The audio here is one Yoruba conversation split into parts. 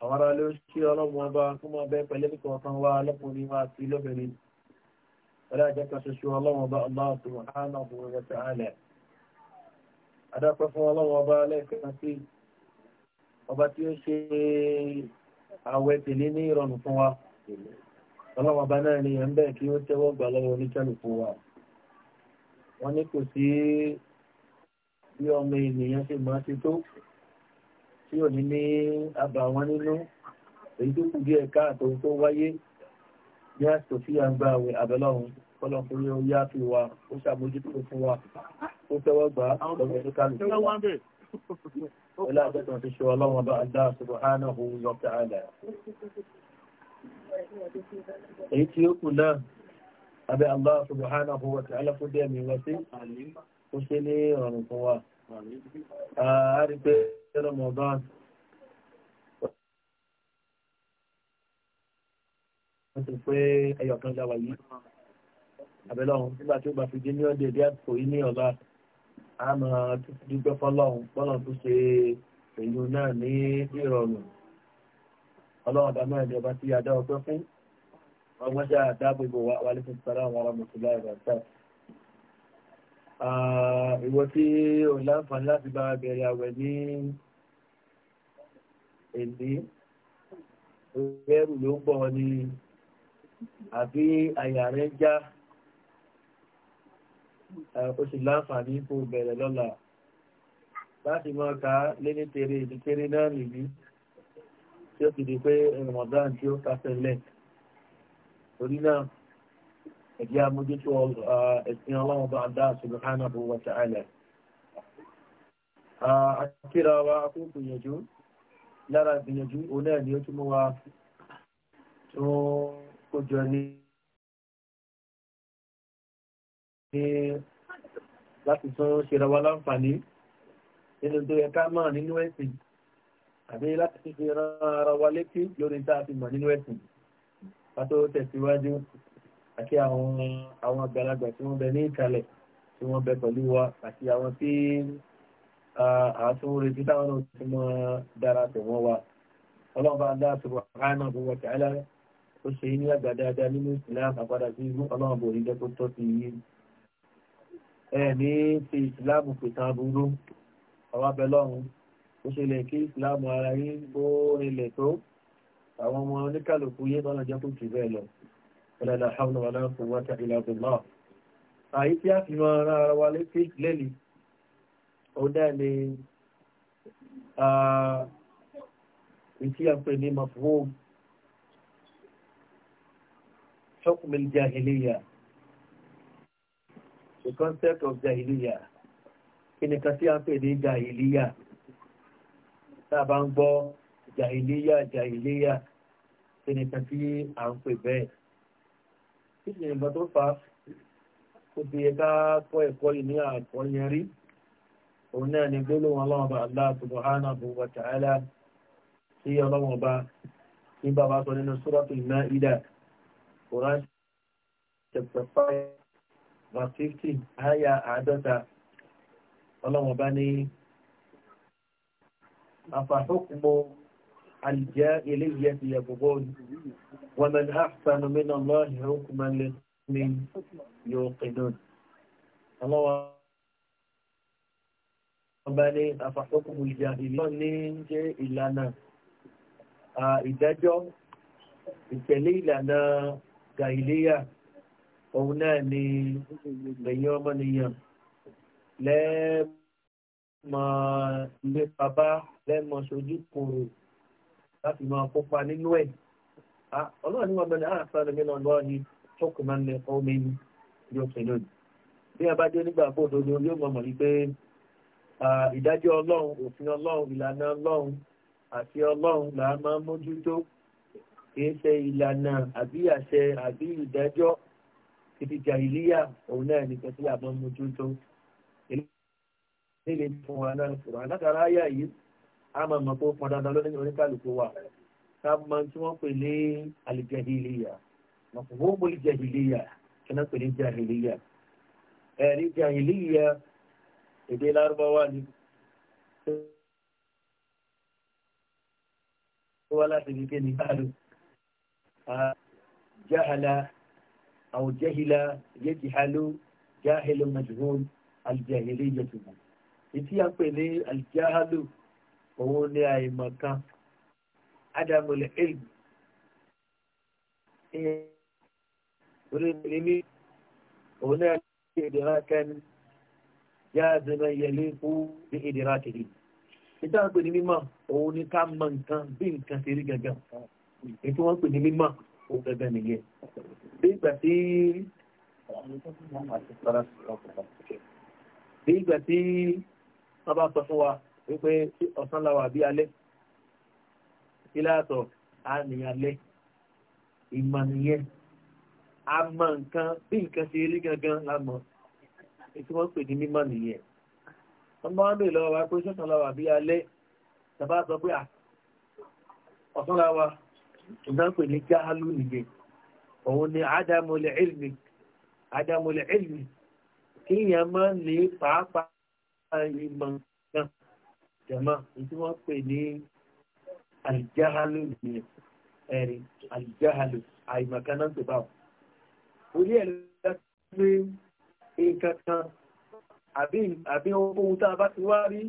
àwọn ará ló ṣí ọlọ́gbọ̀n ọba tó máa bẹ́ pẹ̀lú kíkọ ọ̀kan wá lọ́kùnrin wá sí lóbìnrin wọ́n láti jẹ́ka ṣoṣo ọlọ́wọ̀n ọba Allah subhanahu wa ta'ala adápẹ́ fún ọlọ́wọ̀n ọba lẹ́ẹ̀kan sí ọba tí ó ṣe àwẹ̀ tèlé ní ìrọ̀rùn fún wa ọlọ́wọ̀n ọba náà ni ẹ̀ ń bẹ́ẹ̀ kí ó tẹ́wọ́ gbà lọ́wọ́ oníkẹ́lù fún wa wọ́n ní kò sí bí ọmọ ènìyàn ṣe máa ti tó tí ò ní ní àbà wọn nínú èyí tó kù díẹ̀ káàtó tó wáyé ní àsìkò tí a ń gba àwẹ̀ àbẹ̀lọ́run kọ́lọ́kùnrin ó yá fi wa ó ṣàmójútó fún wa ó tẹ́wọ́ gbà á lọ́wọ́ tó kálù. ọlá àgbẹ̀tàn ti ṣe ọlọ́wọ́n bá Allah subhanahu wa ta'ala. èyí tí ó kù náà abẹ́ Allah subhanahu wa ta'ala fún dẹ́mi wá sí kó ṣe ní ọ̀rùn fún wa. Ah, a rí pé Ramadan wọ́n ti pé ẹyọ̀kan jáwà yìí àbẹ̀lọ́hun nígbà tí ó bá fi dé ní ọdẹ ìdí àtìkò yìí ní ọ̀la a máa dúpẹ́ fọlọ́hun fọlọ́hun tó ṣe èyí náà ní ìrọ̀rùn ọlọ́run bá mẹ́rin ìjọba tí a dá ọpẹ́ fún ọgbọ́n ṣe àdáàbò ìbò wa wálé fún sara ọmọ mùsùlùmí àgbà ìwọ tí o láǹfààní láti bá bẹ̀rẹ̀ àwẹ̀ ní èdè ẹrù ló ń bọ̀ ni àbí àyà rẹ̀ já o sì láǹfààní kó bẹ̀rẹ̀ lọ́la láti máa ka lé ní tèrè ìdíkéré náà nìyí tí ó fi di pé Ramadan tí ó kásẹ̀ lẹ̀ ẹ̀jẹ̀ amójútó ẹ̀sìn ọlọ́run bá dá subhanahu wa ta'ala. Akíra wa kún gbìyànjú lára gbìyànjú òun náà ni ó túnmọ́ wa tó kójọ ní láti tún ṣera wa láǹfààní nínú tó yẹ ká mọ̀ nínú ẹ̀sìn àbí láti fi ran ara wa létí lórí tá a fi mọ̀ nínú ẹ̀sìn. Pàtó tẹ̀síwájú àti àwọn àwọn àgbàlagbà tí wọ́n bẹ ní ìkàlẹ̀ tí wọ́n bẹ pẹ̀lú wa àti àwọn tí àtúnwò retí táwọn náà ti mọ dára tẹ̀ wọ́n wa ọlọ́run bá dá àtúbọ̀ àánà gbogbo tààlà ó ṣe ní àgbà dáadáa nínú ìsìláà àpadà sí inú ọlọ́run bò ní jẹ́ kó tọ́ sí iye ẹ ní ti ìsìláàmù pèsàn aburú àwọn abẹ́lọ́run ó ṣe lè kí ìsìláàmù ara yín bó rinlẹ̀ tó àwọn ọmọ oníkàlùkù yé tọ́nà jẹ́ jù bẹ́ẹ̀ lọ ولا لا حول ولا قوة إلا بالله àyíkí àti mọ ara wa létí lẹ́lì ó dá ní ìtí àpẹ ní mafhum hukm jahiliya the concept of jahiliya kí ni kàtí àpẹ ní jahiliya tàbá ń gbọ́ jahiliya jahiliya kí ni kàtí à ń pè bẹ́ẹ̀ kí sì nǹkan tó fa kó ti yẹ ká kọ́ ẹ̀kọ́ yìí ní àkọ́ yẹn rí òun náà ni gbólóhùn ọlọ́run bá Allah subhanahu wa ta'ala sí ọlọ́run bá ní bàbá sọ nínú Suratul Ma'idah Quran chapter five verse àyà àádọ́ta ọlọ́run ní àfàhókùnmọ́. الجاهلية يبغون ومن أحسن من الله حكما لقوم يوقنون الله ọba ní àfàkókùnmù ìjà ìlú ní jẹ́ ìlànà ìdájọ́ ìtẹ̀lé ìlànà gàìléyà òun náà ni lẹ́yìn ọmọnìyàn lẹ́ẹ̀mọ̀ ilé bàbá lẹ́ẹ̀mọ̀ sojú kòrò láti máa kópa nínú ẹ̀ ọlọ́run ní wọn gbọ́dọ̀ àwọn àfẹ́ ọ̀dọ́gbẹ́ náà lọ́wọ́ ní tókù máa ń lẹ fọ́ mi ní òkè lónìí bí a bá dé nígbà kó òdodo yóò mọ̀ mọ̀ wípé ìdájọ́ ọlọ́run òfin ọlọ́run ìlànà ọlọ́run àti ọlọ́run là á máa mójútó kìí ṣe ìlànà àbí àṣẹ àbí ìdájọ́ títí jàìlíyà òun náà nìkan sí àbọ̀ mójútó. ilé ìfowópamọ́ àmọ́ mọ̀ pé ó pọn dandan lónìí oníkàlùkù wà ká mọ tí wọ́n pè ní alìjẹ̀hìlìyà mọ̀kùnmọ́ mọ̀ ìjẹ̀hìlìyà kí wọ́n pè ní jẹ̀hìlìyà ẹ̀rí jẹ̀hìlìyà èdè lárúbáwá ni ó wá láti ní kí ni káàlù jahala àwọn jahila yẹjihalu jahilu majhul aljahiliya tuntun ìtí a pè ní aljahalu òun ni àìmọ̀ kan adamule ilm ìyẹn orí mímí òun náà ní ìdìrá kẹ́ni yáàzì náà yẹlé kú ní ìdìrá kìíní níta pè ní mímọ̀ òun ni ká mọ̀ nǹkan bí nǹkan ṣe rí gangan ètò wọn pè ní mímọ̀ òun gangan nìyẹn bí ìgbà tí bí ìgbà tí wọn bá sọ fún wa wípé ọ̀sán la wà bí alẹ́ ìlàtọ̀ á ní alẹ́ ìmọ̀ nìyẹn a mọ nǹkan bí nǹkan ṣe rí gangan la mọ̀ ètò wọn pè ní mímọ̀ nìyẹn wọn bá wọn bèèrè lọ́wọ́ wa pé ṣọ̀sán la wà bí alẹ́ tàbá sọ pé ọ̀sán la wà ìdán pè ní jáhálù nìyẹn òun ni ádámọ̀lẹ̀ ìlmi ádámọ̀lẹ̀ ìlmi kí èèyàn máa ń lè pàápàá ìmọ̀ jama tí wọ́n pè ní alijahalu nìyẹn ẹ̀rí alijahalu àìmọ̀kánná tó bá wọn. orí ẹ̀ lọ́dá pé nǹkan kan àbí ohun tá a bá ti wá rí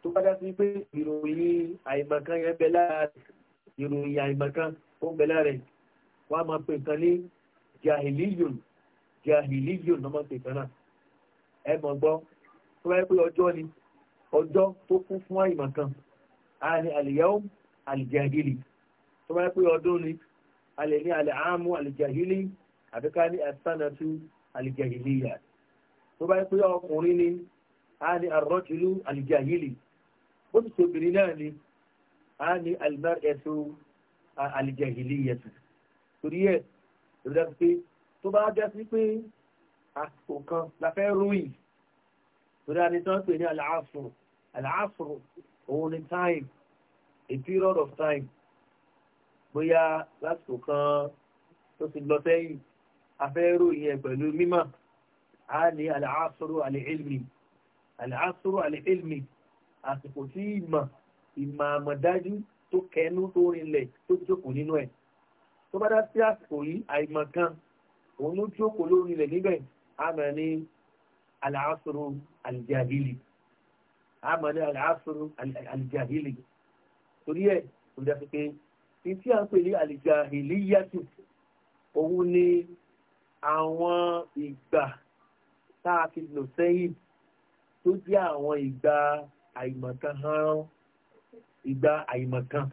tó bá dá sí pé ìròyìn àìmọ̀kán yẹn bẹ lára ìròyìn àìmọ̀kán ó ń bẹ lára ẹ̀ wọ́n á máa pè nǹkan ní jahiliyun jahiliyun lọ́mọ́ pè náà ẹ mọ̀ gbọ́ tó bá pé ọjọ́ ni ọjọ́ tó kún fún àìmọ̀ kan a ní àlìyáwó àlìjàhílì tó bá pé ọdún ni a lè ní àlẹ́ àmú àlìjàhílì àti ká ní àsánàtú àlìjàhílìyà tó bá pé ọkùnrin ni a ní àrọ́tìlú àlìjàhílì bó ti tóbìrì náà ni a ní àlìmọ́ ẹ̀sùn àlìjàhílìyà torí ẹ̀ ìrẹ́dá pé tó bá jẹ́ sí pé àsìkò kan la fẹ́ ròyìn torí a ní tán pè ní àlàáfùn العصر òun ni time a period of time bóyá lásìkò kan tó ti lọ sẹ́yìn afẹ́rò yẹn pẹ̀lú mímọ̀ á ní àlàáfòrò àlẹ́ẹ̀lmì àlàáfòrò àlẹ́ẹ̀lmì àsìkò tí ìmọ̀ ìmọ̀ àmọ̀dájú tó kẹnu tó rinlẹ̀ tó jókòó nínú ẹ̀ tó bá dá sí àsìkò yìí àìmọ̀ kan òun ló jókòó lórí ilẹ̀ níbẹ̀ àmọ́ ní àlàáfòrò àlìjáhìlì àmọ́ ní àlàáfíà àlìjàhìlì torí ẹ̀ kò dá pé ní tí a ń pè ní àlìjàhìlì yàtù òun ni àwọn ìgbà tá a fi lò sẹ́yìn tó jẹ́ àwọn ìgbà àìmọ̀kan hàn ìgbà àìmọ̀kan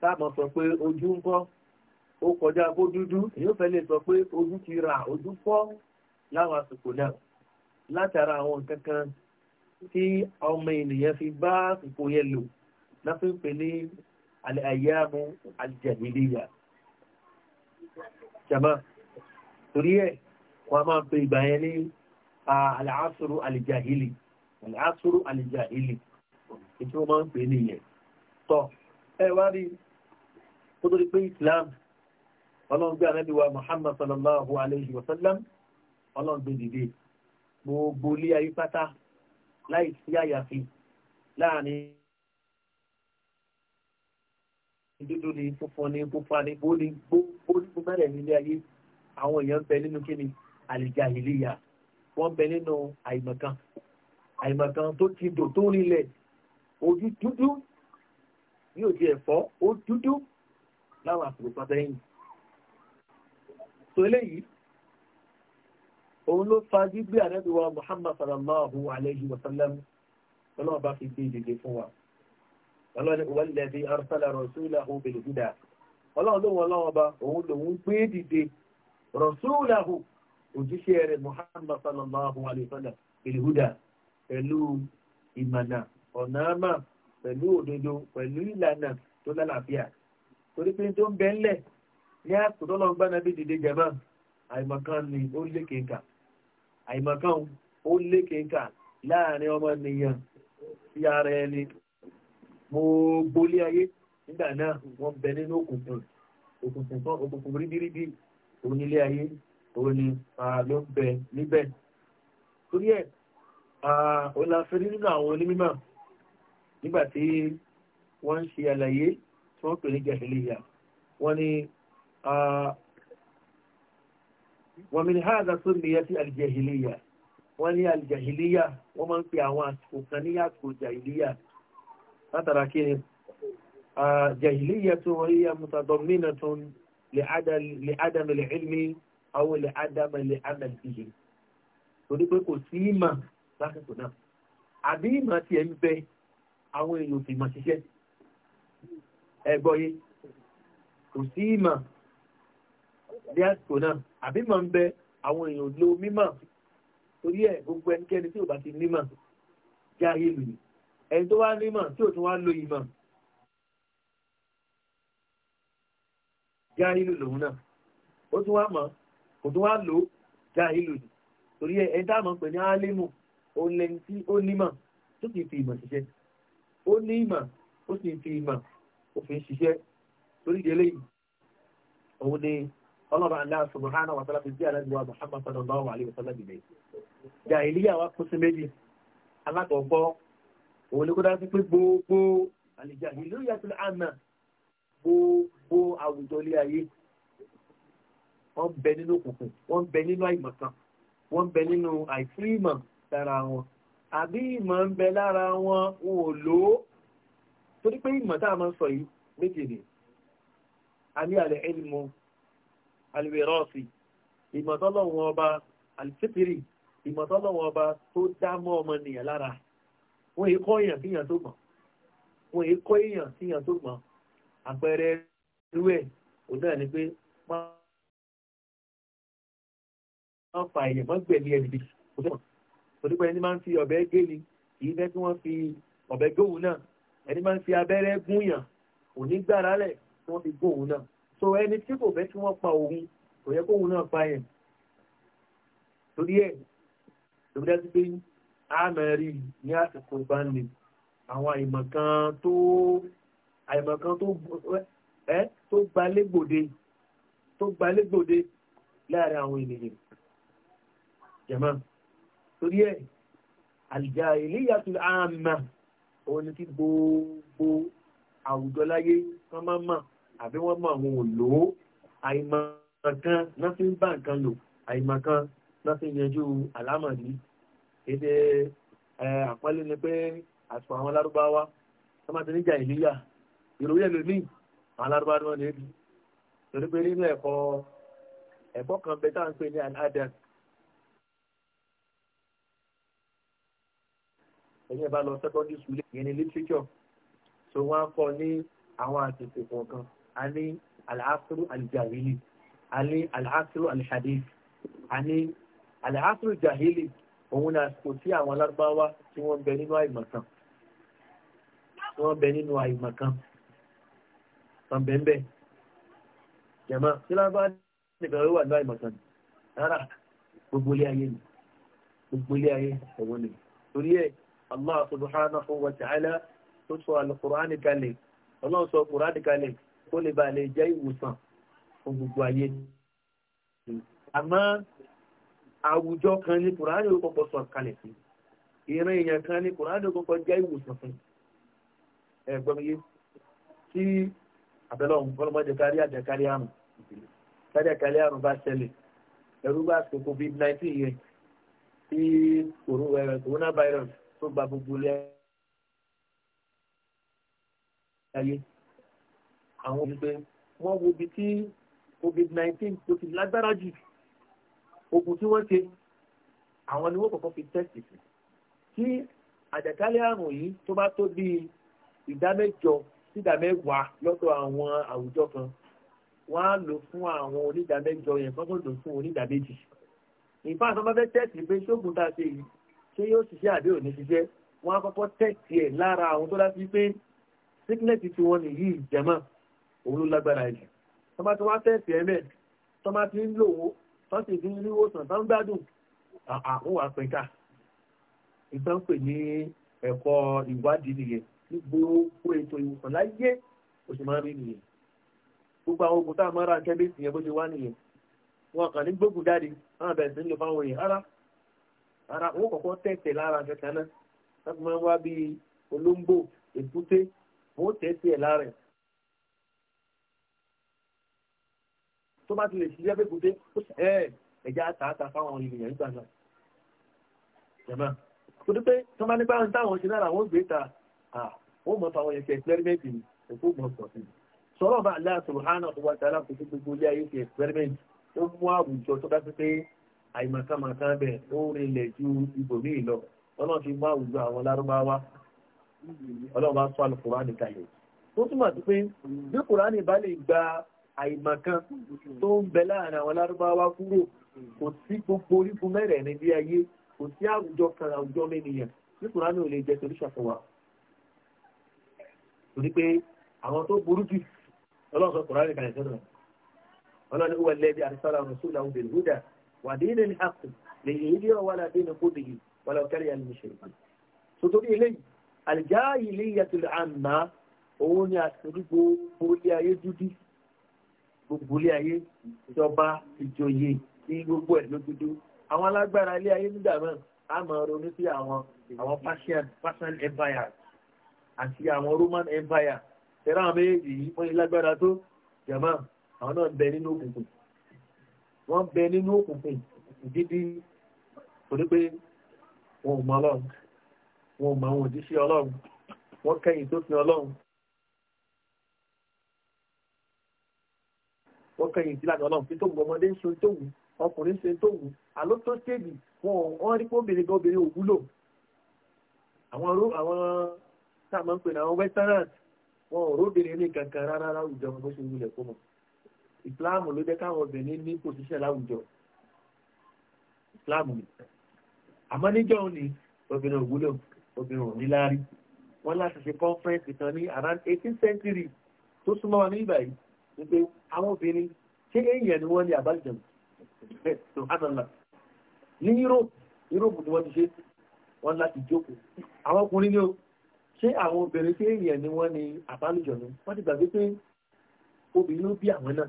tá a mọ̀ sọ pé ojú ń kọ́ ó kọjá bó dúdú èyí ò fẹ́ lè sọ pé ojú ti ra ojú fọ́ láwọn àsìkò náà látara àwọn nǹkan kan tí ọmọ ènìyàn fi bá ipò yẹn lò láti pè ní àyàmú aljahiliya jama torí ẹ̀ wọ́n máa pè ìgbà yẹn ní àlàásùrù aljahili àlàásùrù aljahili ètò wọ́n máa ń pè nìyẹn tọ́ ẹ wá rí kó tó di pé Islam ọlọ́run gbé ànábì Muhammad sallallahu alayhi wa sallam ọlọ́run gbé dìde gbogbo ilé ayé pátá láì sí àyàfi láàrin dúdú ni funfun ni pupa ni bó ni gbó ní mẹ́rẹ̀ nílé ayé àwọn èèyàn ń bẹ nínú kí ni àlìjàhìlíyà wọ́n bẹ nínú àìmọ̀kan àìmọ̀kan tó ti dò tó rinlẹ̀ ojú dúdú ní òjì ẹ̀fọ́ ó dúdú láwọn àpòpọ̀ sẹ́yìn. tó eléyìí òun ló fa gbígbé ànábì wa muhammad sallallahu alayhi wa sallam ọlọ́run bá fi gbé dìde fún wa ọlọ́run wọ́n lè fi arsala rasulahu bil huda ọlọ́run ló wọn lọ́wọ́ bá òun lòun gbé dìde rasulahu òjíṣẹ́ rẹ̀ muhammad sallallahu alayhi wa sallam bil huda pẹ̀lú ìmọ̀nà ọ̀nà àmà pẹ̀lú òdodo pẹ̀lú ìlànà tó lálàáfíà torí pé tó ń bẹ́ ní àkùtọ́lọ́gbánabi dìde jẹ̀mọ́ àìmọ̀kan ni ó lékèéka àìmọ̀kan ó lékè kà láàrin ọmọ nìyàn sí ara ẹni mo gbólé ayé nígbà náà wọ́n bẹ nínú òkùnkùn òkùnkùn tó òkùnkùn rídírídí onílé ayé òní ló ń bẹ níbẹ̀ torí ẹ̀ ọ̀làfẹ́rí nínú àwọn onímọ̀ nígbà tí wọ́n ń ṣe àlàyé tí wọ́n pè ní jẹ̀ṣẹ̀lẹ̀ yà wọ́n ní ومن هذا سميت الجاهلية ولي الجاهلية ومن في عوان وكانيات جاهلية أترى كيف آه جاهلية وهي متضمنة لعدم, لعدم العلم أو لعدم العمل به torípé kò sí ìmọ̀ lásìkò náà àbí ìmọ̀ tí ẹ ń bẹ àwọn èèyàn fi mọ̀ ṣiṣẹ́ ẹgbọ́ yé kò sí ìmọ̀ lásìkò náà àbí mọ̀ ń bẹ àwọn èèyàn lo mímọ̀ torí ẹ̀ gbogbo ẹnikẹ́ni tí ò bá ti nímọ̀ já ìlú ni ẹni tó wá nímọ̀ tí ò tún wá lo ìmọ̀ já ìlú lòun náà ó tún wá mọ̀ kò tún wá lò já ìlú ni torí ẹ̀ ẹni tá a mọ̀ pé ní álímù òun lẹni tí ó nímọ̀ tó kì í fi ìmọ̀ ṣiṣẹ́ ó ní ìmọ̀ ó sì fi ìmọ̀ òfin ṣiṣẹ́ torí ìdílé yìí òun ni ọlọ́ba Allah subhanahu wa ta'ala fi bí aláàbíwá Muhammad sallallahu alayhi wa sallam ìgbẹ́. Jàhílíyà wa kú sí méjì alákọ̀ọ́gbọ́ òun ni kó dájú pé gbogbo àlìjàhílíyà tó àná gbogbo àwùjọ ilé ayé wọ́n bẹ nínú òkùnkùn wọ́n bẹ nínú àìmọ̀kan wọ́n bẹ nínú àìsímọ̀ lára wọn àbí ìmọ̀ ń bẹ lára wọn wọn ò lò ó torí pé ìmọ̀ tá a máa sọ yìí méjì ni a àlẹ́ ẹni mọ́ alìwẹ̀rọ́ọ̀sì ìmọ̀tọ́lọ́wọ̀n ọba alìsípírì ìmọ̀tọ́lọ́wọ̀n ọba tó dámọ́ ọmọ nìyàn lára wọ́n èkó èèyàn síyàn tó mọ̀ wọ́n èkó èèyàn síyàn tó mọ̀ àpẹẹrẹ irú ẹ̀ òun náà ni pé wọ́n fa èèyàn mọ́ gbẹ̀lì ẹ̀dì kò tó mọ̀ torí pé ẹni máa ń fi ọ̀bẹ géli kì í fẹ́ kí wọ́n fi ọ̀bẹ góhùn náà ẹni máa ń fi abẹ́rẹ́ gúnyàn òní gbàrálẹ̀ kí wọ́n fi góhùn náà so ẹni tí kò fẹ́ tí wọ́n pa òun kò yẹ kóhun náà pa yẹn torí ẹ̀ lóbi dájú pé àmà rí ní àsìkò ìbánilè àwọn àìmọ̀kan tó àìmọ̀kan tó ẹ́ tó gbalégbòde tó gbalégbòde láàrin àwọn ènìyàn jẹ̀mọ́ torí ẹ̀ àlìjà ìléyàtò àmà òun ni ti gbogbo àwùjọ láyé kán máa mọ̀ àbí wọ́n mọ̀ àwọn òlò àìmọ̀kan náà fi ń bá nǹkan lò àìmọ̀kan náà fi yanjú àlámọ̀dí èdè àpọ́nlé ni pé àsìkò àwọn alárúbáwá wọ́n máa ti níjà ìníyà ìròyìn ẹ̀ lómi àwọn alárúbáwá ni wọ́n lè di torí pé nínú ẹ̀kọ́ ẹ̀kọ́ kan bẹ táwọn ń pè ní adab ẹ̀yìn ẹ̀ bá lọ secondary school yẹn ní literature so wọ́n á kọ́ ní àwọn àtẹ̀tẹ̀ kọ̀ọ̀kan a ní al-asru al-jahili a ní al-asru al-hadith a ní al-asru al-jahili òun náà kò sí àwọn alárúbáwá tí wọ́n bẹ nínú àìmọ̀kan wọ́n bẹ nínú àìmọ̀kan kan bẹ́ẹ̀ jẹ̀mọ́ tí lábá nìkan ló wà ní àìmọ̀kan rárá gbogbo ilé ayé ni gbogbo ilé ayé ẹ̀wọ̀n ni torí ẹ̀ Allah subhanahu wa ta'ala tó sọ al-Qur'an ọlọ́run sọ Qur'an kalẹ̀ kó lè ba lè jẹ́ ìwòsàn fún gbogbo ayé. àmọ́ àwùjọ kan ní kùránì ó kọ́kọ́ sọ kalẹ̀ sí ìran èèyàn kan ní kùránì ó kọ́kọ́ jẹ́ ìwòsàn fún ẹ̀gbọ́n yé tí àbẹ̀lọ́ ọ̀gbọ́nmọdé kárí àjẹkárí àrùn kárí àjẹkárí àrùn bá ṣẹlẹ̀ ẹ̀rú bá ṣe covid-19 yẹn tí coronavirus tó gba gbogbo ilé ayé àwọn olùgbé wọ́n wo ibi tí covid-19 tó ti lágbára jù ogun tí wọ́n ṣe àwọn ni wọ́n kọ́kọ́ fi tẹ́sì sí kí àjàkálẹ̀ àrùn yìí tó bá tó bí ìdámẹ́jọ sí ìdámẹ́wàá lọ́dọ̀ àwọn àwùjọ kan wọ́n á lò fún àwọn onídàmẹ́jọ yẹn kọ́kọ́ lò fún onídàmẹ́jì ìfáà tó bá fẹ́ tẹ́sì pé ṣóògùn tá a ṣe yìí ṣé yóò ṣiṣẹ́ àbí ò ní ṣiṣẹ́ wọ́n á kọ́kọ́ tẹ́sì ẹ̀ lára àwọn tó dá sí pé sickness ti wọn nìyí ìjẹ́mọ́ òun ló lágbára jù tọ́mà tí wọ́n tẹ̀sí ẹ̀mẹ́ tọ́mà tí ń lò ó tọ́ sì fi ń rí wòsàn tán gbádùn àwọn wà pẹ̀ka ìtàn pè ní ẹ̀kọ́ ìwádìí nìyẹn ní gbogbo ètò ìwòsàn láyé oṣù máa rí nìyẹn gbogbo àwọn oògùn tá a máa ra kẹ́míìsì yẹn bó ṣe wá nìyẹn wọn kàn ní gbógun jáde wọn àbẹ̀rẹ̀ sí ń lò fáwọn èèyàn rárá ara wọn kọ̀kọ́ tẹ̀tẹ̀ lára kẹta náà láti máa wá bí olóńgbò èkúté wọn ó tẹ̀tẹ̀ lára ẹ̀ tó bá ti lè ṣiṣẹ́ pépùté ẹ̀ ẹ̀já àtàtà fáwọn ènìyàn nígbà náà jẹ̀mọ́ tó dé pé tó bá nípa ohun táwọn ṣe lára wọn gbé ta ó mọ̀ fáwọn yẹn ṣe ẹ̀pẹ́rẹ́mẹ́ntì ni òkú mọ̀ sọ̀ sí sọ̀rọ̀ bá Allah subhanahu wa ta'ala kò sí gbogbo ilé ayé ṣe ẹ̀pẹ́rẹ́mẹ́ntì ó mú àwùjọ tó dá sí pé àìmọ̀kánmọ̀kán bẹ̀ ó rinlẹ̀ ju ibòmíì lọ ọlọ́run ti mú àwùjọ àwọn lárúbáwá ọlọ́run bá sọ àlùkùránì kalẹ̀ tó túmọ̀ sí pé àìmọ̀kan hmm. tó ń bẹ láàrin àwọn lárúbáwá kúrò kò sí gbogbo orígun mẹ́rẹ̀ẹ̀rin bí ayé kò sí àwùjọ kan àwùjọ mẹ́niyàn ní kùránì ò lè jẹ́ torí ṣàfihàn wa torí pé àwọn tó burú jù ọlọ́run sọ kùránì kan ìṣẹ́nà ọlọ́run wọ lẹ́bi àrísọ́lá rọ̀ṣúlà òbẹ̀rẹ̀ húdà wà dé ilé ní àpò lè yìí dé ọwọ́ aládé ní kó bèyí wà lọ kẹ́rì àlùmí ṣèlú so gbogbo ilé ayé ìjọba ìjòyè ní gbogbo ẹ̀ lójúdú àwọn alágbára ilé ayé nígbà náà a máa ronú sí àwọn àwọn Persian empire àti àwọn Roman empire tẹ́lá àwọn méjèèjì yìí wọ́n ilágbára tó jẹ̀mọ́ àwọn náà bẹ nínú òkùnkùn wọ́n bẹ nínú òkùnkùn dídí torí pé wọn ò mọ ọlọ́run wọn ò mọ àwọn òjíṣẹ́ ọlọ́run wọ́n kẹ́yìn tó fi ọlọ́run wọ́n kàn yìí sílẹ̀ ọlọ́run pé tó wù ọmọdé ń ṣe tó wù ọkùnrin ń ṣe tó wù àló tó ṣèbì wọn wọn rí pé obìnrin gan obìnrin ò wúlò àwọn ró àwọn tá a máa ń pè ní àwọn westerners wọn ò róbìnrin ní kankan rárá láwùjọ wọn bó ṣe wulẹ̀ fún wọn ìsìláàmù ló jẹ́ káwọn obìnrin ní pòṣíṣẹ́ láwùjọ ìsìláàmù ni àmọ́ níjọ́ ni obìnrin ò wúlò obìnrin ò ní láárí wọ́n láti ṣe conference kan ní around eighteen century tó súnmọ́ wa ní ìgbà wípé àwọn obìnrin ṣé èèyàn ni wọ́n ní àbájáde ṣùgbọ́n ní Europe Europe ni wọ́n ti ṣe wọ́n láti jókòó àwọn ọkùnrin ni ó ṣé àwọn obìnrin ṣé èèyàn ni wọ́n ní àbálùjọ ni wọ́n ti gbàgbé pé obìnrin ló bí àwọn náà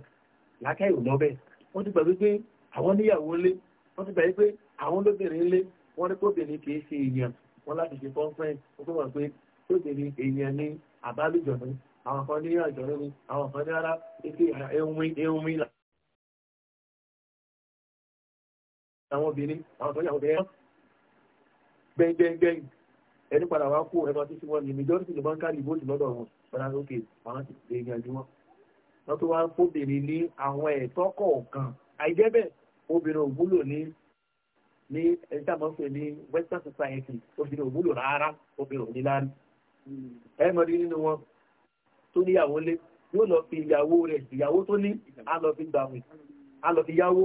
lákẹ́ ìlú ọbẹ̀ wọ́n ti gbàgbé pé àwọn níyàwó lé wọ́n ti gbàgbé pé àwọn lóbìnrin lé wọ́n ní kóbìnrin kì í ṣe èèyàn wọ́n láti ṣe conference wọ́n tó àwọn kan ní àjọ̀rọ̀ ni àwọn kan ní ara ike ehun ilà àwọn obìnrin àwọn kan ní àwọn obìnrin gbẹ̀ngbẹ̀ngbẹ̀ng ẹni padà wá kó ẹ̀rọ títí wọn ni majority ló máa ń kárí ìbòsì lọ́dọ̀ wọn padà lókè àwọn ti lè yanjú wọn lọ́tọ́ wá fóbìnrin ní àwọn ẹ̀tọ́ kọ̀ọ̀kan àìjẹ́bẹ̀ obìnrin ò wúlò ní ní ẹni tá a máa ń pè ní western society obìnrin ò wúlò rárá obìnrin ò ní láárí hmm. ẹ̀ mọ̀ ní nínú wọn tó níyàwó lé yóò lọ fi ìyàwó rẹ̀ ìyàwó tó ní á lọ fi gbà mí á lọ fi yáwó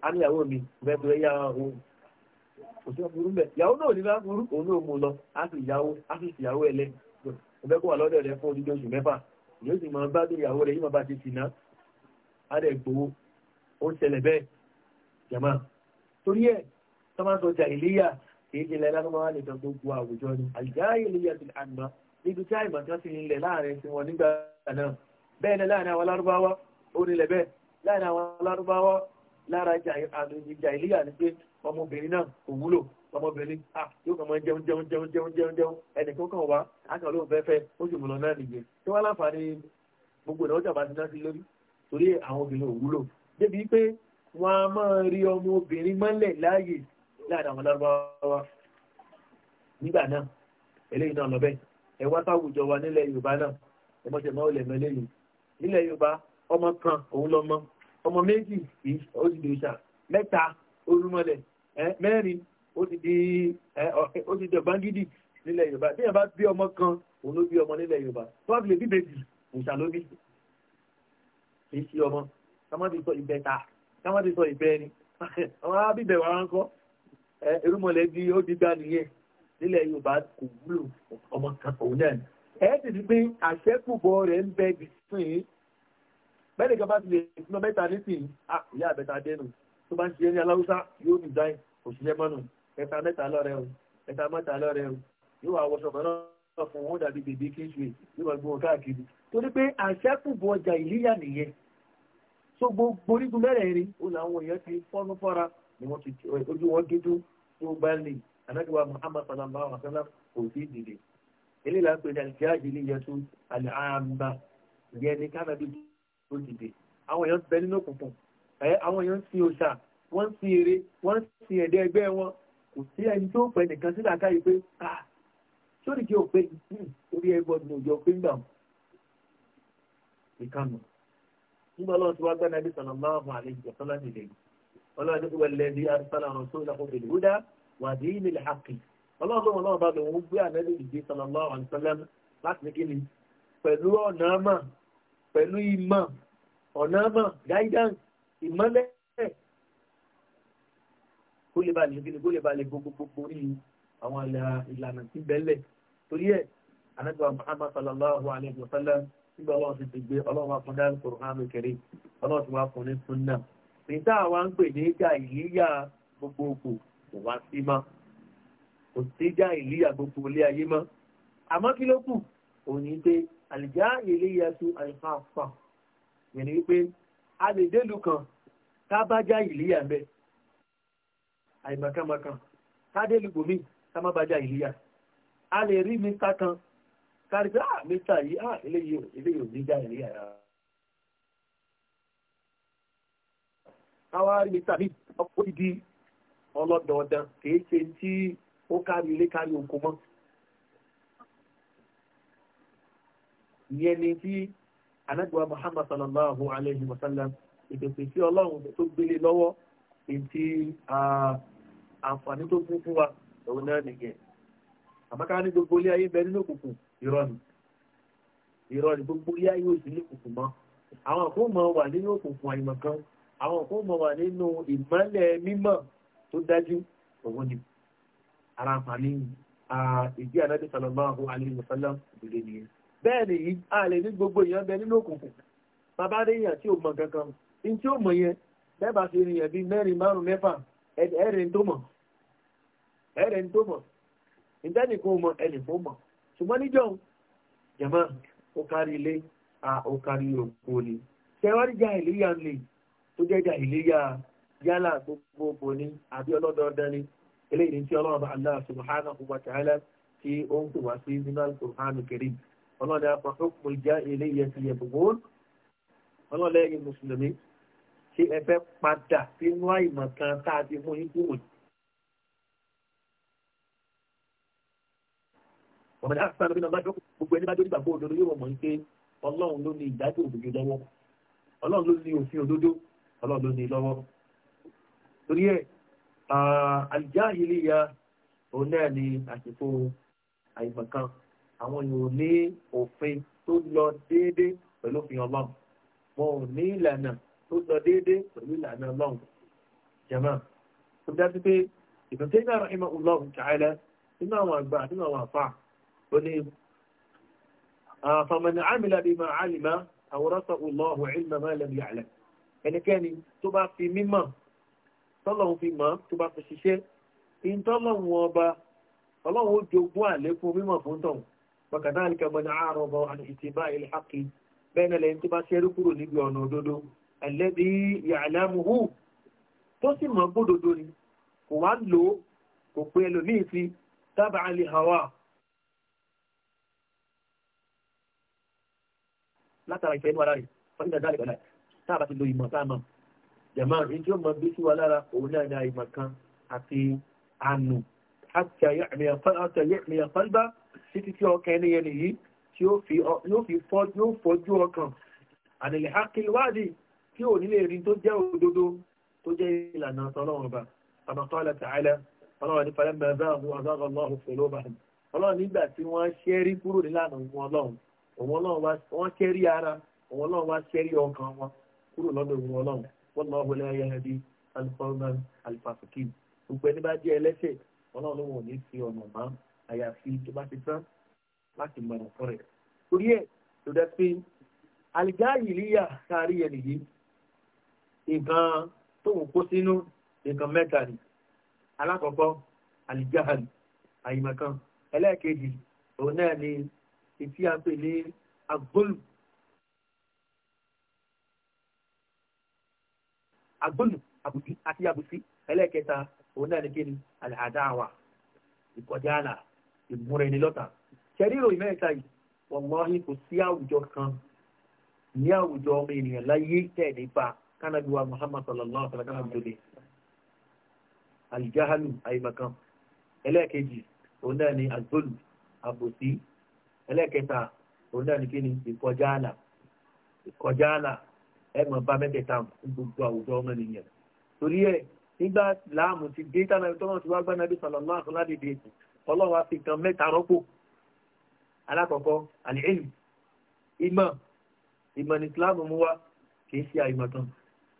á níyàwó mi bẹ́ẹ̀ bẹ́ẹ̀ yá òun kò sí ọkùnrin bẹ́ẹ̀ ìyàwó náà ní bá burú òun náà mú lọ á sì ìyàwó á sì ìyàwó ẹlẹ́ ọbẹ̀ kó wà lọ́dọ̀ rẹ̀ fún odidi níbi tí àìmọ̀ tí wọ́n ti nílẹ̀ láàrin tí wọ́n nígbà náà bẹ́ẹ̀ ni láàrin àwọn lárúbáwá ó nílẹ̀ bẹ́ẹ̀ láàrin àwọn lárúbáwá lára ìjà ìlíyà ni pé ọmọbìnrin náà kò wúlò ọmọbìnrin à yóò kàn máa jẹun jẹun jẹun jẹun jẹun jẹun ẹnì kan kàn wá àkàn lóun fẹ́ fẹ́ ó sì múlò náà nìyẹn tí wọ́n láǹfààní gbogbo ìnáwó jàmbá ti náà sí lórí torí àwọn obìnrin ò wúlò débi pé wọ́n á máa rí ọmọ obìnrin mọ́lẹ̀ láàyè láàrin àwọn lárúbáwá nígbà náà eléyìí náà lọ bẹ́ẹ̀ ẹ wá sáwùjọ wa nílẹ̀ yorùbá náà ẹ mọ̀ tẹ̀mọ́ ọ̀lẹ̀ mẹ́lẹ́ yìí nílẹ̀ yorùbá ọmọ kan òun lọ́mọ ọmọ méjì kì í ó ti di òṣà mẹ́ta olúmọlẹ̀ mẹ́rin ó ti di ó ti di ọ̀bángídì nílẹ̀ yorùbá bí ẹ bá bí ọmọ kan òun ló bí ọmọ nílẹ̀ yorùbá tó bá fi lè bí bèbí òṣà ló bí kì í ṣe ọmọ káwọn ti sọ ìbẹ ta káwọn ti sọ ìbẹ di ó di nílẹ̀ yorùbá kò wúlò ọmọ kan òun náà ẹ̀ ti di pé àṣẹ́kùbọ̀ rẹ̀ ń bẹ bí sìn ín bẹ́ẹ̀ nìkan bá ti lè fún mẹ́ta nísìnyí ìyá àbẹ́ta dẹnu tó bá ń ṣe ní aláwùsá yóò ní dáì òṣìṣẹ́ mọ́nù ẹ̀ta mẹ́ta lọ́rẹ̀ o ẹ̀ta mẹ́ta lọ́rẹ̀ o yóò wá wọṣọ kan náà fún wọn dàbí bèbè kéṣù yóò wá gbọ́n káàkiri torí pé àṣẹ́kùbọ̀ ọjà ìlíyà nìyẹn so gbogbo orígun mẹ́rẹ̀ẹ̀rin ó làwọn èèyàn ti fọ́nú fọ́ra ni wọ́n ti ojú wọn dúdú tó gbá lè anájúwa muhammad sallallahu alaihi wa sallam kò sí dìde ilé ìlànà pé àlìjáàjìlì yẹtu àlìhàmbá yẹ ní kánábì tó dìde àwọn èèyàn bẹ nínú òkùnkùn ẹ àwọn èèyàn ń sin òṣà wọ́n ń sin eré wọ́n ń sin ẹ̀dẹ́ ẹgbẹ́ wọn kò sí ẹni tó fẹ́ nìkan sílẹ̀ àkáyé pé ah sórí kí o pé hmm, orí ẹgbọ́n ní òjò pé ń gbà ìkànnì nígbà lọ́wọ́ tí wọ́n gbá nàbí sọ̀rọ̀ máa hàn àlejò ọ̀sán láti lè ọlọ́run ní wọ́n lẹ́ni arsala rọ̀ sóòlà òbèlè ó dá wàdí ní ìlàkì ọlọ́run ọlọ́run bá lòun gbé ànẹ́lì ìdí sallallahu alaihi wasallam láti ní kíni pẹ̀lú ọ̀nà àmà pẹ̀lú ìmọ̀ ọ̀nà àmà guidance ìmọ̀lẹ̀ kó lè balẹ̀ kíni kó lè balẹ̀ gbogbogbò ní àwọn ìlànà tí bẹ́lẹ̀ torí ẹ̀ ànẹ́gbà Muhammad sallallahu alaihi wasallam nígbà wọn ti dìgbé ọlọ́run afúnná kòròhánù kẹrì ọlọ́run ti wá kò wá sí mọ́ kò séjà ìlíyà gbogbo ilé ayé mọ́ àmọ́ kí ló kù òní pé àlìjá ìléyà tó àyíká fà yẹn ni wípé a lè délu kan ká bá já ìléyà mbẹ àyìnbákàmọ́kàn ká délu bòmí ká má bá já ìléyà a lè rí mista kan kárí pé ah mista yìí ah eléyìí eléyìí ò ní já ìléyà rárá. káwá rí mista mi ọkọ̀ ìdí ọlọ́dọọdán kìí ṣe tí ó kárí ilé kárí oko mọ́ ìyẹn ni tí anágbèwà Muhammad sallallahu alayhi wa sallam ìpèsè sí ọlọ́run tó gbélé lọ́wọ́ ètí àǹfààní tó kún fún wa òun náà nìyẹn àmọ́ká ní gbogbo ilé ayé bẹ nínú òkùnkùn irọ́ ni irọ́ ni gbogbo ilé ayé òsì ní òkùnkùn mọ́ àwọn kan mọ̀ wà nínú òkùnkùn àìmọ̀kan àwọn kan mọ̀ wà nínú ìmọ́lẹ̀ mímọ́ tó dájú òun ni ara àǹfààní ìgbé ànábì sallallahu alaihi wasallam ìdílé nìyẹn bẹ́ẹ̀ ni yìí a lè ní gbogbo èèyàn bẹ nínú òkùnkùn bàbá rí èèyàn tí ò mọ kankan ní tí ò mọ yẹn bẹ́ẹ̀ bá fi rìn yẹn bíi mẹ́rin márùn mẹ́fà ẹ̀rìn tó mọ̀ ẹ̀rìn tó mọ̀ ìdánìkan mọ ẹnì fún mọ̀ ṣùgbọ́n níjọ́ jẹ̀mọ́ ó kárí ilé ó kárí òkú ni ṣẹ́wárí já ìléyà ń lè tó jẹ́ já ìléyà yálà gbogbogbò ni àbí ọlọ́dọọdán ni eléyìí tí ọlọ́run bá Allah subhanahu wa ta'ala tí ó ń pè wá sí nínú al-Qur'anul Karim ọlọ́dẹ afọ́fún ìjà eléyìí ti yẹ gbogbo ọlọ́dẹ yìí mùsùlùmí ṣé ẹ fẹ́ padà sínú àìmọ̀ kan tá a ti mú yín kúrò. ọmọ ní àṣà lóbi náà bá dọ́kọ̀ gbogbo ẹni bá dórí bàbá òdodo yóò mọ̀ pé ọlọ́run ló ní ìdájọ́ òdodo lọ́wọ́ ọlọ́run ló ní òfin òdodo ọlọ́run ló ní lọ́wọ́ torí ẹ̀ àjáhìlíya òun náà ni àsìkò àìmọ̀kan àwọn yóò ní òfin tó lọ déédéé pẹ̀lú òfin ọlọ́run wọn ò ní ìlànà tó lọ déédéé pẹ̀lú ìlànà ọlọ́run jẹ̀mọ́ tó dájú pé ìfẹ̀tẹ́ náà ìmọ̀ ọlọ́run kàálẹ̀ nínú àwọn àgbà nínú àwọn àfà ó ní àfàmọ̀nà àmìlà bíi máa àlìmá àwòrán sọ ọlọ́run ìlànà máa lẹ́nu ẹnikẹ́ni tó bá fi mímọ̀ tọ́lọ́run fi mọ̀ tó bá fi ṣiṣẹ́ ìtọ́lọ́run ọba ọlọ́run ó jogún àlékún mímọ̀ fún tọ̀hún bàkàtà àlìkàmọ́ ní àárọ̀ ọba ìtìbá ilẹ̀ àkè bẹ́ẹ̀ náà lẹ́yìn tó bá ṣẹ́rú kúrò níbi ọ̀nà òdodo ẹ̀lẹ́bí yàlámùhù tó sì mọ̀ gbódodo ni kò wá lò ó kò pé ẹlòmíì fi tábà àlè hàwà látara ìfẹ́ inú ara rẹ̀ wọ́n ti dàdá àlè jẹ̀mọ́ ní tí ó mọ bí sí wa lára òun náà ní àìmọ̀ kan àti àánú àtẹ̀yẹ̀mìyà pálbá títí tí ọkàn ẹni yẹn nìyí tí yóò fi fọ́jú ọkàn àdìlẹ̀ akílwádìí tí ò nílé rí tó jẹ́ òdodo tó jẹ́ ìlànà ọlọ́run ba àmàkọ́lá tààlà ọlọ́run ní falẹ́ mẹ́rin àwọn ọ̀dọ́gọ́ ọlọ́run pẹ̀lú ọba ọlọ́run nígbà tí wọ́n ṣẹ́rí kúrò nílànà òun ọlọ́run òun ọlọ́run wá ṣẹ́rí ara òun ọlọ́run wá ṣẹ́rí ọkàn wọn kúrò lọ́dọ̀ òun ọlọ́run wallahu la yahdi alqawma alfasiqin gbogbo ẹni bá jẹ́ ẹlẹ́ṣẹ̀ ọlọ́run wọn ò ní fi ọ̀nà mọ́ àyàfi tó bá ti tán láti mọ̀ ọ̀nà fún rẹ̀ torí ẹ̀ tó dẹ́ pé àlìgáàyè líyà kárí ẹ̀ nìyí nǹkan tóun kó sínú nǹkan mẹ́ta ni alákọ̀ọ́kọ́ àlìjáhàlì àyìmọ̀kan ẹlẹ́ẹ̀kejì òun náà ni ìtí ní agbóòlù agbólu àbùsí àti àbùsí ẹlẹ́ẹ̀kẹta òun náà ní kí ni àdáwà ìkọjá àlà ìmúra ẹni lọ́ta ṣẹ́ríro ìmẹ́ta yìí wọ́n kò sí àwùjọ kan ní àwùjọ ọmọ ènìyàn láyé tẹ̀lé bá kánàbí wa muhammad sallallahu alaihi wa sallam jòlè alìjáhálù àyèmọ̀kan ẹlẹ́ẹ̀kejì òun náà ní agbólu àbùsí ẹlẹ́ẹ̀kẹta òun náà ní kí ni ìkọjá àlà ìkọjá àlà ẹ mọ̀ bá mẹ́tẹ̀ẹ̀ta gbogbo àwùjọ ọmọ nìyẹn torí ẹ̀ nígbà láàmù ti dé tánà tọ́nà tí wàá gbá nàbí sàlọ́nà àtúnládìde ọlọ́run àti kan mẹ́ta rọ́pò alákọ̀ọ́kọ́ àlẹ́yìn ìmọ̀ ìmọ̀ ní islam mú wá kìí ṣe àìmọ̀ tán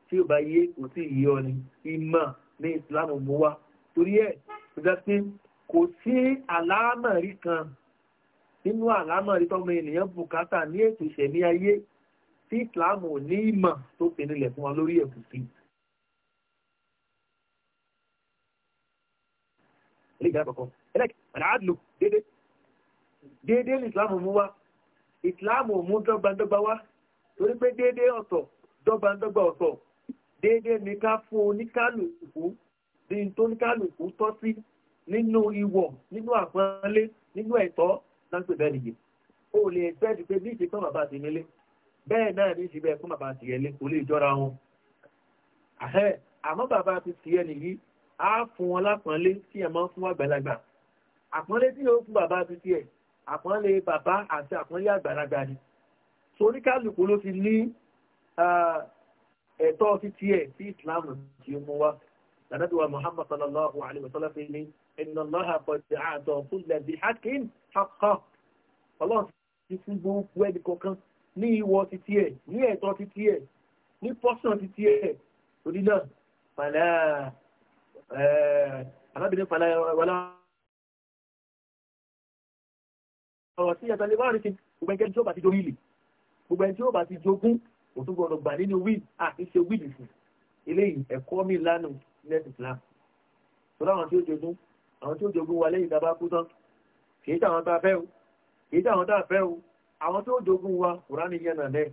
tí ò bá yé kò sí ìyẹ́ ọ ni ìmọ̀ ní islam mú wá torí ẹ̀ gbígbá sí kò sí àlámọ̀rí kan nínú àlámọ̀rí tọ́mọ ènìyàn bùkátà ní ètò ìṣẹ̀mí ayé tí islam ò ní ìmọ̀ tó pinilẹ̀ fún wa lórí ẹ̀kú sí. eléyìí àkọ́kọ́ ẹlẹ́kẹ̀ àdáàdùn déédéé déédéé ní islam mú wa islam ò mú dọ́gbandọ́gba wá torí pé déédéé ọ̀tọ̀ dọ́gbandọ́gba ọ̀tọ̀ déédéé ní ká fún oníkálùkù bí n tó oníkálùkù tọ́ sí nínú ìwọ̀ nínú àpọ́nlé nínú ẹ̀tọ́ láńpẹ̀ bẹ́ẹ̀ nìyí o lè ẹ̀fẹ́ ti pé bí ìṣẹ́kàn bàbá àti nílé bẹ́ẹ̀ náà ní ti bẹ́ẹ̀ fún bàbá ti yẹlé kò lè jọra wọn àṣẹ àmọ́ bàbá ti ti yẹ nìyí á fún wọn lápọ́nlé tí ẹ máa ń fún àgbàlagbà àpọ́nlé tí yóò fún bàbá ti tiẹ̀ àpọ́nlé bàbá àti àpọ́nlé àgbàlagbà ni torí kálukú ló ti ní ẹ̀tọ́ ti tiẹ̀ sí islam tí mú wa lànàbí wa muhammad sallallahu alayhi wa sallam fi ní inna allaha qad àtọ̀ fún ní ìwọ títí ẹ̀ ní ẹ̀tọ́ títí ẹ̀ ní pọ́sán títí ẹ̀ torí náà fàlà arábìnrin fàlà wàlá ọ̀rọ̀ sí ẹ̀tọ́ lébà rẹ̀ gbogbo ẹni tí ó bá ti dorí ilé gbogbo ẹni tí ó bá ti jogún kò tó gbọdọ̀ gbà nínú wíìlì àti ṣe wíìlì fún eléyìí ẹ̀kọ́ mi lánàá nẹ́ẹ̀sì plan tọ́lá àwọn tí ó jogún àwọn tí ó jogún wa lẹ́yìn tá a bá kú tán kì í tàwọn tá a fẹ́ o kì í tàwọn tá a fẹ́ o àwọn tó dogun wa kùránì yẹn nàlẹ́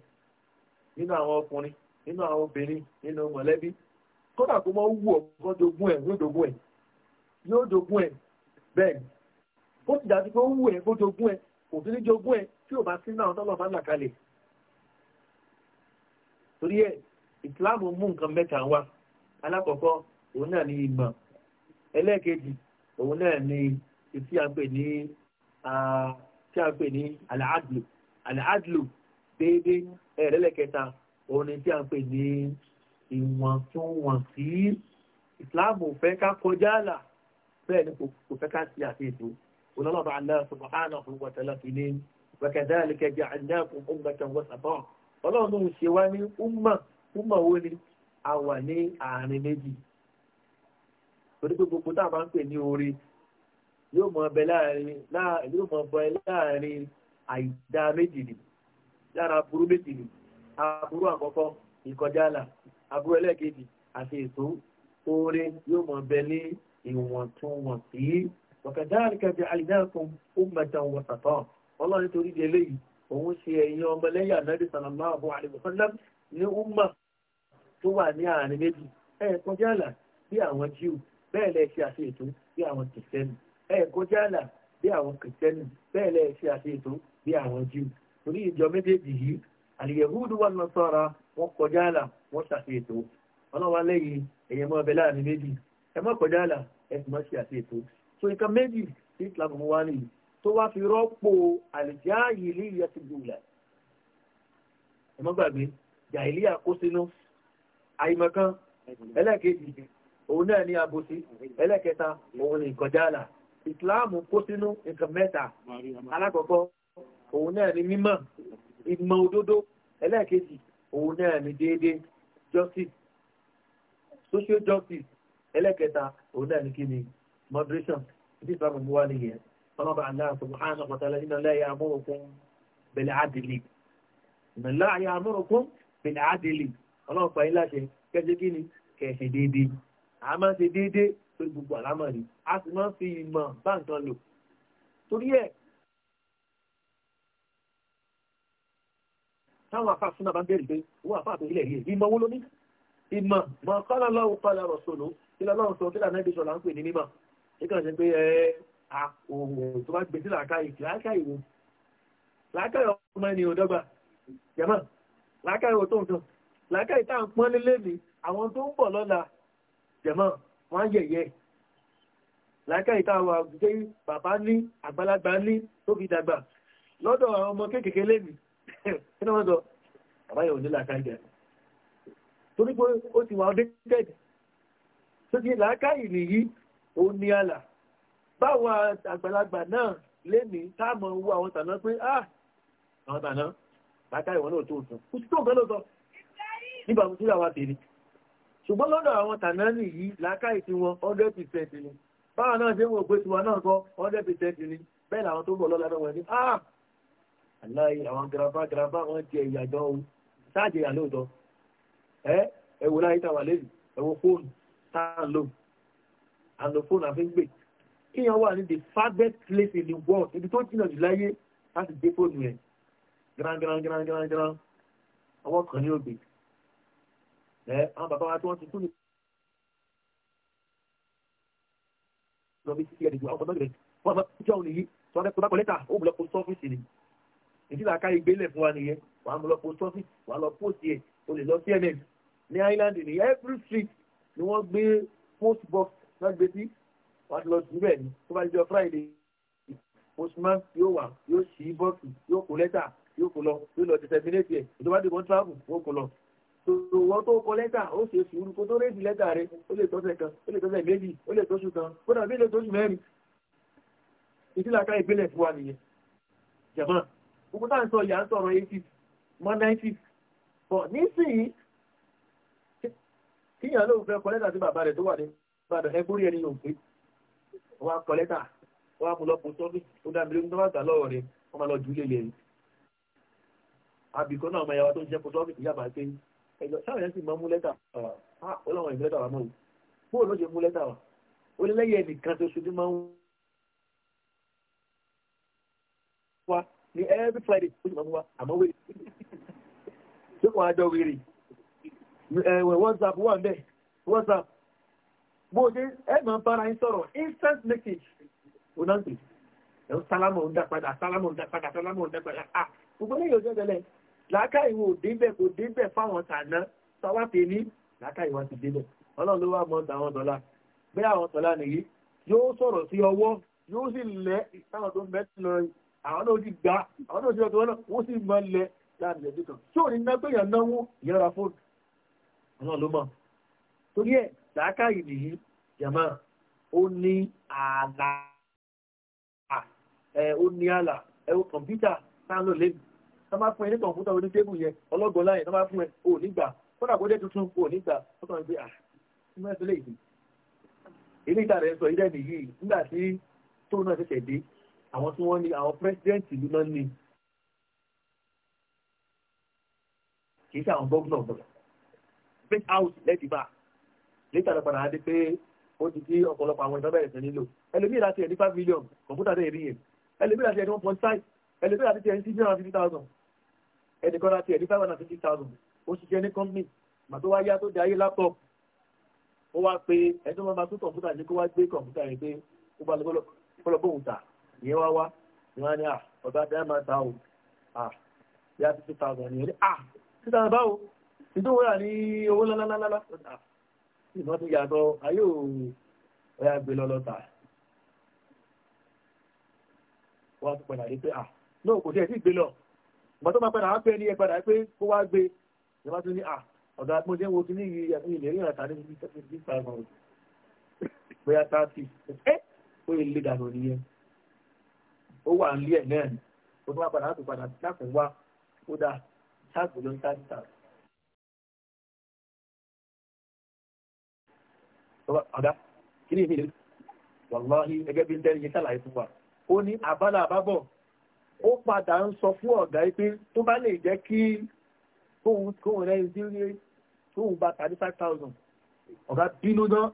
nínú àwọn ọkùnrin nínú àwọn obìnrin nínú mọ̀lẹ́bí kódà kó mọ́ wù ọ̀gọ́ dogun ẹ̀ yóò dogun ẹ̀ yóò dogun ẹ̀ bẹ́ẹ̀ ó ti dàbí pé ó wù ẹ̀ kó dogun ẹ̀ kò sí ní jogún ẹ̀ tí ò bá sí náà tọ́lọ̀ bá là kalẹ̀ torí ẹ̀ ìsìláàmù mú nǹkan mẹ́ta wá alákọ̀ọ́kọ́ òun náà ní ìmọ̀ ẹlẹ́ẹ̀kejì òun náà ní tí a pè ní tí ní àlàágbè àlàádìlò déédéé ẹ̀rẹ́lẹ̀kẹta òun ni tí a ń pè ní ìwọ̀ntúnwọ̀nsí ìsìláàmù fẹ́ ká kọjá àlà bẹ́ẹ̀ ni kò fẹ́ ká sí àti ètò olólọ́bà aláàfọ̀mọ́hánà fún wọ̀tẹ́lá fi ní wẹ̀kẹ̀dáàlìkẹ́ jẹ́ àdáàkùn ọmọkàn wọ́sàbọ̀ ọlọ́run ń ṣe wá ní umma umma yóò mọ ọbẹ̀ láàrin àìdá méjì ni lára aburú méjì ni aburú àkọ́kọ́ ìkọjáàlà aburú ẹlẹ́ẹ̀kejì àti ètò oore yóò mọ̀ bẹ ní ìwọ̀ntúnwọ̀nsí ọ̀kadàríkà àìdáàkùn ọmọdé wọ̀sàtọ̀ ọlọ́run torí di eléyìí òun ṣe ẹ̀yìn ọmọlẹ́yà nàbí sàlámù àdìbòsánlá ní tó wà ní àárín méjì ẹ̀ kọjáàlà bí àwọn jíù bẹ́ẹ̀ lẹ́ ṣe àṣeyètò bí àwọn ẹ̀ kọjáàlà bí àwọn bẹ́ẹ̀ lẹ́ ṣe àṣeyètò bí àwọn Júù torí ìjọ méjèèjì yìí àlìyẹ̀húdù wà nasara wọ́n kọjá àlà wọ́n ṣàfihàn ètò ọlọ́wà lẹ́yìn ẹ̀yẹ mọ́ ọbẹ̀ láàrin méjì ẹ mọ́ kọjá àlà ẹ sì mọ́ ṣe àfihàn ètò so nǹkan méjì sí Islam wà nìyí tó wá fi rọ́pò àlìjá yìí lè yẹ ti òun náà ìkọjá àlà Islam kó sínú nǹkan alákọ̀ọ́kọ́ òun náà ni mímọ̀ ìmọ̀ òdodo ẹlẹ́ẹ̀kejì òun náà ni déédé justice social justice ẹlẹ́ẹ̀kẹta òun náà ni kí ni moderation ìdí ìsàmù mú wá nìyẹn ọlọ́ba aláà sọ̀bùhánà pàtàlẹ́ iná lẹ́yà amúrùkún bẹ̀lẹ̀ àdìlì ìmọ̀lá àyà amúrùkún bẹ̀lẹ̀ àdìlì ọlọ́pàá yín láṣẹ kẹ́jẹ́ kí ni kẹ̀ẹ̀ṣẹ̀ déédé a máa ṣe déédé lórí gbogbo àlámọ̀ ni a sì máa ń fi ìmọ̀ bá nǹkan lò torí ẹ̀ táwọn afá súnmọ́ bá ń bẹ̀rẹ̀ pé wọ́n afá àtò ilẹ̀ yìí ìmọ̀ wo ló ní ìmọ̀ mọ̀ kọ́lá lọ́wọ́ kọ́lá rọ̀ sọ̀nù kí lọ́wọ́ sọ kí lànà ìbísọ̀ là ń pè ní mímọ̀ nígbà tí pé ẹ a òun tó bá gbé sí làákàyè làákàyè wo làákàyè ọmọ ẹni òdọ́gba jẹ̀mọ́ làákàyè wo tó ń tàn làákàyè tá à ń pọ́n nílé mi àwọn tó ń bọ̀ lọ́la jẹ̀mọ́ wọ́n á yẹ̀yẹ́ làákàyè tá a wà gbé bàbá ní àgbàlagbà ní tó fi dàgbà lọ́dọ̀ àwọn ọmọ kéékèèké lé kí ni wọ́n sọ bàbá yẹn ò ní làákàyè torí pé ó ti wà outdated tó ti làákàyè nìyí ó ní àlà báwọn àgbàlagbà náà lé ní táàmù owó àwọn tàná pé ah àwọn tàná làákàyè wọn náà tó sùn kò sí tó nǹkan ló sọ nígbà tó ti àwọn àtẹ̀lé ṣùgbọ́n lọ́dọ̀ àwọn tàná nìyí làákàyè tí wọn hundred percent ni báwọn náà ṣe ń wò pé tiwọn náà kọ hundred percent ni bẹ́ẹ̀ làwọn tó ń bọ̀ lọ́la náà wọ̀ ah aláì àwọn garafa garafa wọn jẹ ìyàjọ o sáàjẹ ìyà lóòótọ́ ẹ ẹ wò láyé táwa lẹ́yìn ẹ wo fóònù tá à ń lò à ń lo fóònù àfi ń gbè kíyàn wà ní the farthest place in the world ibi tó jìnnà jù láyé láti gbé fóònù yẹn gírangírangírangírangírang ọwọ́ kan ní ògbè ẹ àwọn bàbá wa tí wọ́n ti kú ní. lọ bí títí ẹ̀dẹ̀gbọ́n àwọn ọmọ náà rẹ̀ wọ́n máa ń jẹun nìyí tí wọ́n fẹ́ kó bá kọ́ lẹ́tà ó bùlọ̀ kó sọ́ọ́fíìsì nìyí ìdílà ká ìgbélẹ̀ fún wa nìyẹn wà á mú lọ post office wà á lọ post yẹ o lè lọ cnn ní island ní every street ni wọ́n gbé post box náà gbé sí wà á ti lọ sí bẹ́ẹ̀ tó bá jọ friday postman yóò wà yóò sí bọ́ọ̀sì yóò kó lẹ́tà yóò kó lọ yóò lọ determinate ẹ̀ ìjọba dìbò travel wọ́n kó lọ tòrò wọ́n tó kọ lẹ́tà ó ṣe sùúrù kó tó rédì lẹ́tà rẹ ó lè tọ́sẹ̀ kan ó lè tọ́sẹ̀ méjì ó lè tóṣù kan kódà bí lè tóṣù mẹ́rin ìdílé ìgbélẹ̀ fún wa nìyẹn jẹ̀mọ́n gbogbo táà ń sọ ìyá ń sọ̀rọ̀ eighties mọ́ nineties bọ̀ nísìnyí kíyàn ló fẹ́ kọ́lẹ́tà sí bàbá rẹ̀ tó wà ní ìbàdàn ẹgbórí ẹni yóò gbé wá kọ́lẹ́tà wá mú lọ́pọ̀ sọ́bí ó dá mílíọ̀nù tó bá gbà lọ́wọ́ rẹ̀ wọ́n máa lọ jù lélẹ̀ rẹ̀ abìkan náà ọmọ ìyàwó tó ń jẹ́ pọ̀ sọ́bí ìyá bàá pé ẹjọ́ sáwọn yẹn sì máa mú lẹ́tà wá ó láwọn ìmú lẹ́tà wá mọ́ bóòlù ó ṣe mú tó ń ní every friday ó sì máa mú wa àmọ́ wèrè ṣé kò wá jọ wèrè ẹ̀wẹ̀ whatsapp wà bẹ́ẹ̀ whatsapp bó o ṣe ẹ máa bára yín sọ̀rọ̀ instant message ó náà ń pè ẹ̀ ń sálámù ń dá padà sálámù ń dá padà sálámù ń dá padà ah gbogbo eléyìí ò jẹ́ tẹ́lẹ̀ làákà ìwò òdínbẹ̀ kò dínbẹ̀ fáwọn tàná tọwá tèmi làákà ìwà ti dínbẹ̀ ọlọ́run ló wá mọ́ àwọn tọ́lá bẹ́ẹ̀ àwọn tọ́lá nìyí yóò sọ̀rọ̀ sí ọwọ́ yóò sì lẹ́ táwọn tó mẹ́tì àwọn náà ti gbà àwọn náà ti ọ̀tọ̀ wọn náà wọ́n sì mọ ilẹ̀ láàrin ẹ̀dí kan tí ò ní náà péyàn náwó ìyára fóònù ọlọ́run ló mọ̀ torí ẹ̀ làákàyè nìyí jàmá ó ní ààlà ẹ ó ní ààlà ó kọ̀m̀pútà lò fún ẹ ní kọ̀m̀pútà oní tébù yẹn ọlọ́gbọ̀n fún ẹ ní gbà kódà kó dé tuntun ní gbà ó kàn ah, ń gbé à àwọn tí wọ́n ní àwọn pírẹsidẹ́ǹtì ló máa ń ní kì í ṣe àwọn gómìnà gbọ́dọ̀ state house lẹ́ẹ̀dì bá létà lọ padà dé pé ó ti di ọ̀pọ̀lọpọ̀ àwọn ìtọ́bẹ̀rẹ̀ sí nílò ẹlòmíì láti ẹ̀ ní five million kọ̀ǹpútà tẹ̀ rí yẹn ẹlòmíì láti ẹ̀ ní one point five ẹlòmíì láti ẹ̀ ní six hundred fifty thousand ẹnìkan láti ẹ̀ ní five hundred fifty thousand ó ṣiṣẹ́ ní company mà tó wá yá tó di ayé laptop ó wá pé ẹni tó máa tó kọ̀ǹpútà ní kó wá gbé kọ̀ǹpútà yẹn pé ó bá lọ́gbọ́n òun ta ìyẹn wá wá ni wọ́n à ah, dẹ́mà ah, a ní à ah, two thousand báwo ìdúró ní owó lálálálá ìmọ̀ tó yàtọ̀ ayé ò ọya gbé lọ́lọ́ta wọ́n ti padà rí pé à náà kò tiẹ̀ sí gbé lọ ìgbà tó máa padà pé kó wá gbé tó ní à rí ní bóyá ẹ́ ó ó wà ń lé ẹ̀ náà ni ó tún wá padà láti padà dákun wá kódà táàgù ló ń tá níta. ọ̀gá kí ni èmi lè wàláhí ẹgẹ́ bí ń tẹ́lẹ̀ yẹn sàlàyé fún wa ó ní àbálà àbábọ̀ ó padà ń sọ fún ọ̀gá yìí pé tó bá lè jẹ́ kí tóun tóun rẹ̀ ń dírí tóun bá thirty five thousand ọ̀gá bínú náà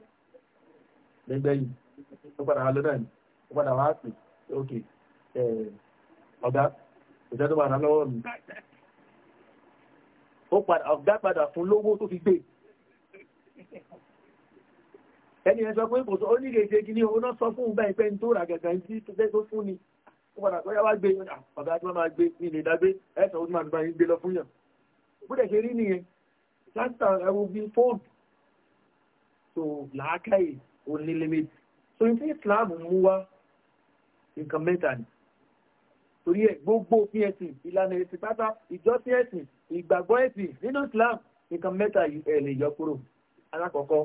lẹ́gbẹ̀ẹ́ yìí ó padà wá lọ́dọ̀ yìí ó padà wá pè é okay. Eh, ọ̀gá ìjẹ́ tó bá rán lọ́wọ́ mi ọ̀gá padà fún lówó tó fi gbé ẹni ẹ sọ pé kò sọ ó ní gègé gíní owó náà sọ fún ìgbà ìpẹ́ tó rà gẹ̀gẹ̀ tí tó tẹ́ tó fún ni ó padà tó yá wá gbé ọ̀gá tí wọ́n máa gbé ní ilé ìdágbé ẹ̀sán ó máa gbé lọ fún yàn bó dẹ̀ ṣe rí nìyẹn láti ẹwọ bíi fóònù so làákàyè onílẹ̀mẹ́tì so ní tí Islam mú wá nǹkan mẹ́ta ni torí ẹ gbogbo òfin ẹ̀sìn ìlànà ẹ̀sìn pátá ìjọsìn ẹ̀sìn ìgbàgbọ́ ẹ̀sìn nínú Islam nǹkan mẹ́ta ẹ̀ lè yọ kúrò alákọ̀ọ́kọ́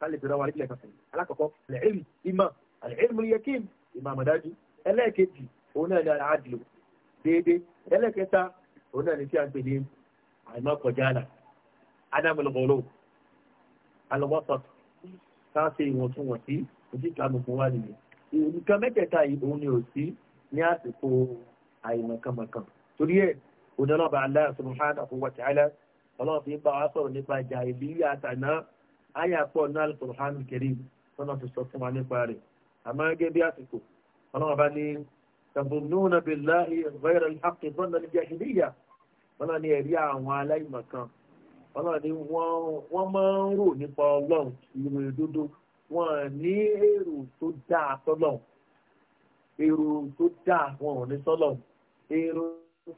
kálí ìpínlẹ̀ wa nílẹ̀ kan alákọ̀ọ́kọ́ lẹ́ẹ̀rì ìmọ̀ àlẹ́ẹ̀rì mọ̀ yẹkín ìmọ̀ àmọ̀dájú ẹlẹ́ẹ̀kejì òun náà ní àádìlò déédéé ẹlẹ́ẹ̀kẹta òun náà ní tí a ń pè ní àìmọ́ kọjá àlà ádámù lọ́gọ́rọ́ alọ́wọ́sọ̀ káṣe ìwọ̀ntúnwọ̀nsí sí ìsìlámù fún wa nìyẹn nǹkan mẹ́tẹ̀ẹ̀ta yìí òun ni ò sí ní àsìkò àìmọ̀kànmọ̀kàn torí ẹ̀ onílọ́ba Allah subhanahu wa ta'ala ọlọ́run fi ń bá wa sọ̀rọ̀ nípa ìjà ìbílẹ̀ àtàná àyà pọ̀ ní al-Qur'an al-Karim tọ́nà ti sọ fún wa nípa rẹ̀ àmọ́ gẹ́gẹ́ bí àsìkò ọlọ́run bá ní tazunnuna billahi ghayra al-haqqi dhanna al-jahiliyya ọlọ́run ní ẹ̀rí àwọn aláìmọ̀kan ọlọ́run ní wọ́n máa ń rò nípa ọlọ́run ìròyìn dúdú wọn ní èrò tó dáa sọ́lọ̀ èrò tó dáa wọn ò ní sọ́lọ̀ èrò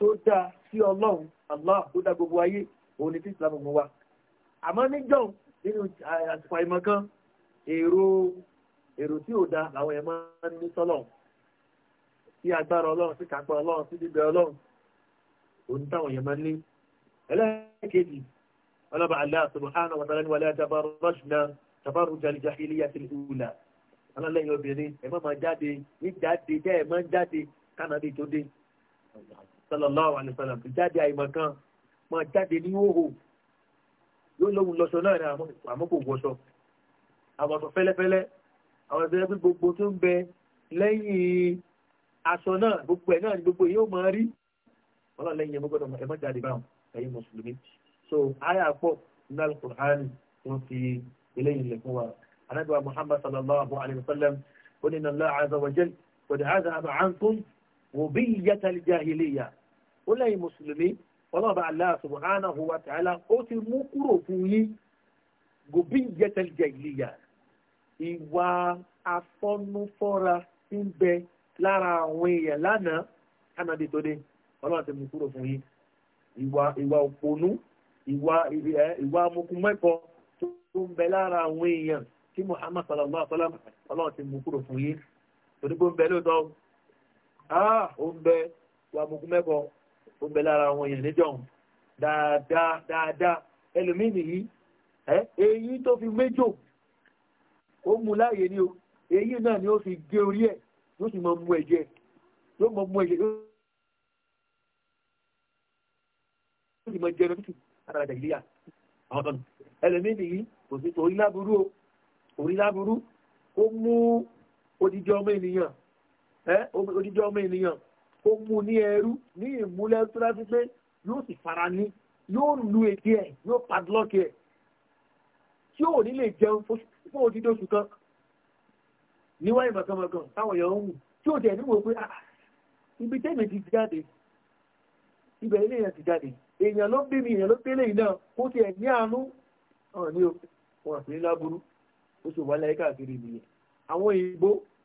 tó dáa sí ọlọ́run allah tó dá gbogbo ayé òun ni tí islam mú wa àmọ́ níjọ́ nínú àsìkò àìmọ̀ kan èrò èrò tí ò da làwọn ẹ̀ máa ń ní sọ́lọ̀ sí agbára ọlọ́run sí kápá ọlọ́run sí bíbẹ ọlọ́run òun táwọn yẹn máa ń ní. ẹlẹ́ẹ̀kejì ọlọ́ba aláàtúnú hánà wàtàlẹ́ni wàlẹ́ àjàbá rọ́ṣùnà tabaruja al-jahiliyyati al-ula alálẹ́yìn obìnrin ẹ má máa jáde ní jáde tẹ́ ẹ má jáde kánádé tó dé sallallahu alaihi wasallam jáde àìmọ̀ kan máa jáde ní hóhò yóò lóhun lọ́sọ náà ní àmọ́ kò wọṣọ àwọn ọ̀sọ̀ fẹ́lẹ́fẹ́lẹ́ àwọn ọ̀sọ̀ ẹgbẹ́ gbogbo tó ń bẹ lẹ́yìn aṣọ náà gbogbo ẹ̀ náà ni gbogbo yóò máa rí wọn lẹ́yìn ẹgbẹ́ gbọ́dọ̀ jáde báwọn ẹ̀yin mùsùlùmí so àyà pọ̀ nínú Al-Qur'an tó eléyìí lè fún wa anábíwá muhammad sallallahu alayhi wa sallam ó ní nàlá azza wa jal qad azhaba ankum rubiyyata al-jahiliyya ó lẹ́yìn mùsùlùmí ọlọ́ọ̀bá allah subhanahu wa ta'ala ó ti mú kúrò fún yín rubiyyata al-jahiliyya ìwà afọ́nufọ́ra ti ń bẹ lára àwọn èèyàn lánàá kánàdé tó dé ọlọ́run ti mú kúrò fún yín ìwà ìwà òpònú ìwà ìwà amukumẹ́kọ̀ọ́ tó ń bẹ lára àwọn èèyàn tí Muhammad sallallahu alaihi wasallam ọlọ́run ti mú kúrò fún yín torípò ń bẹ lóòótọ́ ah ó ń bẹ wà mùkú mẹ́kọ ó ń bẹ lára àwọn èèyàn níjọ̀hún dáadáa dáadáa ẹlòmíì nìyí èyí tó fi méjò ó mú láàyè ni o èyí náà ni ó fi gé orí ẹ̀ yóò sì mọ mú ẹ̀jẹ̀ yóò mọ mú ẹ̀jẹ̀ yóò sì mọ jẹun títì àtàràjà ìléyà àwọn tọ́nu ẹlòmíì nìyí kò sí orí láburú o orí láburú ó mú odidi ọmọ ènìyàn ẹ odidi ọmọ ènìyàn ó mú ní ẹrú ní ìmúlẹ̀ tó dájú pé yóò sì fara ní yóò lu èdè ẹ̀ yóò padlock ẹ̀ tí ò ní lè jẹun fún odidi oṣù kan níwá ìmọ̀kànmọ̀kàn táwọn èèyàn ń wù tí ò tẹ̀ níwò pé ah, ah, ibi tẹ́mi ti jáde ibẹ̀ ilé yẹn ti jáde èèyàn ló bí mi èèyàn ló tẹ́lẹ̀ yìí náà kó tiẹ̀ ní àánú hàn ní o wọn sì ní láburú ó sì wálé káàkiri nìyẹn àwọn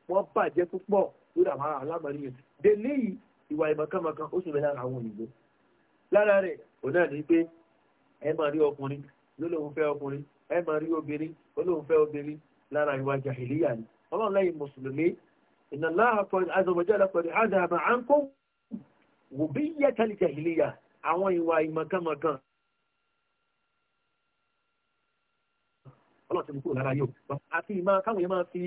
wọn bàjẹ́ púpọ̀ lórí àwọn alámọ̀nìyàn délé yìí ìwà ìmọ̀kànmọ̀kan ó sì bẹ lára àwọn òyìnbó lára rẹ̀ òun náà ní pé ẹ máa rí ọkùnrin lólóhùn fẹ́ ọkùnrin ẹ máa rí obìnrin olóhùn fẹ́ obìnrin lára ìwà jàhìlíyà ni ọlọ́run lẹ́yìn mùsùlùmí láàpọ̀ ọlọ́run ti mú kúrò lára yóò àti ìmọ̀ káwọn yẹn máa fi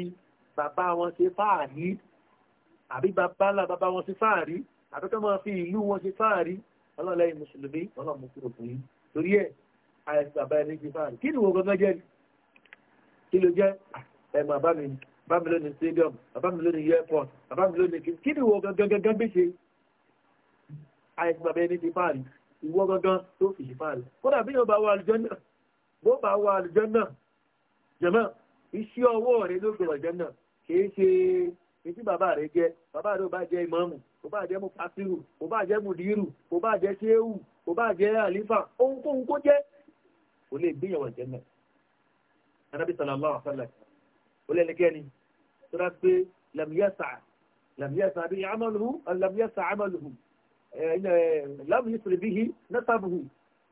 bàbá wọn ṣe fáàrí àbí bàbá ńlá bàbá wọn ṣe fáàrí àbí ká máa fi ìlú wọn ṣe fáàrí ọlọ́run lẹ́yìn mùsùlùmí ọlọ́run mú kúrò fún yín torí ẹ̀ àìsí bàbá ẹni ṣe fáàrí kí ni wo gangan jẹ́ kí ló jẹ́ ẹ̀mọ̀ bá mi bá mi lónìí stadium bàbá mi lónìí airport bàbá mi lónìí kí ni wo gangan gangan bí ṣe àìsí bàbá ẹni ṣe fáàrí ìwọ gangan tó fi ṣe fáàrí kódà bí yóò bá wà àlùjọ náà bó bá wà àlùjọ náà jẹ̀mọ́ iṣẹ́ ọwọ́ rẹ ló gbọ̀rọ̀ jẹ́ náà kìí ṣe etí bàbá rẹ jẹ bàbá rẹ ò bá jẹ ìmọ̀ọ́mù kò bá jẹ́ mufasiru kò bá jẹ́ mudiru kò bá jẹ́ sehu kò bá jẹ́ àlífà ohunkóhun kó jẹ́ kò lè gbéyàwó jẹ́ náà. anábì sallallahu alaihi wasallam ó lẹ́nikẹ́ni tó dá pé lamiyasa lamiyasa bí amaluhu lamiyasa amaluhu lamiyasa bihi nasabuhu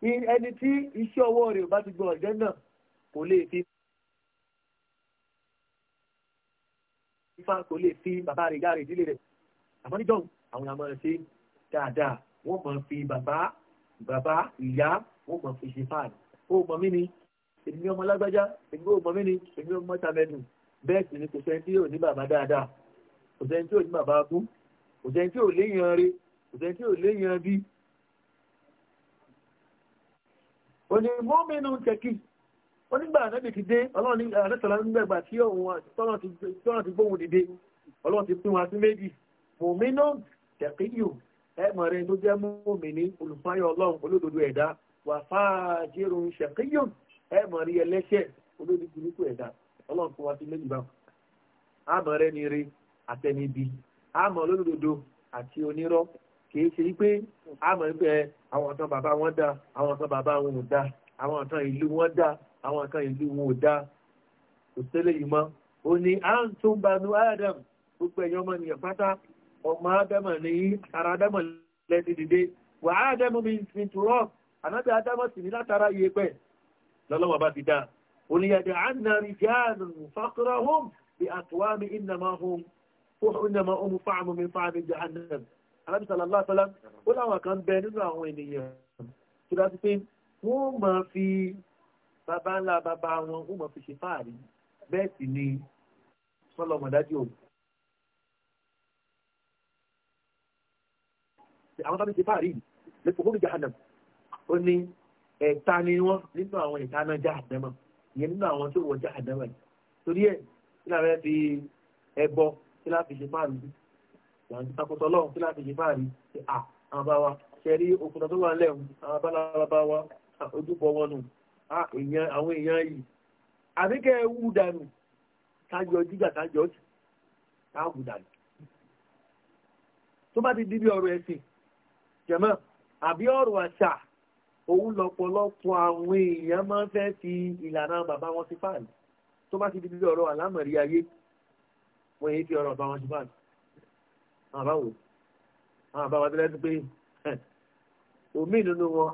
ẹni tí iṣẹ́ ọwọ́ rẹ̀ ò bá ti gbọ̀rọ̀ jẹ́ náà kò lè fi ifá kò lè fi bàbá rẹ̀ yára ìdílé rẹ̀ àmọ́ níjọ́ àwọn àmọ́ rẹ̀ ṣe dáadáa wọ́n mọ̀ fi bàbá bàbá ìyá wọ́n mọ̀ fi ṣe fáàlì ó mọ̀ mí ni èmi ọmọ lágbájá èmi ò mọ̀ mí ni èmi ọmọ tàmẹ́nu bẹ́ẹ̀ sì ni kò sẹ́ni tí ò ní bàbá dáadáa kò sẹ́ni tí ò ní bàbá bú kò sẹ́ni tí ò léyìn rí kò sẹ́ni tí ò léyìn bí. òní mọ́mínú tẹ́kì onígbà ànábì ti dé ọlọ́run ní àrẹ́sọ̀lá nígbàgbà tí ọ̀run ti gbóhùn dìde ọlọ́run ti pín wa sí méjì mòmínú tẹ̀kíyù ẹ̀mọ̀ rẹ̀ tó jẹ́ mòmìnì olùfáyọ̀ ọlọ́run olódodo ẹ̀dá wà fáàjẹ́rù ṣẹ̀kíyù ẹ̀mọ̀ rí ẹlẹ́ṣẹ̀ olódodo burúkú ẹ̀dá ọlọ́run pín wa sí méjì báwọn. àmọ̀ rẹ̀ ni rí àtẹnibi àmọ̀ olódodo àti onírọ́ kìí ṣe wípé àmọ̀ wípé àwọn ọ̀tàn bàbá wọn dá àwọn ọ̀tàn bàbá wọn ò dá àwọn ọ̀tàn ìlú wọn dá àwọn kan ìlú wọn ò dá kò sẹ́lẹ̀ yìí mọ́ ó ní à ń tún banu adam gbogbo ẹ̀yọ́ ọmọ nìyẹn pátá ọmọ adam ní ara adam lẹ́sìn dìde wà á adam mi fi tùrọ̀ ànábì adam sì ní látara iye pẹ̀ lọ́lọ́wọ́ bá ti dá oníyàdé ànàrí jáàdùn fàkúrà hóm bí àtúwámi ìnàmá hóm fúnàmá hóm fáàmù mi fáàmì jahannam alábi sàlálà sàlám ó láwọn kan bẹ nínú àwọn ènìyàn tó wọ́n máa fi bàbá ńlá bàbá wọn ó mọ̀ fi ṣe fáàrí bẹ́ẹ̀ sì ni sọlọmọdájú òun. àwọn tábí ṣe fáàrí lẹ́kọ̀ọ́ gómìnà jahannam ó ní ẹ̀ta ni wọ́n nínú àwọn ẹ̀ta náà jahannama ìyẹn nínú àwọn tó wọ jahannama yìí torí ẹ̀ kí lára ẹ fi ẹbọ kí lára fi ṣe fáàrí ìyàwó ti takọ̀tọ̀ lọ́wọ́ kí lára fi ṣe fáàrí ṣe à àwọn bá wa ṣe rí okùnà tó wà ń àwọn bá wa ojúbọ wọn nù Ah, àwọn èèyàn yìí àbíkẹ́ wú dànù tájọ jíjà tájọ jù táwù dànù tó bá ti di bí ọ̀rọ̀ ẹ̀sìn jẹ̀mọ́ àbí ọ̀rọ̀ àṣà òun lọ́pọ̀lọpọ̀ àwọn èèyàn máa ń fẹ́ fi ìlànà bàbá wọn sí fáàlì tó bá ti di bí ọ̀rọ̀ àlámọ̀rí ayé wọ́n èyí fi ọ̀rọ̀ bá wọn sí fáàlì àwọn àbáwò àwọn àbáwò abẹ́rẹ́ ti pé omi nínú wọn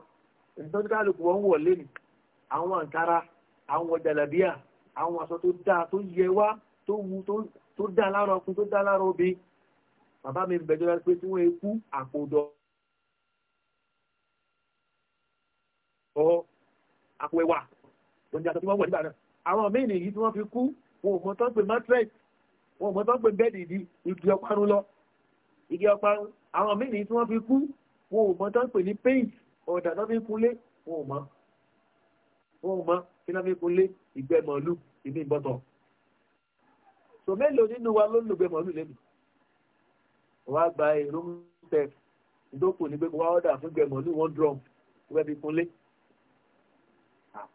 ìtọ́jú kálukú wọn ń wọ̀ lẹ́nu àwọn àǹkárá àwọn jàlábíà àwọn aṣọ tó dáa tó yẹ wá tó wu tó dáa lára ọkùnrin tó dáa lára obìnrin bàbá mi bẹ̀jọ́ pé tí wọ́n kú àpòdọ̀ ọ̀ àpò ẹ̀wà lóun jẹ́ aṣọ tí wọ́n wọ̀ nígbà náà àwọn míì nìyí tí wọ́n fi kú wọn ò mọ̀ tán pé matrix wọn ò mọ̀ tán pé bẹ́ẹ̀dì igi ọparun àwọn míì tí wọ́n fi kú wọn ò tán pé ní paint ọ̀dà tán fi kúlé wọn ò wọ́n mọ́ kínáfíkúnlé ìgbẹ́ màálù ìní ìbọ́tọ̀ so mélòó nínú wa ló ń lògbẹ́ màálù lẹ́nu wọ́n á gba èrò ń tẹ̀ ìdókòó ní pé wọ́n á ọ̀dà fún gbẹ́ màálù wọ́n drum ìgbẹ́ fi kúnlé ah,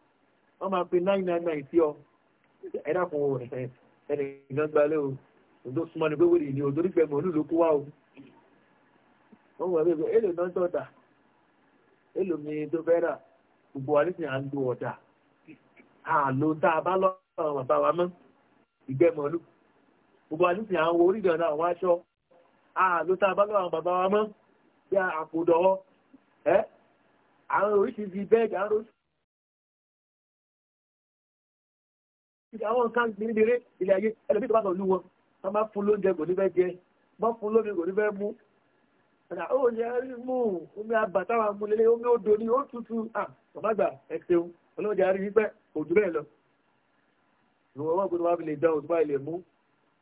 wọ́n máa pe nine nine nine sí ọ ẹ̀dá kan ẹnì ìgbà gbalẹ̀ o òdó súnmọ́ ni pé wọ́n lè ní òdó ló kó wá o wọ́n wọ̀ gbogbo wa nísìnyí à ń lo ọ̀dà àlò tá a bá lọ́wọ́ bàbá wa mọ́ ìgbẹ́mọ̀lú gbogbo wa nísìnyí à ń wo orílẹ̀ ọ̀dà àwọn aṣọ àlò tá a bá lọ́wọ́ bàbá wa mọ́ bí àpòdọ̀wọ́ ẹ́ àwọn oríṣiríṣi bẹ́ẹ̀dì àwọn oríṣiríṣi àwọn nǹkan gbìngbìnrin ilẹ̀ ayé ẹlẹ́bí tó bá lọ́ọ́ lú wọn wọ́n fún lóúnjẹ kò ní fẹ́ jẹ wọ́n fún lómi kò ní fẹ́ mú ó yẹ mú omi àbàtà wa mú lélẹ́ omi odò ni ó tutù bàbá àgbà ẹ ṣeun ọlọ́run jẹ́ àríwí pẹ́ òjú bẹ́ẹ̀ lọ ìwọ wọn gbọdọ̀ wá fi lè dán òtún báyìí lè mú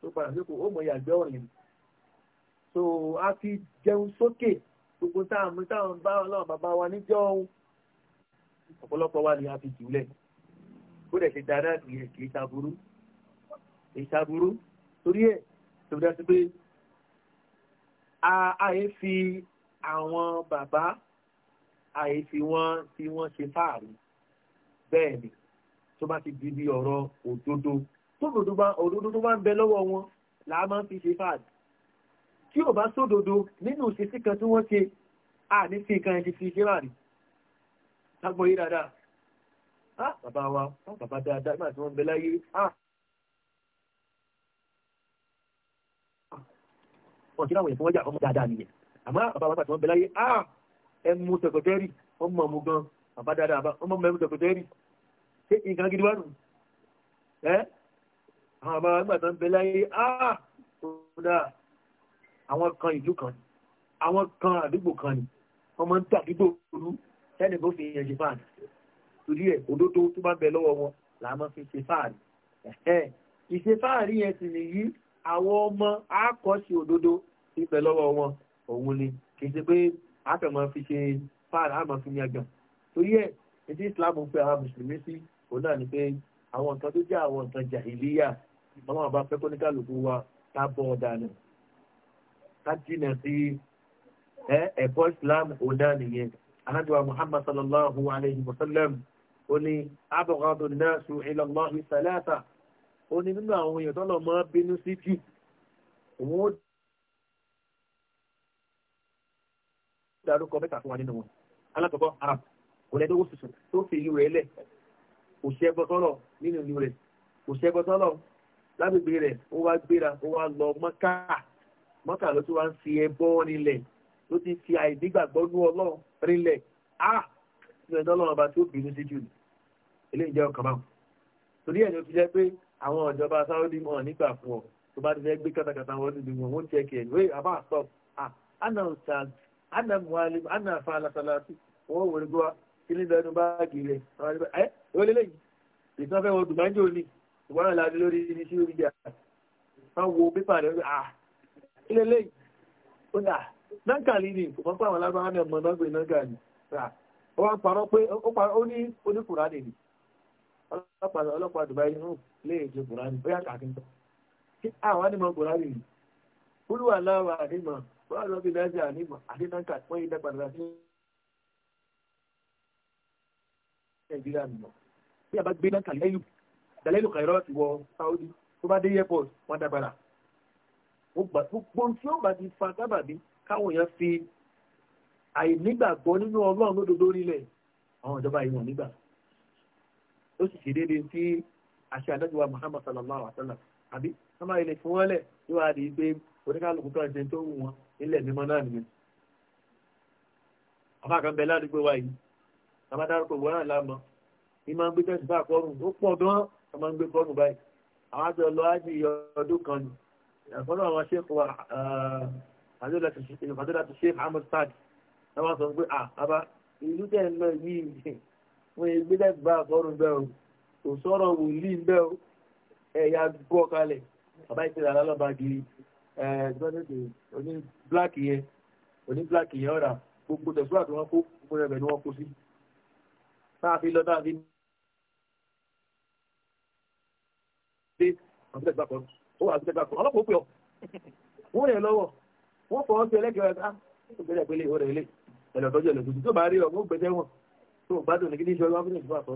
tó padà sí kò ó mọ ìyàgbẹ́ ọ̀rìn so a fi jẹun sókè gbogbo táàmù táwọn bá ọlọ́run bàbá wa níjọ́ ohun wa ni a fi jùlẹ̀ kó dẹ̀ ṣe dáadáa kì í ṣàbúrú ìṣàbúrú torí ẹ̀ tó dá sí pé ààyè fi àwọn bàbá àyè tí wọ́n tí wọ́n ṣe fáàrí bẹ́ẹ̀ ni tó bá ti di bí ọ̀rọ̀ òdodo tó òdodo tó bá ń bẹ lọ́wọ́ wọn là á máa ń fi ṣe fáàrí tí ò bá sódodo nínú ìṣesí kan tí wọ́n ṣe àní sí nǹkan ẹni fi ṣe fáàrí lágbọ́n yìí dáadáa ah bàbá wa ah bàbá dáadáa nígbà tí wọ́n ń bẹ láyé ah wọ́n ti láwọn èèyàn tí wọ́n jà ọmọ dáadáa nìyẹn àmọ́ bàbá wa nígbà tí wọ́n ń bẹ láyé ah ẹmu tẹkọtẹrì ọmọ ọmọ gan àbádáadáa àbá ọmọ ọmọ ẹmu tẹkọtẹrì ṣé nǹkan gidi wá nù ẹ àwọn àbá ẹgbà tó ń bẹ láyé áà kódà àwọn kan ìlú kan àwọn kan àdúgbò kan ni ọmọ ń tàdúgbò olú ẹnì kó fi yẹn ṣe fáànì torí ẹ òdodo tó bá bẹ lọ́wọ́ wọn làá máa fi ṣe fáànì ìṣefáàrí yẹn sì nìyí àwọn ọmọ àkọ́ṣe òdodo ìpẹ̀ lọ́wọ́ wọn òun ni kì í ṣe pé àtẹ̀mọ́ fi ṣe fáàrà àmọ́ fi yàgàn torí ẹ̀ ètí islam ń pe àwọn mùsùlùmí sí òun náà ni pé àwọn nǹkan tó jẹ́ àwọn nǹkan jàhìlíyà ọlọ́run bá fẹ́ kó ní kálukú wa ká bọ́ ọ̀dà nù ká jìnà sí ẹ̀kọ́ islam òun náà nìyẹn anájọba muhammad sallallahu alayhi wa sallam ó ní abọ́gàdùn náà sùn ìlọ́lọ́ ìsàlẹ̀ àtà ó ní nínú àwọn èèyàn tó lọ́ mọ́ bínú sí jù òun ó dárúkọ mẹ́ta fún wa nínú wọn alákọ̀ọ́kọ́ arab kò lẹ́dọ́wọ́ sísun tó fi ìlú rẹ̀ lẹ̀ kò ṣe ẹgbọ́tọ́lọ̀ nínú ìlú rẹ̀ kò ṣe ẹgbọ́tọ́lọ̀ lágbègbè rẹ̀ ó wá gbéra ó wá lọ mọ́kà mọ́kà ló ti wá ń fi ẹbọ nílẹ̀ ló ti fi àìdígbàgbọ́ nú ọlọ́run rinlẹ̀ á ní ẹ̀dọ́ ọlọ́run ọba tí ó bínú sí jù ní eléyìí jẹ́ ọkàn báwọn torí ẹ̀ ló fi jẹ́ pé àwọn ìjọba sáwọ́dì mọ̀ nígbà fún ọ tó bá ti fẹ́ gbé kátàkátà wọn níbi wọn ó ń tẹ́kẹ̀ẹ́ ní wẹ́ẹ́ àbá àtọ́ à ana mualim, ana fala salati wọ́n wòrè gbọ́ kíní lẹ́nu báàgì rẹ̀ àwọn ẹgbẹ́ ẹ́ ìwọ́n lélẹ̀ yìí ìtàn fẹ́ wọn dùgbàǹjò ni ìwọ́n náà láti lórí ní sí orí jà wọ́n wo pépà rẹ̀ wọ́n ah kílẹ̀ ó dà nankali ni kò mọ́ pé àwọn alábàá náà mọ̀ náà gbé nankali ó wá ń parọ́ pé ó ní oníkùránì ni ọlọ́pàá Dubai inú lè jẹ kùránì bóyá kàkíntàn àwọn anímọ̀ kùránì ni kúlù aláwọ̀ àdìmọ̀ wọ́n lọ bí lẹ́sẹ̀ ànímọ̀ àdínáka wọ́n yí dágbàdàgbà sí nàìjíríà nìmọ̀ bí a bá gbé náà kàlẹ́lù kàlẹ́lù kàìrọ́ ti wọ saudi tó bá dé airport wọ́n dágbàdà gbogbo tí ó bá ti fa sábàbí káwọn èèyàn fi àìnígbàgbọ́ nínú ọlọ́run lódodo nílẹ̀ àwọn ìjọba yìí wọ̀n nígbà ó sì ṣe déédéé sí àṣẹ adájọba muhammad sallallahu alaihi wa sallam àbí sábà ilẹ̀ fún wọn lẹ̀ yóò wá di pé oníkàlùkù tó ń ṣe tó wù wọn ilẹ̀ mímọ́ náà nìyẹn àmọ́ àkàn bẹ ládùúgbò wa yìí àmọ́ dárúkọ wọ́n náà lámọ́ ìmọ̀ ń gbé tẹ̀sí bá kọ́rùn ó pọ̀ gan ọmọ ń gbé kọ́rùn báyìí àwọn àti ọlọ́ ájì ọdún kan ni ìyàfọ́nà àwọn ṣe fún wa àdúrà ti ṣe Ahmed Sad náà wọ́n sọ pé à bàbá ìlú tẹ̀ ń lọ yìí wọ́n gbé tẹ̀sí bá kọ́rùn bẹ́ẹ̀ o kò sọ̀rọ̀ wòlíì bẹ́ẹ̀ o ẹ̀yà gbọ́ kalẹ̀ bàbá ìṣẹ̀lẹ̀ alálọ́ba gírí gbọ́dọ̀dẹ̀ oní black yẹn oní black yẹn ọ̀rà gbogbo tẹ̀síwà tí wọ́n kó gbogbo rẹ̀ ni wọ́n kó sí náà fi lọ́dọ̀ àfi dé àfitẹ́gbàkọ̀ ó wà àfitẹ́gbàkọ̀ ọlọ́pàá ó pè ọ́ wọ́n rẹ̀ lọ́wọ́ wọ́n fọ́ ọ́ sí ẹlẹ́gbẹ̀ẹ́ ọ̀gá ah, ó gbẹ́dẹ̀ pélé ó rẹ̀ ilé ẹ̀lọ́ tọ́jú ẹ̀lọ́ tuntun tó bá rí ọ̀gbọ́n gbẹ́dẹ̀ wọn tó bá dùn ní kí ní ìṣọ́ ìwọ́n fi ní ìṣọ́ àtọ́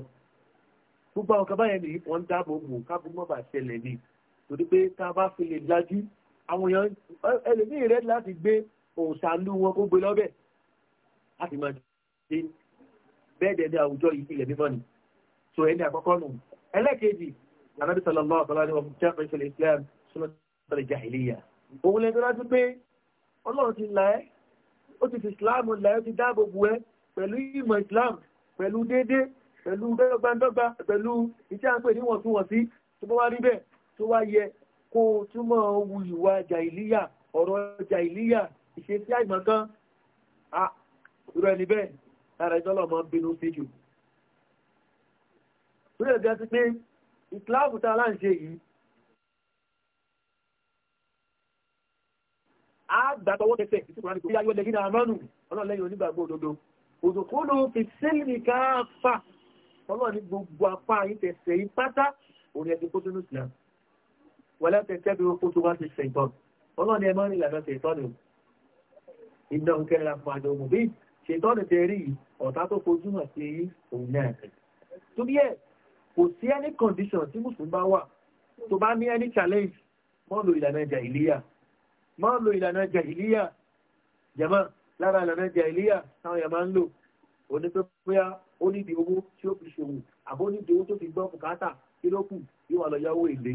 gbogbo àwọn kaba yẹn nìyí wọ́n dáàbò bò káàbò mọ́ bá ṣẹlẹ̀ àwọn èèyàn ẹlòmíì rẹ̀ láti gbé òṣàlú wọn kó gbé lọ́bẹ̀ láti máa ṣe bẹ́ẹ̀ dẹ̀ ní àwùjọ yìí ilẹ̀ mímọ́ ni so ẹni àkọ́kọ́ nù ẹlẹ́kejì anábì sallallahu alaihi wa sallam ìṣẹ̀lẹ̀ islam sọ́nà sọ́nà jahiliya òun lẹ́nu láti pé ọlọ́run ti là ẹ́ ó ti fi islam là ẹ́ ó ti dáàbò bù ẹ́ pẹ̀lú ìmọ̀ islam pẹ̀lú déédéé pẹ̀lú dọ́gbandọ́gba pẹ̀lú ìṣe àpè níwọ̀ntúnwọ̀nsí tó bá wá rí bẹ́ẹ̀ tó wá yẹ kó o túmọ̀ wu ìwà jàìlíyà ọ̀rọ̀ jàìlíyà ìṣesí àìmọ̀kan rẹ̀ níbẹ̀ lára ìtọ́lọ̀ mọ́ bínú sí jù. Torí ẹ̀gá ti pé ìsìláàmù tá a láǹṣe yìí a gbà tọwọ́ tẹsẹ̀ ìsìnkú ránì kò yáyọ́ lẹ́yìn àmánù ọlọ́lẹ́yìn onígbàgbọ́ òdodo òdòkúnú fi sílì káfà ọlọ́ni gbogbo apá ìtẹ̀sẹ̀ yìí pátá òun ẹ̀sìn kó sínú ìsìláàmù wọlé tẹ̀tẹ́ bí ó tó bá ti ṣe ìtọ́nù ọlọ́ni ẹ máa ń ìlànà ṣe ìtọ́nù iná ń kẹ́ra fún àjọ òmù bí ṣe ìtọ́nù tẹ rí ọ̀tá tó fojú hàn sí òun náà tó bí ẹ kò sí any condition tí mùsùlùmí bá wà tó bá ní any challenge mọ́ lo ìlànà jàìlíyà mọ́ lo ìlànà jàìlíyà jẹ̀mọ́ lára ìlànà jàìlíyà táwọn yẹn máa ń lò òní tó bóyá ó nídìí owó tí ó fi ṣòwò àbó nídìí owó tó fi gbọ́ bùkátà kí ló kù yóò wà lọ yáwó èlé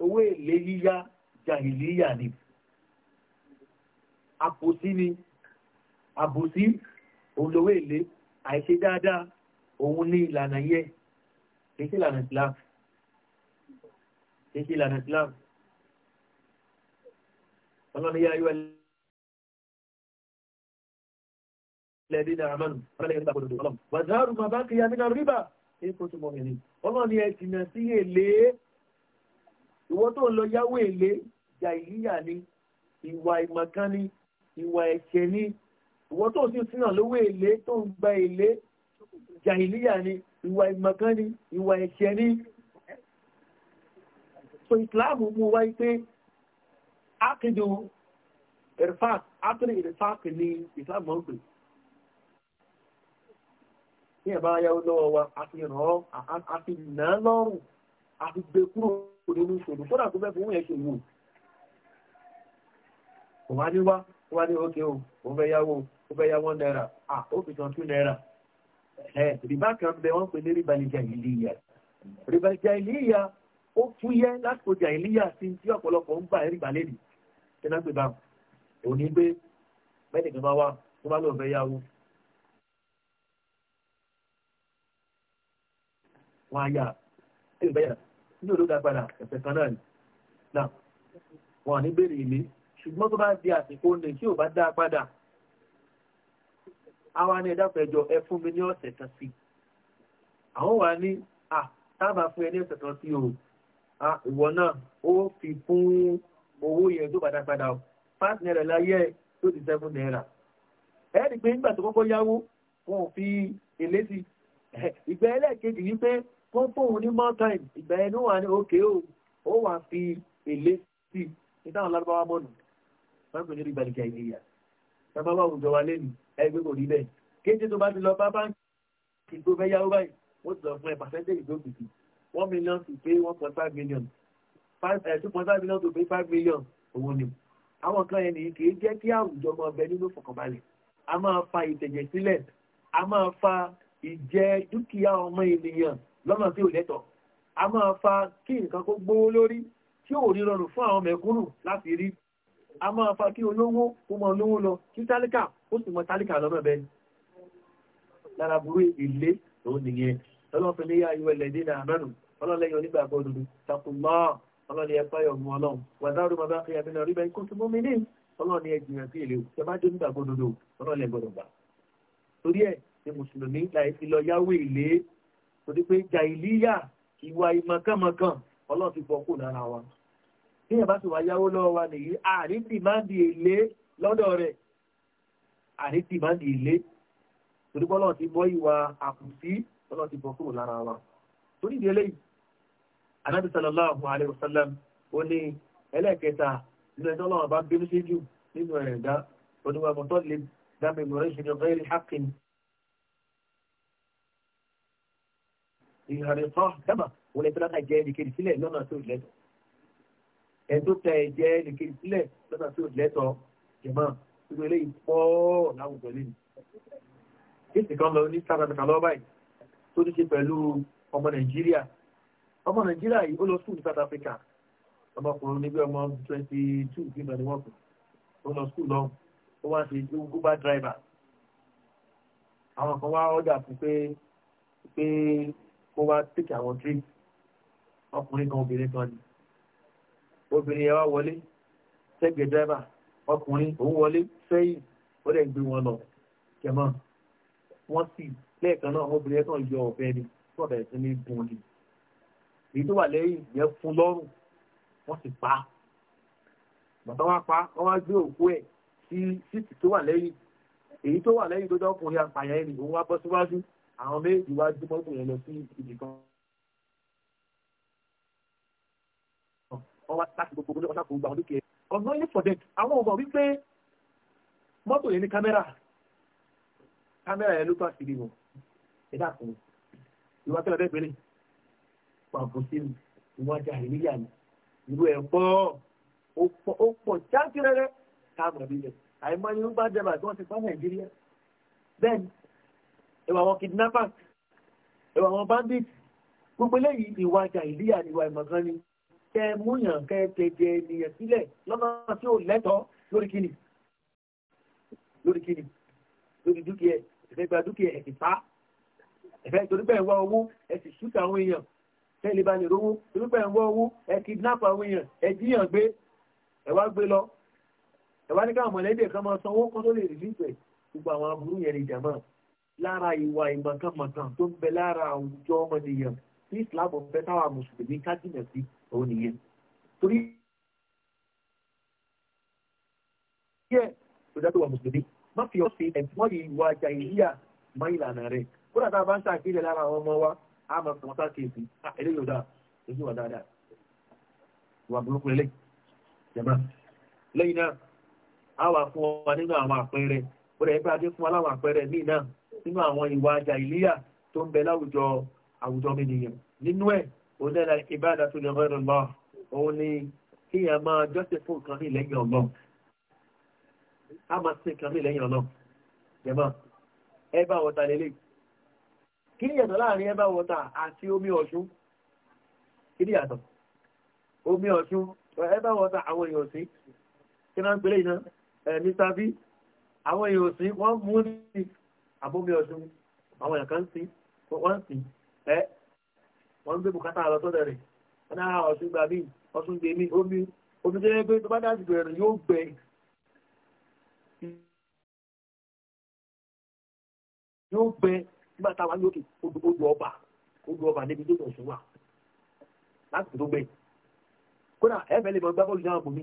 owó èlé yíyá jàhìlíyà ni àpòsí ni àbòsí òun lówó èlé àìṣe dáadáa òun ní ìlànà yẹ kìí ṣe ìlànà islam kìí ṣe ìlànà islam ọlọ́ni yá ayọ́ ẹlẹ́dín náà amánu ọlọ́ni ẹgbẹ́ àkọ́dọ̀dọ̀ ọlọ́m wàzáàrù màbá kìí amínà rìbá èkó tó mọ̀ mẹ́rin ọlọ́ni ẹ̀ jìnà sí èlé ìwọ tó ń lọ yáwó èlé ìjà ìyíyà ni ìwà ìmọ̀kan ni ìwà ẹ̀ṣẹ̀ ni ìwọ tó sì sínà lówó èlé tó ń gba èlé ìjà ìyíyà ni ìwà ìmọ̀kan ni ìwà ẹ̀ṣẹ̀ ni so ìsìláàmù mú wáyé pé ákìdù ìrìfàk ákìdù ìrìfàk ni ìsìláàmù máa ń ní ẹ̀bá ayáwó lọ́wọ́ wa àti ìrànlọ́rùn àti gbé kò ní ṣòro kódà tó fẹ́ fún yẹn ṣe wò kò wá ní wá kó wá ní o kò fẹ́ yáwó kò fẹ́ yáwó náírà à ó fi san two náírà ẹ rìbá kan bẹ wọn pè ní rìbá ní jàìlíyà rìbá jàìlíyà ó fúyẹ́ lásìkò jàìlíyà sí tí ọ̀pọ̀lọpọ̀ ń gbà rìbá náà gbé máa wá fẹ́ yáwó wọ́n á yà ẹ̀ ní olóògbàgbàdà ẹ̀fẹ̀ kan náà ni náà wọn ní bèrè ilé ṣùgbọ́n tó bá di àsìkò ní tí ò bá dá padà àwa ní ẹ̀dá pẹ̀jọ ẹ fún mi ní ọ̀sẹ̀ kan sí àwọn wà ní à tábà fún ẹ ní ọ̀sẹ̀ kan sí o ìwọ náà ó fi fún owó yẹn tó padà padà o five naira láyé tó di seven naira ẹ̀ẹ́dì pé nígbà tó kọ́kọ́ yáwó wọn ò fi èlé sí ìgbà ẹlẹ́ẹ̀kejì wípé wọ́n fóun ní more time ìgbà ẹni wà ní òkè o ó wà fi èlé sí i nítawọn lárúbáwá mọ́nù wọ́n pè ní rí balùkẹ́ ìlẹ́yà bàbá wà òjò wa lẹ́nu ẹgbẹ́ kò rí bẹ́ẹ̀ kéde tó bá ti lọ bá báńkì tó fẹ́ yáwó báyìí wọ́n ti lọ fún ẹ pàṣẹ́ntéèjì tó kìkì one million to pay one point five million eh, two point five million to pay five million owó ni àwọn kan yẹn nìyí kì í jẹ́ kí àwùjọ ọmọ ọbẹ̀ nínú fọkànbalẹ̀ a máa fa ìtẹ̀jẹ̀ sílẹ̀ a máa fa ìjẹ dúkìá ọmọ ènìyàn lọ́nà tí ò lẹ́tọ̀ a máa fa kí nǹkan kó gbówó lórí tí ò rí rọrùn fún àwọn mẹ̀kúnnù láti rí a máa fa kí olówó ó mọ olówó lọ kí tálíkà ó sì mọ tálíkà lọ́nà bẹ́ẹ̀ lára burú ilé lòun nìyẹn lọ́lọ́fin ní ayọ̀ ẹlẹ́dẹ́ náà mẹ́nu ọlọ́lẹ́yìn onígbàgbọ́ òdodo takùnmọ́ ọlọ́ni ẹ̀fọ́ ọ̀gbọ̀n ọlọ́run wàdárù ni mùsùlùmí láì fi lọ yáwó ilé torí pé jàìlíyà ìwà ìmọ̀kànmọ̀kàn ọlọ́run ti fọ́kù lára wa bí ẹ̀ bá ti wà yáwó lọ́wọ́ wa nìyí àárín dìmáàdì èlé lọ́dọ̀ rẹ̀ àárín dìmáàdì èlé torí pé ọlọ́run ti bọ́ ìwà àkùsí ọlọ́run ti fọ́kù lára wa torí ìdí eléyìí anábì sallallahu alayhi wa sallam ó ní ẹlẹ́ẹ̀kẹta nínú ẹjọ́ ọlọ́run bá bínú sí jù nínú ẹ̀dá oníwàmọ̀tọ́ lè dámẹ́mọ̀rẹ́ ìṣẹ́jọ́ ìhàrẹ̀tọ́ dábà wọlé tó dáta jẹ́ ẹnìkejì sílẹ̀ lọ́nà tó lẹ́tọ̀ ẹ̀dọ́ tẹ jẹ́ ẹnìkejì sílẹ̀ lọ́nà tó lẹ́tọ̀ jẹ̀mọ́ gbogbo eléyìí pọ̀ láwùjọ lẹ́nu kéèsì kan lọ ní south africa lọ́wọ́ báyìí tó ní ṣe pẹ̀lú ọmọ nàìjíríà ọmọ nàìjíríà yìí ó lọ sùn ní south africa ọmọkùnrin níbi ọmọ twenty two bí mọ̀ ní wọ́n kù ó lọ sùn lọ ó wá ṣe uber driver àwọn kan wá ọjà fún pé pé kó wá tètè àwọn trip ọkùnrin kan obìnrin kan ni obìnrin yẹn wá wọlé sẹ́gbẹ̀ẹ́ dẹ́rẹ́bà ọkùnrin òun wọlé sẹ́yìn ó lè gbé wọn lọ kẹmọ́ wọ́n sì lẹ́ẹ̀kan náà obìnrin yẹn kàn yọ ọ̀bẹ ni wọ́n bẹ̀rẹ̀ sí ní gun ni èyí tó wà lẹ́yìn yẹn fún lọ́rùn wọ́n sì pa bàtà wọn pa wọ́n wá gbé òkú ẹ̀ sí síìtì tó wà lẹ́yìn èyí tó wà lẹ́yìn tó jẹ́ ọkùnrin apààyàn ẹni òun wá bọ́ síwájú àwọn méjì wá gbé mọ́tò yẹn lọ sí ibì kan. wọ́n wá láti gbogbo ọdún ọ̀sán kò gba ọdún kẹ́ẹ̀. ọ̀nà ilé for them àwọn ọmọ wípé mọ́tò yẹn ní kámẹ́rà kámẹ́rà yẹn ló tó àṣírí wọn ẹ̀dá kan ìwà tó lọ́dẹ̀ pẹ̀lẹ́ pàbó sí mi ìwà jà ìníyà mi ìlú ẹ̀ pọ̀ ó pọ̀ jákèrè rẹ̀ káàmù ẹ̀bí rẹ̀ àìmọ́ ni ó bá jẹ́ bàtí wọ́n ti pa Nàìjíríà bẹ́ẹ̀ ni ẹwà àwọn kidnappers ẹwà àwọn bandits gbogbo eléyìí ìwà jàìlíyà ni ìwà ìmọ̀kan ni kẹ múyàn kẹ tẹjẹ ènìyàn sílẹ̀ lọ́nà tí ò lẹ́tọ̀ọ́ lórí kíni lórí kíni lórí dúkìá ẹ̀fẹ́ gba dúkìá ẹ̀ ti pa ẹ̀fẹ́ torí bẹ́ẹ̀ wá owó ẹ̀ sì ṣúta àwọn èèyàn tẹ́lẹ̀ bá lè rówó torí bẹ́ẹ̀ wá owó ẹ̀ kidnap àwọn èèyàn ẹ̀ jíyàn gbé ẹ̀ wá gbé lọ ẹ̀ wá ní káwọn mọ̀lẹ́bí ẹ̀ kan máa sanwó kó tó lè rí nípẹ̀ gbogbo àwọn aburú yẹn lè jà máa lára ìwà ìmọ̀kànmọ̀kàn tó ń bẹ lára àwùjọ ọmọnìyàn tí islam fẹ́ táwa mùsùlùmí ká jìnà sí òun nìyẹn torí díẹ̀ tó dá tó wà mùsùlùmí má fi ọ̀sìn ẹ̀fọ́n ìwà jàìlíà mọ́ ìlànà rẹ̀ kódà tá a bá ń ṣàkíyèsí lára àwọn ọmọ wa a máa fọwọ́ sákèsì eléyìí ò dáa èyí wà dáadáa ìwà burúkú lélẹ́yìí jẹ̀mọ́ lẹ́yìn náà a wà fún ọ nínú àwọn àpẹẹrẹ ó rẹ̀ adé fún aláwọ̀ àpẹẹrẹ míì náà nínú àwọn ìwà jàìlíyà tó ń bẹ láwùjọ àwùjọ mìnìyàn nínú ẹ̀ onílẹ̀ ìbáàdà tó lè rọrùn lọ òun ni kí a máa jọ́sẹ̀ fún nǹkan ní lẹ́yìn ọlọ́run a máa sin nǹkan ní lẹ́yìn ọlọ́run jẹ́mọ́ ẹ bá wọta lélẹ̀ kí ni yàtọ̀ láàrin ẹ bá wọta àti omi ọ̀ṣun kí ni yàtọ̀ omi ọ̀ṣun ẹ bá wọta àwọn èèyàn sí kí náà ń pèlè iná ẹ̀ mr b àwọn èèyàn sí wọ́n mú ní àbómi ọdún àwọn èèyàn kan sí wọ́n sì ẹ́ wọ́n ń gbé bùkátà lọ sọ́dọ̀ rẹ̀ wọ́n náà ah, ọ̀sùn gbà mí ọ̀sùn gbé mí omi omi tó yẹ pé tó bá dá àsìkò ẹ̀rùn yóò gbẹ. yóò gbẹ nígbà táwa ní òkè odò ọba odò ọba níbi tó dọ̀ sùn wà láti tó gbẹ kódà ẹ̀fẹ̀ lè mọ gbá bọ́ọ̀lù náà bò mí.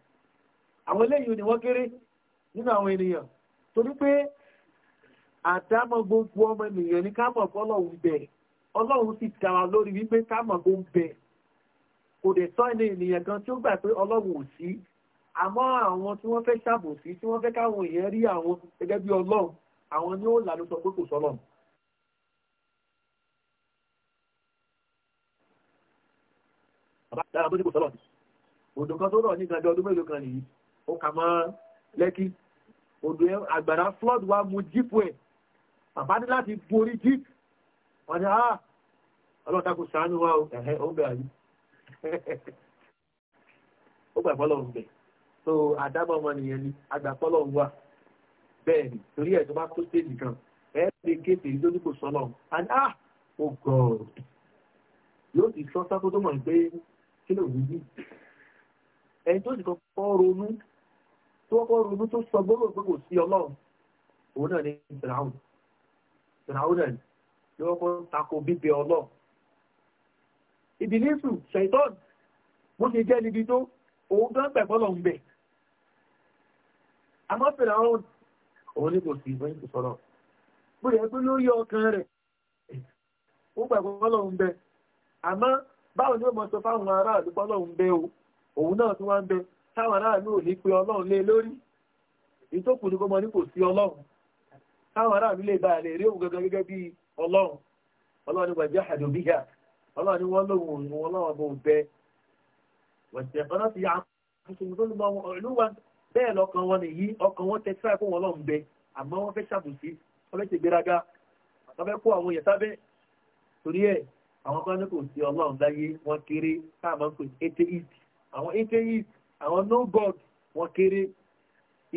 àwọn eléyìí ni wọ́n kéré nínú àwọn ènìyàn torí pé àdámọ̀ gbogbo ọmọ ènìyàn ní kámọ̀ pé ọlọ́run bẹ̀ ọlọ́run sì dára lórí wípé kámọ̀ tó ń bẹ kò dẹ̀ tọ́ ilé ènìyàn kan tí ó gbà pé ọlọ́run ò sí àmọ́ àwọn tí wọ́n fẹ́ ṣàbòsí tí wọ́n fẹ́ káwọn èèyàn rí àwọn gẹ́gẹ́ bí ọlọ́run àwọn ni ó là ló sọ pé kò sọ́lọ́run Bàbá dára tó ní kò sọ́lọ́run. Òdùn kan tó rọ̀ ní ìgbàjọ ọdún mélòó kan nìyí ó kà mọ́ lẹ́kí odò àgbàrá flood wa mú jíìpù ẹ̀ bàbá ní láti borí jíìpù wọ́n ni ah ọlọ́takù sàánú wa o ẹ̀hẹ́ ó bẹ̀ àyí ó gbà fọ́lọ̀ ń bẹ̀ so àdámọ́ ọmọ nìyẹn ni àgbà fọ́lọ̀ ń wà bẹ́ẹ̀ ni torí ẹ̀ tó bá tó stéèjì kan ẹ̀ lè kéde lórí kò sọ́lọ̀ and ah oh god yóò ti sọ sáfó tó mọ̀ pé kí ló ń yí ẹni tó sì kọ́kọ́ ronú tó kọ́kọ́ ronú tó sọ gbọ́dọ̀ pé kò sí ọlọ́run òun náà ní fìràhùn fìràhùn náà ló kọ́kọ́ tako bíbẹ ọlọ́run ìbílísù ṣẹ̀tọ́n bó ṣe jẹ́ níbi tó òun tó ń pẹ̀ fọ́lọ̀ ń bẹ̀ àmọ́ fìràhùn òun ní kò sí ìwé ìsọ̀rọ̀ bó yẹ pé lórí ọkàn rẹ̀ ó pẹ̀ fọ́lọ̀ ń bẹ̀ àmọ́ báwo ni ó mọ̀ sọ fáwọn aráàlú fọ́lọ̀ ń bẹ̀ òun náà tún wá ń bẹ̀ táwọn aráàlú ò ní pé ọlọ́run lé lórí ìtókù ní gbọmọ ní kò sí ọlọ́run táwọn aráàlú lè bá lè rí òun gangan gẹ́gẹ́ bí ọlọ́run ọlọ́run ní wàjá ọlọ́run ní wọ́n òun ọlọ́run bẹ wẹ̀sẹ̀ ọ̀nà ti àkùnkùn tó ń bọ olúwa bẹ́ẹ̀ lọ́kàn wọn nìyí ọkàn wọn tẹ tíráì fún bẹ àmọ́ fẹ́ ṣàbùsí fẹ́ ṣe gbéraga fẹ́ kó àwọn sábẹ́ àwọn no god wọn kéré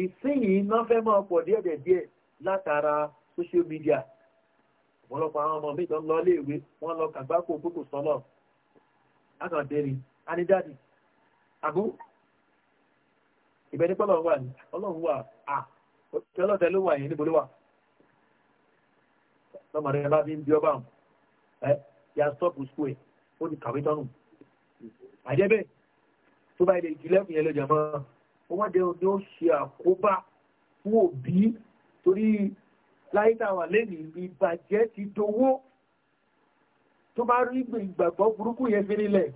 ìsinyìí iná fẹ́ máa pọ̀ díẹ̀díẹ̀ látara social media ọ̀pọ̀lọpọ̀ àwọn ọmọ mi lọ le lọ iléèwé wọn lọ kàgbákò kókò sọ́lọ̀ akàndẹ́rì anídàdì àbú ìbẹ̀ni pọ́lọ̀ wà ní ọlọ́run wà à tẹ́lọ̀tẹ́ ló wà yìí níbo ló wà lọ́mọ rẹ̀ bá fi ń bí yà stop school ẹ̀ ó ti kàwé tó bá ilé ìjìlẹ́kùn yẹn lọ́jà mọ́ ọmọdé ni ó ṣe àkóbá fún òbí torí láyé táwà lẹ́nu ìbàjẹ́ ti dowó tó bá rí ìgbàgbọ́ burúkú yẹn fi nílẹ̀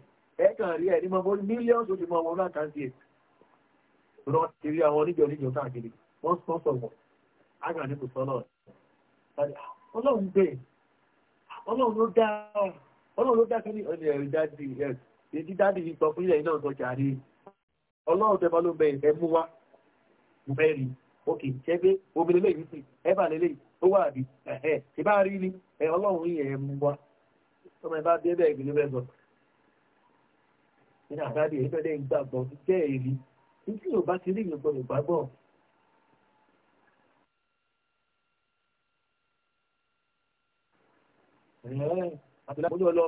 ẹ̀ẹ̀kan rí ẹ̀rí mọ́ mílíọ̀nù oṣù mọ́ wọn lákàntì ẹ̀ lọ́n ti rí àwọn oníjọ oníjọ káàkiri wọ́n sponsor wọn ágbà ní kò sọ́nà ọlọ́run bẹ́ẹ̀ ọlọ́run ló dá ọlọ́run ló dá kí ni ọ̀nà ẹ̀rí dá ní dídáàdì yìí sọ fún ilẹ̀ iná sọ jàre ọlọ́run tẹ́fà ló bẹ̀rẹ̀ ẹ mú wá mo fẹ́ rí ok ṣe pé omi lélẹ̀ yìí sì ẹ bà lélẹ̀ ó wà àbí ẹ ṣe bá rí ni ẹ ọlọ́run yìí ẹ mú wá tọ́mọ ẹ bá dé bẹ́ẹ̀ ìbí ló fẹ́ sọ. nínú àdáàdì èyí fẹ́ dẹ́ ìgbàgbọ́ jẹ́ èrí nítorí yóò bá ti rí ìyẹ̀pọ̀ ìgbàgbọ́ àbílẹ̀ mo yọ lọ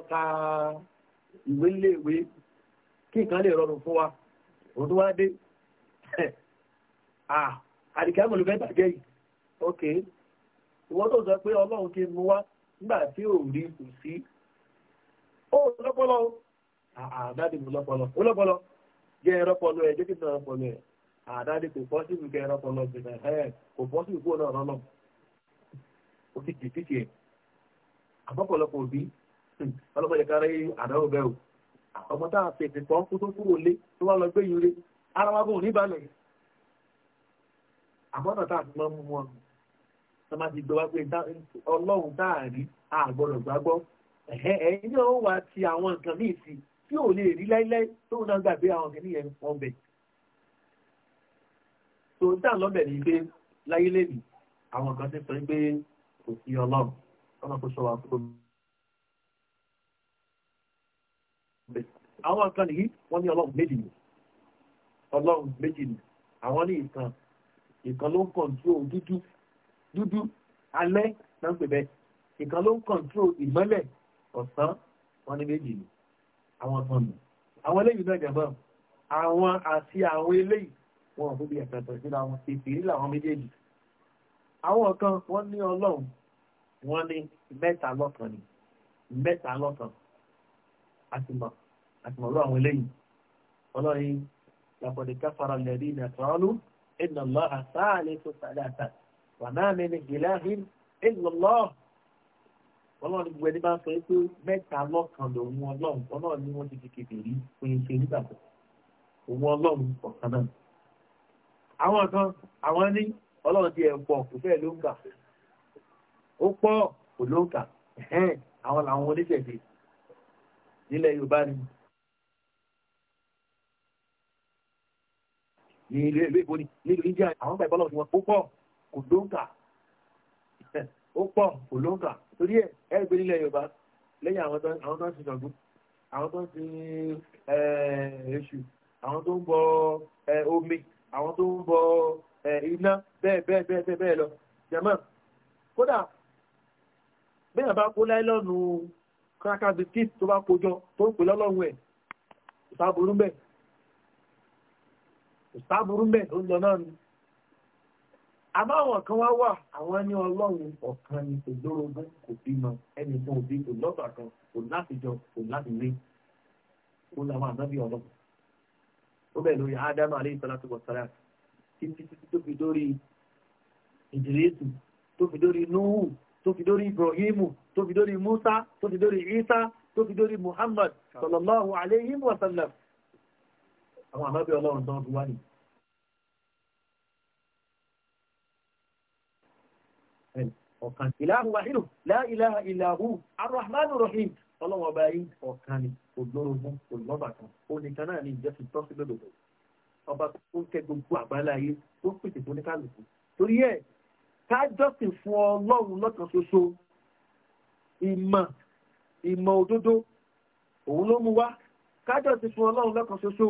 ìwé léèwé kí nǹkan lè rọrùn fún wa òun tó wá dé ah, àdìkà mọ̀lú fẹ́ ok ìwọ́n tó sọ pé ọlọ́run kí mú wá nígbà tí ò rí kò sí ó lọ́pọ̀lọ́ ah, ah, àdáde mú lọ́pọ̀lọ́ ó lọ́pọ̀lọ́ jẹ́ ẹrọ́pọ̀lọ́ ẹ̀ náà ẹ̀ àdáde kò sí ẹ̀ kò sí ọlọ́pàá yẹ kárí àdáwò bẹ́ẹ̀ o ọmọ tá a fètè pọ̀ kó tó kúrò lé tó wá lọ gbé yín lé ara wa kò ní balẹ̀ àmọ́nà tá a fi máa ń mú wọn tá a máa ti gbé wá pé ọlọ́run tá a rí a gbọ́dọ̀ gbàgbọ́ ẹ̀yìn náà wà ti àwọn nǹkan míì sí tí ò lè rí láíláí tó ń náà gbàgbé àwọn kìíní wọn bẹ̀. tó ń lọ́bẹ̀ ni pé láyé lè ní àwọn kan ti sọ pé kò sí ọlọ́run ọmọ kò sọ wà fún mi. àwọn nǹkan nìyí wọ́n ní ọlọ́run méjì ni ọlọ́run méjì ni àwọn ní ìkan ìkan ló ń kọ̀ǹtró dúdú dúdú alẹ́ náà ń pè bẹ́ẹ̀ ìkan ló ń kọ̀ǹtró ìmọ́lẹ̀ ọ̀sán wọ́n ní méjì ni àwọn kan nù àwọn eléyìí náà jẹ̀bọ́ àwọn àti àwọn eléyìí wọn ò fúbi ẹ̀fẹ̀tọ̀ sí àwọn ìpìlẹ̀ làwọn méjèèjì àwọn kan wọ́n ní ọlọ́run wọ́n ní mẹ́ta lọ́kan ni mẹ́ta lọ́kan a ti mọ̀ àtìmọ̀lú àwọn eléyìí ọlọ́rin làkọ̀dé káfàrà lẹ́rí ní àtọ́lù ìnàlọ́ àtàlẹ́ tó sàlẹ̀ àtà wà náà mi ní ìlàhìn ìnàlọ́ ọlọ́run gbogbo ẹni bá ń sọ pé mẹ́ta lọ́kàn lòun ọlọ́run ọlọ́run ni wọ́n ti fi kéde rí oyin ṣe nígbàgbọ́ òun ọlọ́run ọ̀kan náà àwọn kan àwọn ní ọlọ́run ti ẹ̀ pọ̀ kò fẹ́ ló ó pọ̀ kò ló ń àwọn làwọn oníṣẹ̀ṣe nílẹ̀ yorùbá ni ní ilé ìlú ìbò ní nílùú India àwọn gbà ìbọ́lọ̀ tiwọn ó pọ̀ kò lóǹkà ó pọ̀ kò lóǹkà torí ẹ̀ ẹ̀ gbé nílẹ̀ Yorùbá lẹ́yìn àwọn tó ń sin ṣọ̀gbọ́n àwọn tó ń sin èṣù àwọn tó ń bọ omi àwọn tó ń bọ iná bẹ́ẹ̀ bẹ́ẹ̀ bẹ́ẹ̀ bẹ́ẹ̀ lọ jẹ̀mọ́ kódà bẹ́ẹ̀ bá kó láìlọ́nù kíráká bisikíìtì tó bá kó jọ tó ń pè lọ́lọ́run ẹ̀ ìfàbùrú ìsáburú mẹ́ tó lọ náà ni àmọ́ àwọn kan wá wà àwọn ẹni ọlọ́run ọ̀kan ni kò lórogún kò bímọ ẹni tó òbí kò lọ́tọ̀ kan kò láti jọ kò láti lé kó làwọn ànábì ọlọ́run ó bẹ̀ lórí ádámù alẹ́ ìsọlá tó bọ̀ sára títí títí tó fi dórí ìdìrẹ́sù tó fi dórí núhù tó fi dórí ibrahimu tó fi dórí musa tó fi dórí isa tó fi dórí muhammad sallallahu alayhi wa sallam àwọn ànábì ọlọ́run tán fi wá nìyí. ọ̀kan ìlàhùn wàhílù láìláha ìlàhù arrahmanu rahim ọlọ́wọ́ ọba yìí ọ̀kan ni ògbórògún olùmọ́bà kan oníkan náà ni ìjẹ́sìn tọ́ sí lọ́dọ̀dọ̀ ọba tó ń kẹ́ gbogbo àgbálá ayé tó pèsè fún oníkàlùkù torí ẹ̀ kájọ́sìn fún ọlọ́run lọ́kan ṣoṣo ìmọ̀ ìmọ̀ òdodo òun ló mú wá kájọ́sìn fún ọlọ́run lọ́kan ṣoṣo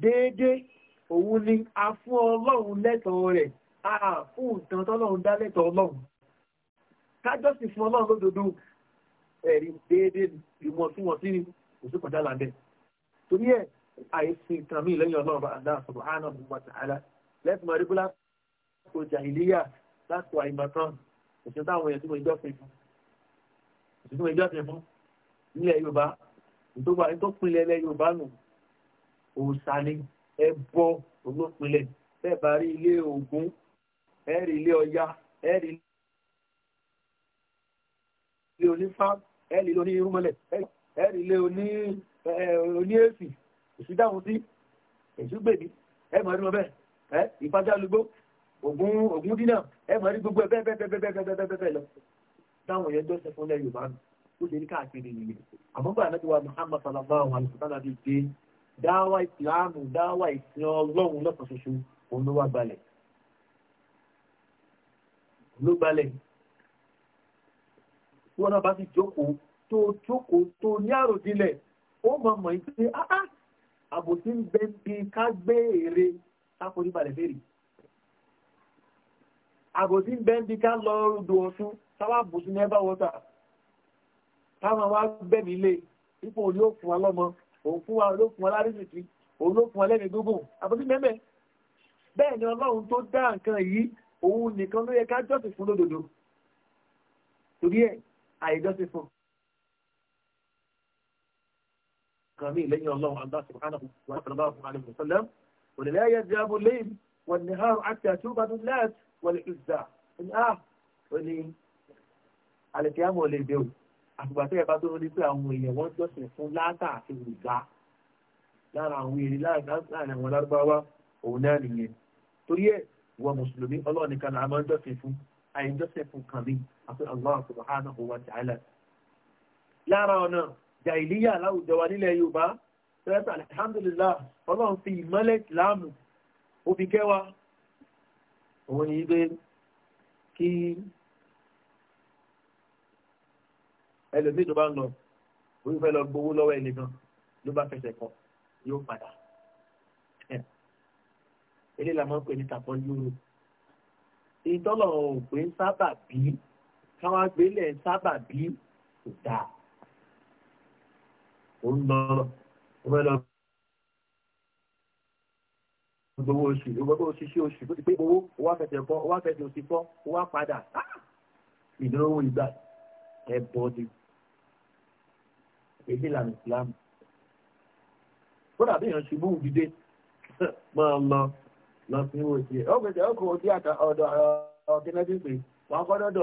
déédé òun ni a fún ọlọ́run lẹ́tọ̀ọ́ rẹ̀ a fún ìtàn tọ́lọ́run dá lẹ́tọ̀ọ́ ọlọ́run kájọ́sì fún ọlọ́run lódodo ẹ̀rí déédé ìwọ̀ntúnwọ̀nsí ni kò sí kọjá làǹdẹ̀ torí ẹ̀ àìsí ìtàn mí lẹ́yìn ọlọ́run bá dá subhanahu wa ta'ala lẹ́tùmọ̀ àdébúlá kò jà ìlíyà lásìkò àìmọ̀tán òṣèlú táwọn èèyàn tí mo jọ́ fi fún òṣèlú mo jọ́ fi fún nílẹ̀ yorùbá nítorí pínlẹ̀ ilẹ̀ yorùbá nù òòṣà ni ẹbọ olópinlẹ̀ bẹ́ẹ̀ bá rí ilé Ògún ẹ rí ilé Ọya ẹ rí ilé onífá ẹ rí ilé onírúmọlẹ̀ ẹ rí ilé oníèsì ìṣídáhùn sí èṣùgbèdì ẹ mọ̀ rí wọn bẹ́ẹ̀ ẹ ìfájálúgbó Ògún Ògún dínà ẹ mọ̀ rí gbogbo ẹ bẹ́ẹ̀ bẹ́ẹ̀ bẹ́ẹ̀ bẹ́ẹ̀ bẹ́ẹ̀ lọ táwọn yẹn jọ́sẹ̀ fún lẹ́yìn Yorùbá ó ṣe ní káàkiri nìyẹn àmọ́gbà náà ti wà Muhammad sallallahu alaihi wa sallam dáwà ìsìláàmù dáwà ìsìn ọlọ́run lọ́pọ̀ ṣoṣo òun ló wá gbalẹ̀ ló gbalẹ̀ tí wọ́n náà bá ti jókòó tó jókòó tó ní àròjinlẹ̀ ó mọ̀ mọ̀ yìí pé ah, ah, àbòsí ń bí ká gbé èrè káforí balẹ̀ àbòsí ń bí ká lọ rúdò ọ̀tún ní ẹbá wọ́tà táwọn wá fún wa lọ́mọ òun fún wa ló fún wa lárísìkí òun ló fún wa lẹ́nu gbogbo àbọ̀tí mẹ́mẹ́ bẹ́ẹ̀ ni ọlọ́run tó dá nǹkan yìí òun nìkan ló yẹ ká jọ́sìn fún lódodo torí ẹ̀ àìjọ́sìn fún kan ní ìlẹ́yìn ọlọ́run àgbà subhanahu wọn ni ha àti lè dé àtùgbà tó yẹ ká tó rí pé àwọn èèyàn wọ́n jọ́sìn fún látà àti ìgbà lára àwọn èrè láàrin àwọn lárúbáwá òun náà nìyẹn torí ẹ̀ wọ mùsùlùmí ọlọ́run nìkan là á máa ń jọ́sìn fún àyè jọ́sìn fún kàn mí àti Allah subhanahu wa ta'ala lára ọ̀nà jàìlíyà láwùjọ wa nílẹ̀ yorùbá tẹ́lẹ̀tà alhamdulillah ọlọ́run fi ìmọ́lẹ̀ ìsìláàmù ó kẹwàá òun ni pé kí ẹlòmíì tó bá ń lọ orí fẹ́ lọ gbowó lọ́wọ́ ẹni gan ló bá fẹsẹ̀ kọ yóò padà eléyìí la máa ń pè ní tàpọ̀ yúrò ìtọ́lọ̀ ò pé sábà bí káwọn agbélẹ̀ sábà bí kò dáa ó ń lọ ó fẹ́ lọ gbowó oṣù gbogbo òṣìṣẹ́ oṣù tó ti pé owó owó afẹsẹ̀ fọ́ owó afẹsẹ̀ òsì fọ́ owó padà ah! ìdúró owó ìgbà ẹ̀ bọ́ ni. èdè ìlànà ìsìlámù kódà bí èèyàn ṣubú dìde máa lọ lọ sí ìwò sí ẹ ọgbẹsẹ ọkọ ojú àtà ọdọ ọdínlẹbí pé wọn kọ dọdọ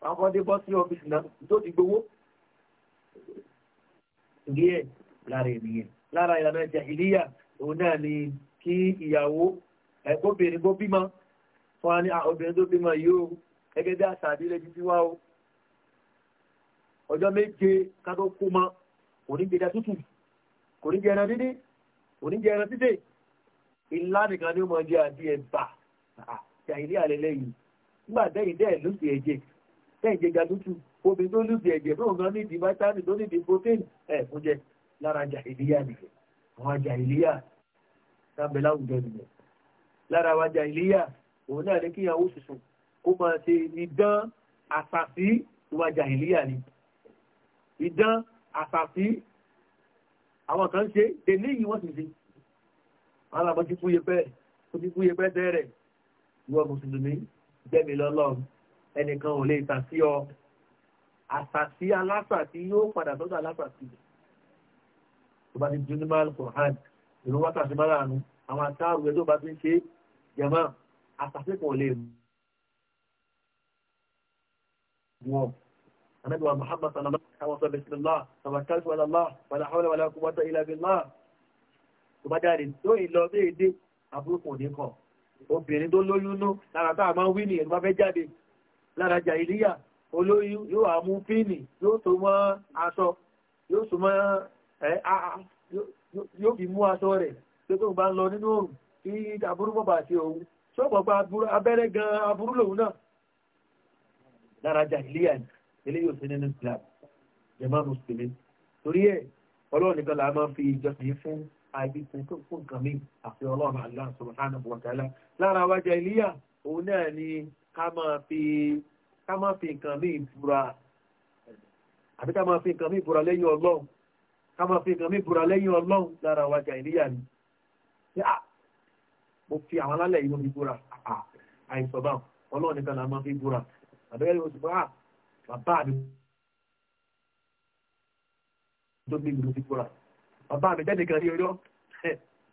wọn kọ dé bọsí ọfíìsì náà tó ti gbowó ìdí lára ènìyàn lára ìlànà òun náà ni kí ìyàwó bó bímọ fún wa ní obìnrin tó bímọ ọjọ́ méje kátó kó mọ́ kò ní gbẹdẹ tútù kò ní jẹ ẹran dídí kò ní jẹ ẹran títè ilá nìkan ni ó máa jẹ àti ẹ̀bà àti àìlé àlẹ́ lẹ́yìn nígbà tẹ́yìn dẹ́ẹ̀ lùsì ẹ̀jẹ̀ tẹ́yìn jẹjà tútù omi tó lùsì ẹ̀jẹ̀ fún òun nídìí vitamin tó nídìí protein ẹ̀ fún jẹ lára jà ìlíyà nìyẹn àwọn jà ìlíyà sábẹ́ láwùjọ nìyẹn lára wa jà ìlíyà òun náà ní kíyàwó sùsùn kó máa ṣe ìdán àṣàṣì ìwà jà ìlíyà ni ìdán àsàsí àwọn kan ṣe tèlé yìí wọ́n sì sí alábọ̀ ti fúye pẹ́ ó ti fúye pẹ́ tẹ́rẹ̀ ìwọ mùsùlùmí jẹ́mi lọ́lọ́run ẹnìkan ò lè tà sí ọ àsàsí alásàsí yóò padà sọ́dọ̀ alásàsí tó bá ti dúnú máa lọ kọ̀ọ̀hán ìlú wákàtí máa rànú àwọn àtàrù ẹ̀ tó bá ti ń ṣe jẹ̀mọ́ àsàsí kan ò lè mú wọn. النبي محمد صلى الله عليه وسلم بسم الله توكلت على الله ولا حول ولا قوة إلا بالله tó bá jáde tó ìlọ sí èdè àbúrúkù ní kan obìnrin tó lóyún nú lára tá a máa ń wí nìyẹn tó bá fẹ́ jáde lára jà ìlíyà olóyún yóò wá mú píìnì yóò so mọ́ aṣọ yóò so mọ́ ẹ yóò fi mú aṣọ rẹ̀ pé tó bá ń lọ nínú òrùn kí aburú bọ̀ bá ṣe òun gan aburú lòun náà lára jà ìlíyà ni eléyìí ò sí nínú islam jẹmọ mùsùlùmí torí ẹ ọlọ́run nìkan là á máa fi ìjọsìn fún àbí fún nǹkan mi àfi ọlọ́run àlá subhanahu wa ta'ala lára wa jahiliya òun náà ni ká máa fi ká máa fi nǹkan mi búra àbí ká máa fi nǹkan mi búra lẹ́yìn ọlọ́run ká máa fi nǹkan mi búra lẹ́yìn ọlọ́run lára wa jahiliya ni mo fi àwọn alálẹ̀ yìí mo fi búra àìsọ̀bá ọlọ́run nìkan là máa fi búra àbẹ́rẹ́ oṣù bá bàbá mi tó gbé mi ló fi búra bàbá mi jáde kan ní ọjọ́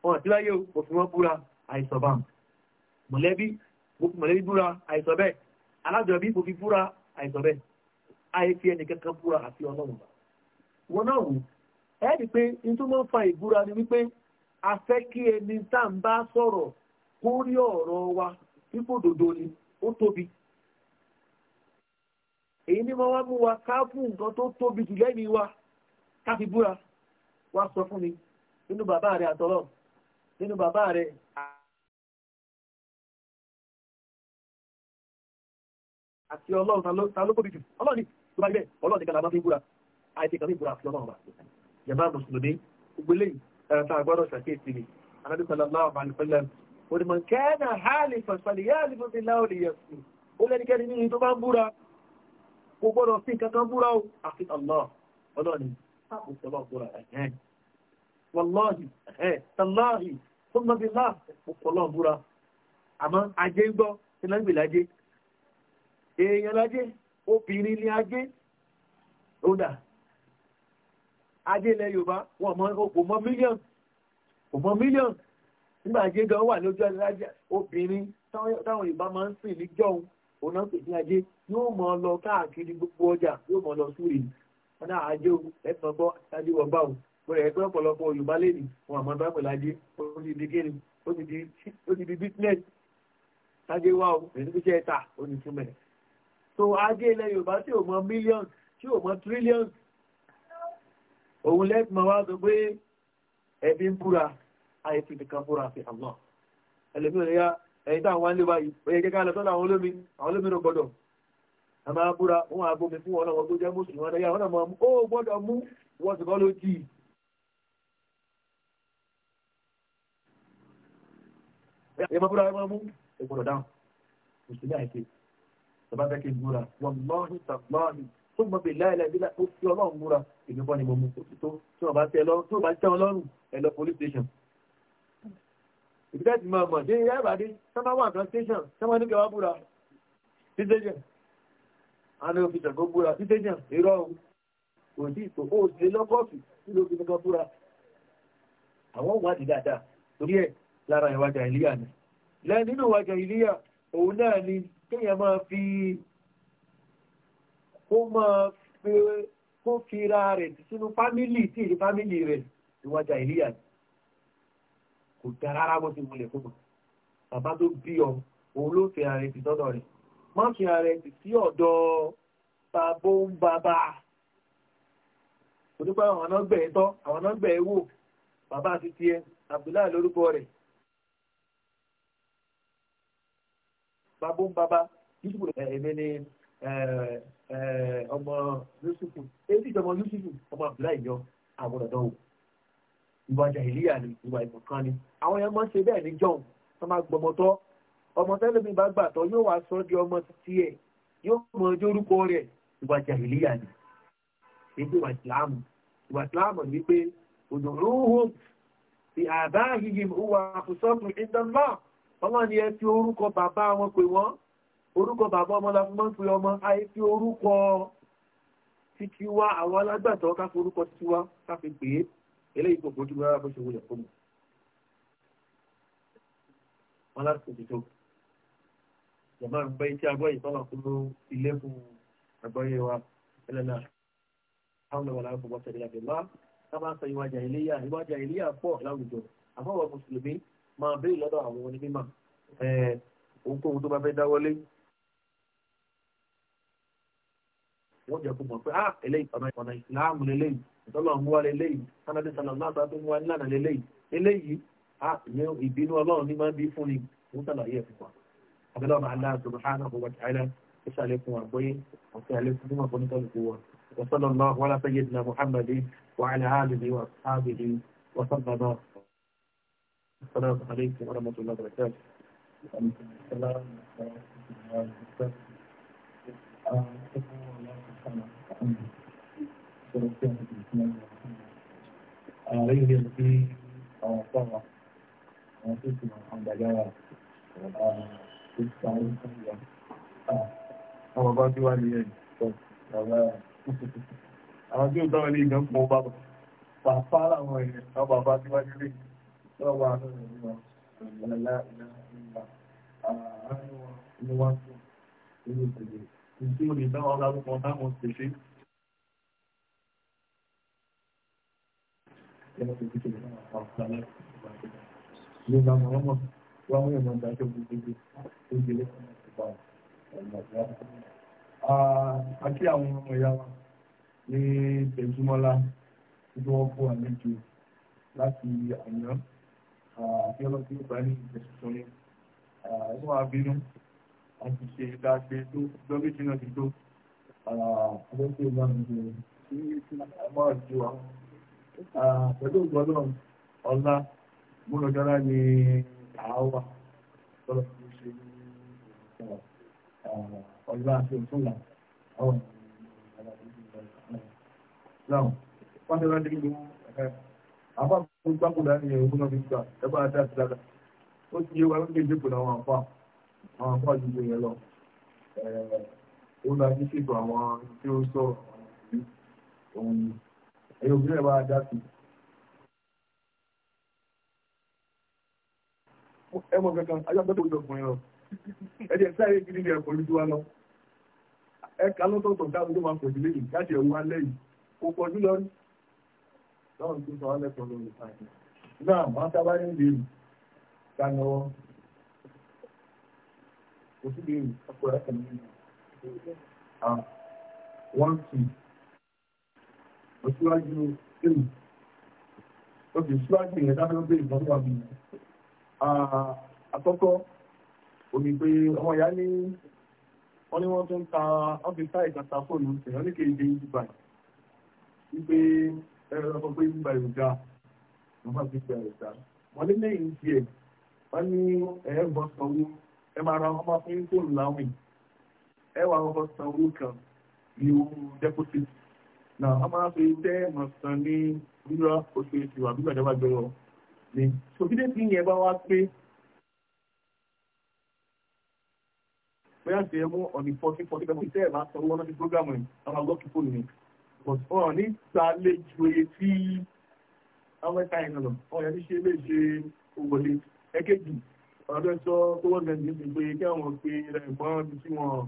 wọn àti láyé o fi wọn búra àìsàn bá mọ̀lẹ́bí mọ̀lẹ́bí búra àìsàn bẹ́ẹ̀ alájọbí mo fi búra àìsàn bẹ́ẹ̀ ayé fi ẹnì kankan búra àti ọlọ́run wọn náà wò ẹ́ rí pé ní tó máa ń fa ìbúra ni wípé a fẹ́ kí ẹni tá à ń bá sọ̀rọ̀ kó rí ọ̀rọ̀ wa pípò dòdò ni ó tóbi èyí ní wọ́n wá mú wa ká fún nǹkan tó tóbi jù lẹ́yìn wa ká fi búra wá sọ fún mi nínú bàbá rẹ̀ àtọ́lọ́ nínú bàbá rẹ̀ àti ọlọ́run ta ló tóbi jù ọlọ́run ni tó bá gbẹ ọlọ́run nìkan làbá fi búra àìsí kan fi búra àti ọlọ́run bá yàrá mùsùlùmí gbogbo eléyìí ẹ̀rọ tá a gbọ́dọ̀ ṣàkíyèsí ni anábì sallallahu alaihi wasallam òdìmọ̀ kẹ́ẹ̀nà hálì fàṣàlì yáà lè fún mi láwọn èèyàn sí kò gbọ́dọ̀ fi kankan búra o àfi Allah ọlọ́ni sáàpù sọlọ́ búra ẹ̀hẹ́n wọlọ́ọ̀hì ẹ̀hẹ́n tàláhì fúnmọ́bílá ọ̀pọ̀lọ́ búra àmọ́ ajé ń gbọ́ tí náà ń gbè lájé èèyàn lájé ilẹ̀ Yorùbá wọn kò mọ mílíọ̀nù kò nígbà ajé gan wà lójú ajé obìnrin táwọn Yorùbá máa ń sìn níjọ́ òun ọ̀nà pèsè ajé yóò mọ lọ káàkiri gbogbo ọjà yóò mọ lọ súre wọn náà ajé o ẹ̀sán gbọ́ ajé wọn bá o wọ́n rẹ̀ pé ọ̀pọ̀lọpọ̀ yorùbá lèdè wọn àmọ́ bá pẹ̀lú ajé ó ti di kéde ó ti di business ajé wa o èyí tó jẹ́ ẹ̀ta ó ní túmẹ̀. so ajé ilẹ̀ yorùbá tí ò mọ millions tí ò mọ trillions òun lẹ́gbọ̀n wa sọ pé ẹbí ń búra àìsí nìkan búra fi àmọ́ ẹlẹ́mìíràn ẹ̀yìn tá àwọn aléwà ìpẹ̀yẹ kẹ́kẹ́ lọ sọ́dọ̀ àwọn olómi àwọn olómi ló gbọ́dọ̀ a máa búra wọn á bomi fún ọlọ́wọ́ tó jẹ́ mùsùlùmí wọn lẹ́yà wọn náà mú ó gbọ́dọ̀ mú wọn sì kọ́ ló jì í. ẹ máa búra ẹ máa mú ẹ gbọ́dọ̀ dáhùn mùsùlùmí àìsè bàbá ni mo mú tó tí wọ́n bá tẹ ọ police station ìbítẹ́ ti máa mọ̀ dé ilé ẹ̀bà dé sọ́mọ́ wà kan station sọ́mọ́ ní kẹwàá búra sí station àwọn òfìsàn kó búra sí station irọ́ kò sí ìtò ó ṣe lọ́gọ́ọ̀fì tí ló fi ní kan búra àwọn wádìí dáadáa torí ẹ̀ lára ìwájà ìlíyà ni lẹ́yìn nínú ìwájà ìlíyà òun náà ni kéèyàn máa fi kó máa fi kó fi ra rẹ̀ sínú fámìlì tí ìdí fámìlì rẹ̀ ìwájà ìlíyà ni kò dá rárá bó ti wulẹ̀ fún ọ bàbá tó bí ọ òun ló fi ààrẹ ti sọ́dọ̀ rẹ̀ má fi ààrẹ ti sí ọ̀dọ̀ babó ń bàbá kò dúpẹ́ àwọn ọ̀nàgbẹ̀ ẹ̀ tọ́ àwọn ọ̀nàgbẹ̀ ẹ̀ wò bàbá ti tiẹ̀ Abdullahi lórúkọ rẹ̀ babó ń bàbá yusuf ẹ̀mí ni ọmọ yusufu èyí ti jọmọ yusufu ọmọ Abdullahi yọ àwọn ọ̀dọ́ wò ìwà jàhìlíyà ni ìwà ìmọ̀kan ni àwọn èèyàn máa ń ṣe bẹ́ẹ̀ ní john tó máa gbọmọtọ́ ọmọ tẹ́lẹ̀mí bá gbàtọ́ yóò wá sọ di ọmọ títí ẹ̀ yóò mọ ọjọ́ orúkọ rẹ̀ ìwà jàhìlíyà ni èyí ìwà ìsìláàmù ìwà ìsìláàmù ni wípé òdòrúhùn ti àbá yìnyín ìwà àfùsọ́tù ìdánmà ọmọ ni ẹ fi orúkọ bàbá wọn pè wọ́n orúkọ bàbá ọmọ la fi máa ń ọmọ ayé fi orúkọ títí wa àwọn alágbàtọ́ ká orúkọ títí wa ká pè é eléyìí kò bójú rárá bó ṣe wulẹ̀ fún mi wọn láti kò tó jàmbá ń gbẹ́ tí agbọ́ yìí tọ́lá fún ilé fún àgbọ́yé wa ẹlẹ́nà àwọn ọmọ làwọn fọwọ́ tẹ̀lé àbẹ̀lá ká máa sọ ìwájà iléyà ìwájà iléyà pọ̀ láwùjọ àfọwọ́ mùsùlùmí máa béèrè lọ́dọ̀ àwọn onímọ̀ ohunkóhun tó bá fẹ́ dáwọ́lé wọ́n jẹ́ kó mọ̀ pé ah eléyìí ọ̀nà ìsìláàmù lélẹ́yìí ìtọ́lọ̀ ń wá lélẹ́yìí sanadi sàlọ́láta tó ń wá nílànà lélẹ́yìí lélẹ́yìí a ìyẹn ìbínú ọlọ́run ní máa ń bí fún ni mo sàlàyé ẹ̀ fún wa abẹ́lẹ́ ọba aláà subhanahu wa ta'ala ó ṣàlékún àgbọ́yé àti àlékún fún àpọ̀ nítorí wa wasallallahu ala sayyidina muhammadin wa ala alihi wa ashabihi wa sallama assalamu alaikum wa rahmatullahi wa barakatuh السلام ورحمة الله الرحمن الرحيم àríyìn sí àwọn fọ́nà àwọn tó ti mọ̀ àwọn dàgbára tó ti sáré fún ìyá. àwọn bá tí wá ní ẹ̀yìn tó bàbá àwọn tí ó tọ́wọ́ ní ìgbà pọ̀ bàbá pàpá làwọn èèyàn náà bàbá tí wá nílé lọ́wọ́ àwọn ọ̀rọ̀ ìwà ìlàlá ìlànà ìlà àárín wọn ni wọ́n tún nínú ìpìlẹ̀ ìdí òní náà ọlọ́run kan táwọn ṣe ṣe yana da suke da amfani ne ba mu amma ba mu yamma da kyau gudu gudu ne ba a kí àwọn ọmọ ìyá wa ní tẹ̀símọ́lá tí wọ́n kó àlejò láti àná àti ọlọ́tí ìgbà ní ìjẹsùn ní ẹ̀wọ́n abínú àti ṣe dáadé tó lọ́gbẹ́jì náà ti tó àwọn ọmọ ìgbà ní ìjẹsùn ní ẹ̀wọ́n àjò àwọn pẹ̀lú ìgbọ́dọ̀ ọ̀la múlòdára ni àáwà tọ́lọ̀ tó ṣe ọ̀la àti òtúnlá àwọn ìlànà wọ́n tẹ́lá dé gbogbo àbá gbogbo gbàgbọ́dá ni ẹ̀rọ múlò ní gbà ẹ̀bá àti àti dáadáa ó ti yé wa lókè ìjókòó náà wọn àfa àwọn àfa àdúgbò yẹn lọ ó lọ sí ṣètò àwọn tí ó sọ̀rọ̀ òun ni ẹ̀yìn òbí rẹ̀ bá dá sí. ẹ mọ̀ kankan ayé àgbẹ̀tò òjò ọkùnrin lọ ẹ̀jẹ̀ sáré gidi ni ẹ̀kọ́ lójú wa lọ ẹ ká lọ́tọ̀ọ̀tọ̀ dáhùn tó máa pọ̀ sí lẹ́yìn láti ẹ̀wù alẹ́ yìí kò pọ̀ jù lọ rí lọ́run tó sọ alẹ́ pọ̀ lórí ìpàdé náà máa sábà ní ìbéèrè ká lọ́wọ́ kò sí ìbéèrè ọkọ̀ ẹ̀kọ́ mi ah, one two. òṣìwájú kéwù òkè ìyẹn dábẹ́ lọ́gbẹ́ ìgbọ́n wà bí àkọ́kọ́ òní pé ọmọ ìyá ní wọ́n ní wọ́n tún ta ọ́fíìsà ìtàta fóònù ní wípé ẹ̀rọ ọkọ̀ pé wọ́n ní lẹ́yìn wọ́n ní kan ní owó na a máa fi tẹ́ mọ̀sán ní rírọ oṣooṣù àbí gbàjọba gbẹ̀rọ ni ṣòkídé tí yẹn bá wá pé a ṣe mú ọ̀nì fọ́tí fọ́tí bẹ́ẹ̀ mọ̀ tẹ́ ẹ̀ bá sọ owó náà ti prógámù ẹ̀ àwọn ọgọ́kì fóònù ni but wọn ní ta lè ju oye tí àwọn ẹ̀ka ẹ̀ lọ wọn yẹn ní ṣe lè ṣe òwòlé ẹ̀kejì ọ̀dọ́ sọ gọ́ọ̀mẹ̀ntì ní ti pé kí àwọn pe ẹ̀fọ́n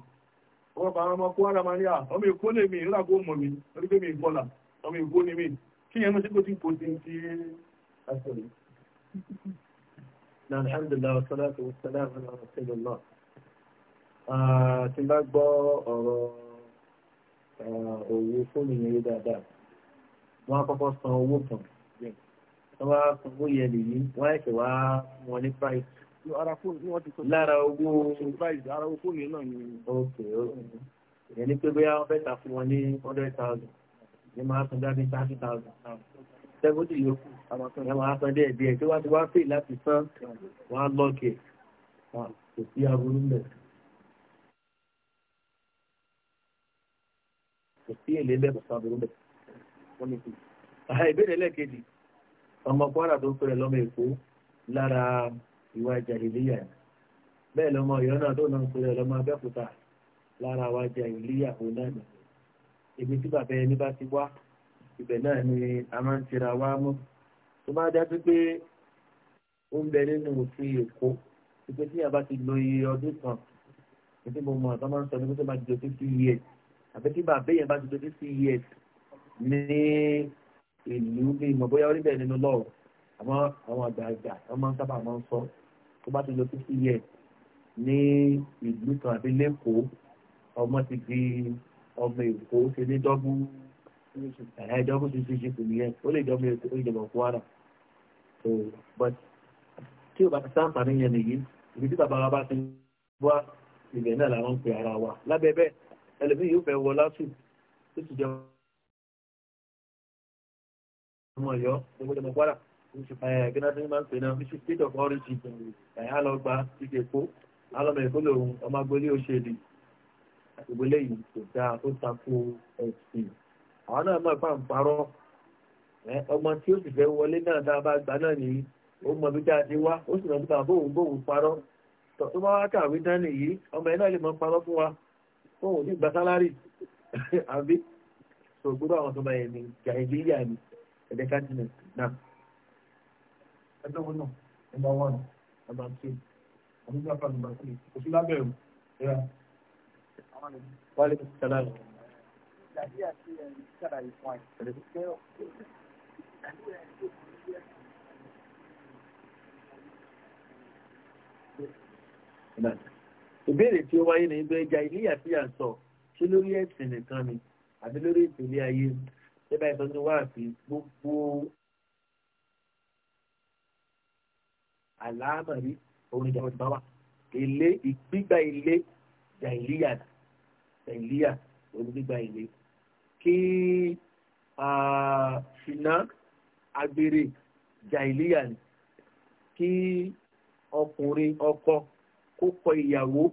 wọ́n bá ọmọ kó ara máa ní à ọmọ èkó lè mi ìrìnàgbó mọ̀ mi lórí pé mi ìkọlà ọmọ èkó ni mi kí yẹn sí kó tí kò tí ń ti àṣọlẹ̀. na alhamdulillah wa salatu wa salam ala rasulillah tí bá gbọ́ ọ̀rọ̀ òwò fóònù yẹn dáadáa wọ́n á kọ́kọ́ san owó kan wọ́n á sanwó yẹn nìyí wọ́n á ṣe wá wọn ní price ara fóònù ni wọ́n ti sọ. lára owó fóònù náà ni. ok ok ìyẹn ni pé bóyá wọ́n fẹ́ ta fún wọn ní hundred thousand ní máa san dá ní thirty thousand seventy yòókù ní máa san díẹ̀ díẹ̀ tí wọ́n ti wá pè láti san wọ́n á lọ́ọ̀kì kò sí aburú mẹ́. kò sí èlé lẹ́bùn fún aburú mẹ́. ìbéèrè lẹ́ẹ̀kejì ọmọ kwara tó ń lọ́mọ èkó lára ìwà jàhìlíyà bẹ́ẹ̀ lọ́mọ ìyọ́ náà tó náà ń pèrè lọ́mọ abẹ́kúta lára wa jàhìlíyà òun náà nì ibi tí bàbá ẹni bá ti wá ibẹ̀ náà ni a máa ń tira wá mú tó bá dájú pé ó ń bẹ nínú òfin èkó pípé tí yàrá bá ti lo iye ọdún kan ètò ìbomọ àti ọmọ sọ ní pé tó bá ti lo fifty years àbí tí bàbá yẹn bá ti lo fifty ní ìlú bí ìmọ̀ bóyá orí bẹ́ẹ̀ nínú lọ́wọ́ àmọ́ àwọn àgbààgbà wọ́n máa ń sábà máa ń sọ tó bá ti lọ fifty years ní ìlú kan àbí lẹ́kọ̀ọ́ ọmọ ti di ọmọ èkó ṣe ní dọ́gbù ẹ̀ẹ́dọ́gbù ti fi ṣe kù nìyẹn ó lè dọ́gbù èkó ìjọba kwara so but tí o bá ti sáǹpà níyẹn nìyí ibi tí bàbá wa bá ti wá ìgbẹ́ náà làwọn ń pe ara wa lábẹ́ bẹ́ẹ̀ ẹlòmíì yóò fẹ́ wọ lásù tó sì jẹ́ ọmọ ọ̀yọ́ gbogbo ìjọba kwara gínádé eh, máa ń pè náà bíṣí state of origin ẹ̀yà lọ́gbà títí èkó alọ́mọ èkó lòun ọmọ agboolé òṣèlú ìwélé yìí kò dáa tó takò ẹ̀sìn àwọn náà máa bá ń parọ́ eh, ọmọ tí ó sì fẹ́ wọlé náà tá a bá gbà náà nìyí ó mọ bí dáadé wá ó sì mọ̀ bí bàbá òun bóun parọ́ tó bá wá kàwé dání yìí ọmọ ẹ̀ náà lè mọ parọ́ fún wa fóun ní ìgbà àbí ṣògbóró àwọn tó bá gàìlíyà ní ẹ̀dẹ́kájínà náà ẹjọ́ wọn náà nọmba one nọmba two àbújá pa nọmba three kò sí lábẹ́ o ẹ̀yà. wálé sálá rẹ̀. ìdàdí àti ìṣàlàyé fún àìsàn ṣe ó ìbéèrè tí ó wáyé ní ibẹ̀ ìjà ilé àfihàn sọ ṣé lórí ẹ̀sìn nìkan ni àbí lórí ìpínlẹ̀ ayé ṣé báyìí tó ń wá àfi gbogbo àlámọ̀rí orin ìjọba ti bá wà ilé ìgbígba ilé jàìlíyà jàìlíyà onígbígba ilé kí ṣìnà agbèrè jàìlíyà ni kí ọkùnrin ọkọ kó kọ ìyàwó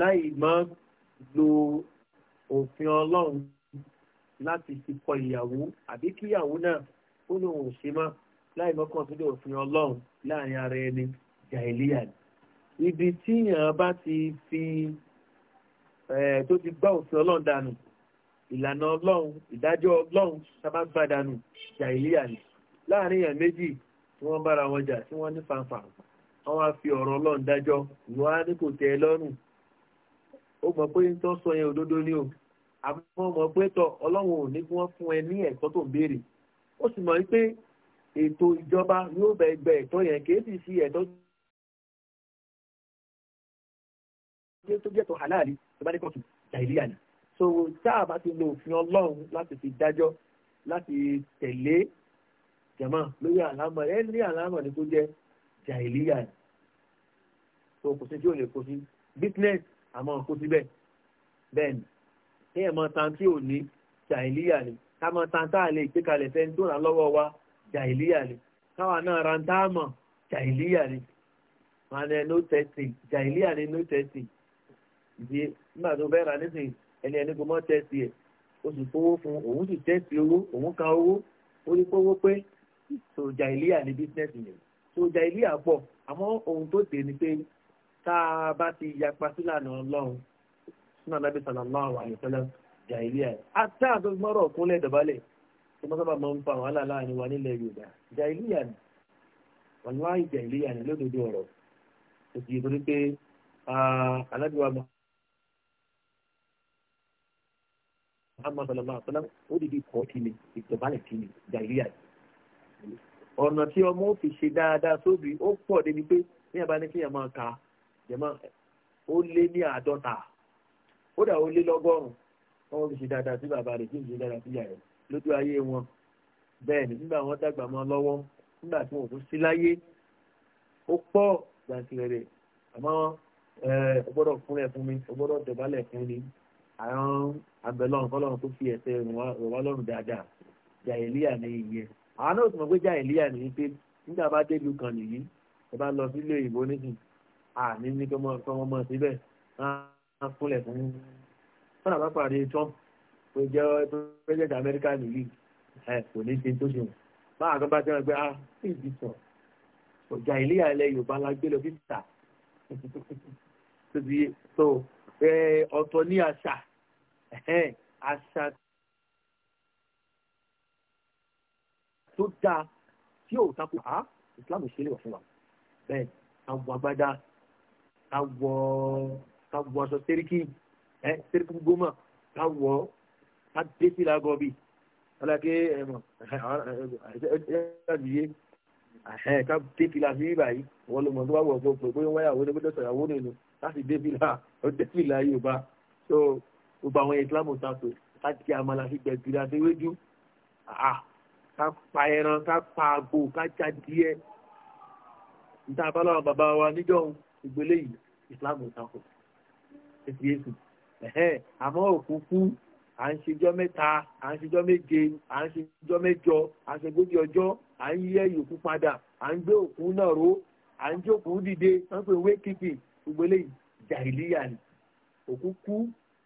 láì máa lo òfin ọlọ́run láti fi kọ ìyàwó àbí kíyàwó náà ó lóun ò ṣe máa láì mọ́kàn sí òfin ọlọ́run láàrin ara ẹni jàìlíyà ibi tíyàn bá ti fi tó ti gbá òfin ọlọ́run dànù ìlànà ọlọ́run ìdájọ́ ọlọ́run sábà gbá dànù jàìlíyà ni láàrin èèyàn méjì tí wọ́n bára wọn jà tí wọ́n ní fanfà wọ́n wá fi ọ̀rọ̀ ọlọ́run dájọ́ ìwọ́n á ní kò tẹ́ ẹ lọ́rùn ó mọ̀ pé ń tọ́ sọ yẹn òdodo ni o àmọ́ mọ̀ pé tọ ọlọ́run ò ní kí wọ́n fún ẹ ní ẹ̀kọ́ tó ń béèrè ó sì mọ̀ wípé ètò ìjọba yóò bẹ gbẹ ẹ̀tọ́ yẹn kì í sì sí ẹ̀tọ́ tó jẹ́ tó halali tó bá ní kóòtù nàìjíríà ni. so tá a bá ti lo òfin ọlọ́run láti fi dájọ́ láti tẹ̀lé jẹ̀mọ́ lórí àlámọ̀ ẹ̀ ní àlámọ̀ ni tó jẹ́ jàìlíyà ni. so kò sí tí ò lè kó sí business àmọ́ kó síbẹ̀ bẹ́ẹ̀ ni kéèyàn mọ tan tí ò ní jàìlíyà ni ká mọ tan tá a lè gbé kalẹ̀ fẹ́ ń tó lọ́wọ́ wa jàìlíyà ni káwa náà ra ń táàmọ̀ jàìlíyà ni wọn ni no testing jàìlíyà ni no testing ìdí nígbà tó fẹ́ ra nísìnyí ẹni ẹni kò mọ́ tẹ́sì ẹ̀ o sì fowó fún òun sì tẹ́sì owó òun ka owó ó ní kówó pé sòjà ìlíà ní bísínẹ́sì yẹn sòjà ìlíà pọ̀ àmọ́ ohun tó dé ni pé tá a bá ti yapa sílànà ọlọ́run sínú alábẹ́sàlá ọlọ́run àyẹ̀fẹ́lẹ́ jà ìlíà àti àtúntò mọ́rọ̀ kúnlẹ̀ dọ̀bálẹ̀ tí wọ́n sábà máa ń fa wàhálà láàrin wa nílẹ̀ yorùbá jàìlíyà ni wọ́n wá jàìlíyà ni lódodo ọ̀rọ̀ òsì ìtorí pé alábíwá Muhammad sallallahu alaihi wa sallam ó dìde kọ́ kíni ìtọ̀bálẹ̀ kíni jàìlíyà ni ọ̀nà tí ọmọ ó fi ṣe dáadáa sóbì ó pọ̀ débi pé ní àbáni kí yẹn máa ka yẹn ó lé ní àádọ́ta ó dà ó lé lọ́gọ́rùn-ún wọ́n fi ṣe dáadáa sí bàbá rẹ̀ kí n ṣe dáadáa sí ìyá rẹ̀ lójú ayé wọn bẹ́ẹ̀ ni nígbà wọn dàgbà mọ́ lọ́wọ́ nígbà tí wọn kò sí láyé ó pọ̀ gbàǹtìrẹ̀rẹ̀ àmọ́ ọgbọ́dọ̀ fúnlẹ̀ fún mi ọgbọ́dọ̀ dọ̀bálẹ̀ fún mi àwọn àbẹ̀lọ́ ọ̀kọ́lọ́run tó fi ẹ̀sẹ̀ rọ̀ wá lọ́rùn dáadáa jàìlíà ní ìyẹn àwọn náà sì mọ̀ pé jàìlíà ní pé nígbà bá débi kan nìyí ẹ bá lọ sílé ìbò nísìn àní ní kí wọ́n mọ̀ síbẹ̀ wọ́n á fúnlẹ̀ fún mi. fúnà bá parí trump tó jẹ́ president America nìyí kò ní ṣe tó ṣe wọn máa kan bá tẹ́ wọn pé ah please be sọ ọjà ilé àlẹ Yorùbá la gbé lọ fi tà tó ti yé so ọ̀tọ̀ ní àṣà àṣà tó dáa tí ò tako á Islam ṣe lè wà fún wa bẹ́ẹ̀ ká wọ agbádá ká wọ ká wọ aṣọ sẹ́ríkì ẹ sẹ́ríkì gómà ká wọ á dé sí lágọ́ bíi ọlọ́kẹ́ ẹ̀mọ̀ ẹ̀ẹ́dẹ́gbẹ̀yẹ ká dé fìlà sí báyìí wọ́n ló mọ̀ tó bá wọ̀ gbọ́ pé bóyá wáyàwó ló gbọ́dọ̀ sọ̀yàwó nínú láti dé fìlà ó dé fìlà yorùbá tó gbogbo àwọn ìsìlámù sàtò láti àmàlà sí gbẹ̀gbìlà sí wéjú ká pa ẹran ká pa àgbò ká já díẹ̀ níta abáláwọn bàbá wa níjọ́ ìgbélé yìí ìsìlámù sàtò ẹ̀sìn ẹ̀sìn àmọ́ òkú fún à ń ṣèjọ́ mẹ́ta à ń ṣèjọ́ méje à ń ṣèjọ́ mẹ́jọ à ń ṣègójì ọjọ́ à ń yẹ yòókù padà à ń gbé òkú náà ró à ń jókòó dìde wọ́n pè wé kíkì gbogbo eléyìí jàìlíyà ni òkú kú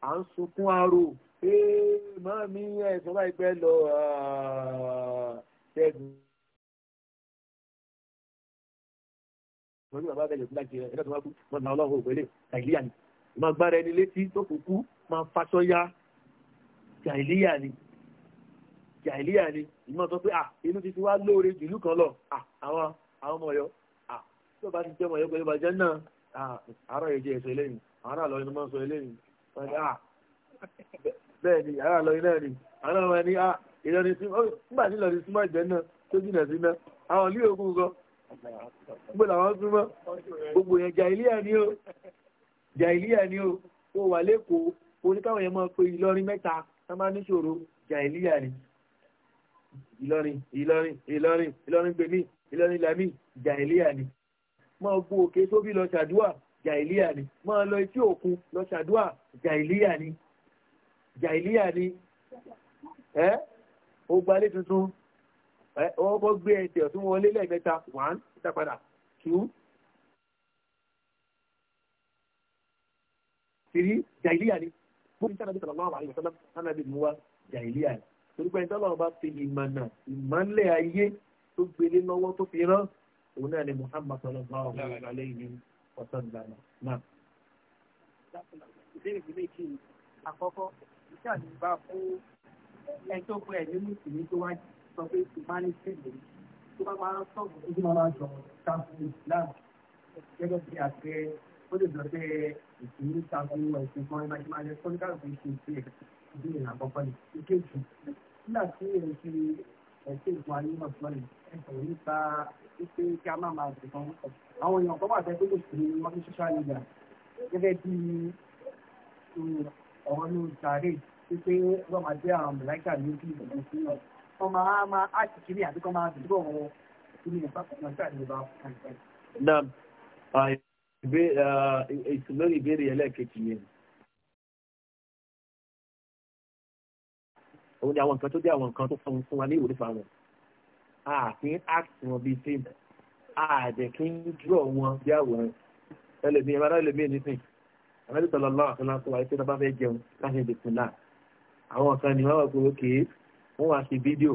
à ń sunkún arò ee màá mi ẹ̀sán báyìí pẹ́ lọ ṣẹ́gun. wọ́n ní bàbá abẹ́lẹ̀ fúlájì rẹ̀ ẹ̀dá tó wá kú wọ́n na ọlọ́run òpèlè jàìlíyà ni ìmọ̀ gbára ẹni létí tó kù kú máa ń faṣọ ya jàìlíyà ni jàìlíyà ni ìmọ̀ sọ pé à ah, inú ti fi wá lóore jùlù kan lọ ah, àwọn àwọn ọmọ ọyọ ah, tó bá ti jẹ́ ọmọ ọyọ pẹ̀lú bàjẹ́ náà àárọ̀ yẹn jẹ́ èso eléyìí àwọn inú máa ń sọ eléyìí ni a àlọ́ iná ni àwọn ọmọ ẹni à ìlọrin sí nígbà tí ìlọrin náà tó jìnà sí àwọn ilé gan gbogbo làwọn gbogbo ni ó jàìlíyà ni ó wà oníkàwọn yẹn máa pe ìlọrin wọ́n máa níṣòro jàìlíyà ni ìlọrin ìlọrin ìlọrin ìlọrin gbèmí ìlọrin lami jàìlíyà ni máa gbó òkè tóbi lọ ṣàdúà jàìlíyà ni máa lọ etí òkun lọ ṣàdúà jàìlíyà ni jàìlíyà ni ẹ o gbalé tuntun ẹ ọwọ́ bọ́ gbé ẹsẹ̀ ọ̀tún wọlé lẹ́ẹ̀mẹ́ta one ìtàpadà two three jàìlíyà ni fún ìtàn àbí sọ̀rọ̀ àwọn àyẹ̀sọ́lá ánàbí mú wa jàìlíà torípé ẹni tọ́lọ́run bá fi ìmọ̀nà ìmọ̀lẹ̀ ayé tó gbélé lọ́wọ́ tó fi rán òun náà ni Muhammad sallallahu alayhi wa sallam náà. ìbéèrè mi méjì àkọ́kọ́ iṣẹ́ àdìbá fún ẹni tó pẹ́ ní mùsùlùmí tó wá sọ pé humanity lèyí tó bá máa ń sọ̀rọ̀ ojú ìṣòro tako ẹ̀sìn kan ẹ̀ma ṣe máa yẹ kó ní káàkiri ṣe ìṣe ìdí ìrìn àkọ́kọ́ ni ìkejì nígbà tí ẹ̀ ṣe ẹ̀sìn ìfún ayé náà sọ́ọ̀lì ẹ̀sìn nípa pípé kí a má máa ṣe kan àwọn èèyàn kan wà fẹ́ pé kò sí wọn ní social media gẹ́gẹ́ bí ọ̀rọ̀ ní sàárè pípé wọ́n máa jẹ́ Eh, eh, lórí ìbéèrè ẹlẹ́ẹ̀kejì yẹn òun ni àwọn nǹkan tó jẹ́ àwọn nǹkan tó fún fún wa ní ìwòrí fáwọn àti act wọn bíi fíìmù àdẹ̀ kí ń dúró wọn bí àwòrán ẹlòmíín ẹ̀rọ ẹlòmíín nísìn àmẹ́lì sọ̀rọ̀ lọ́wọ́ àti láńkó wa ẹ̀ṣẹ́ bá fẹ́ jẹun láti lè sùn náà àwọn kan ni wọ́n wà pé ókè wọ́n wá ṣe fídíò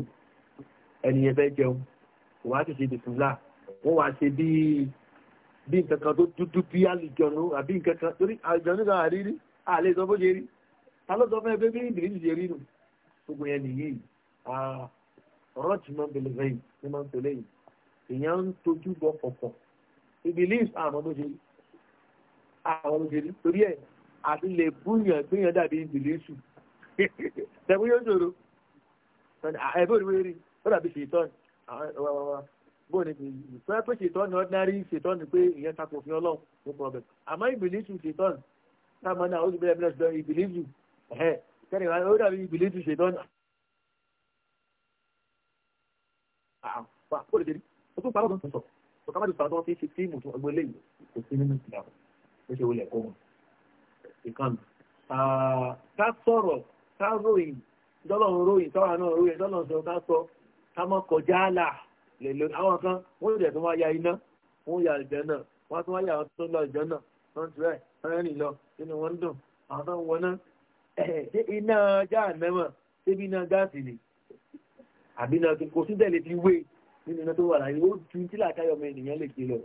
ẹni yẹn fẹ́ jẹun wọ́n á sì ṣe dìsùn náà wọ́n wá ṣe bíi bí nǹkan kan tó dúdú bí àlìjọ̀nù àbí nǹkan kan torí àlìjọ̀nù kan àrírí àlè sọ bó ṣe rí ta ló sọ fún ẹgbẹ́ bí ìdílé ṣe rí nù gbogbo yẹn nìyí ọ̀rọ̀ tí máa ń bẹ̀lẹ̀ fẹ́ yìí ní máa ń tẹ̀lé yìí èèyàn ń tojú bọ pọ̀pọ̀ ìbílíf àmọ́ bó ṣe rí àwọn bó ṣe rí torí ẹ̀ àti lè búyàn gbéyàn dàbí ìbílísù tẹ̀wé yóò ṣòro ẹ̀bí òdìbò yẹn rí ó dàbí ṣètọ́ni bó ni ìfẹ́ pé ṣètọ́nù ordinary ṣètọ́nù pé ìyẹn takò fi ọlọ́run no problem àmọ́ ìbìlísù ṣètọ́nù táwọn náà ó ti bẹ̀rẹ̀ bẹ̀rẹ̀ ṣùgbọ́n ìbìlísù ẹ̀hẹ́ kẹ́rì wá ó dàbí ìbìlísù ṣètọ́nù. àpá ó lè dérí ó tún parọ́ tuntun sọ kò ká má ti sọ àwọn tí wọ́n fi tíìmù tó ọgbọ́n lé yìí kò sí nínú ìlànà ó ṣe olè kó wọn. ìkànnì ká sọ̀rọ̀ ká ròyìn dọ́lọ́run ròyìn tọ́wọ́ náà ròyìn dọ́lọ́run sọ ká sọ ká mọ́ kọjá láà lè lo àwọn kan wọ́n jẹ̀ tó wá ya iná wọ́n ya àlùjánnà wọ́n tó wá ya àwọn tó lọ àlùjánnà wọ́n ti rẹ̀ wọ́n rìn lọ nínú wọn dùn àwọn tó ń wọná ṣé iná jáàmẹ́mọ̀ ṣébi iná gáàsì ni àbí iná kò sí tẹ̀lé ti wé nínú iná tó wà láyé ó ju tí làákàyọ̀ ọmọ ènìyàn lè gbé lọ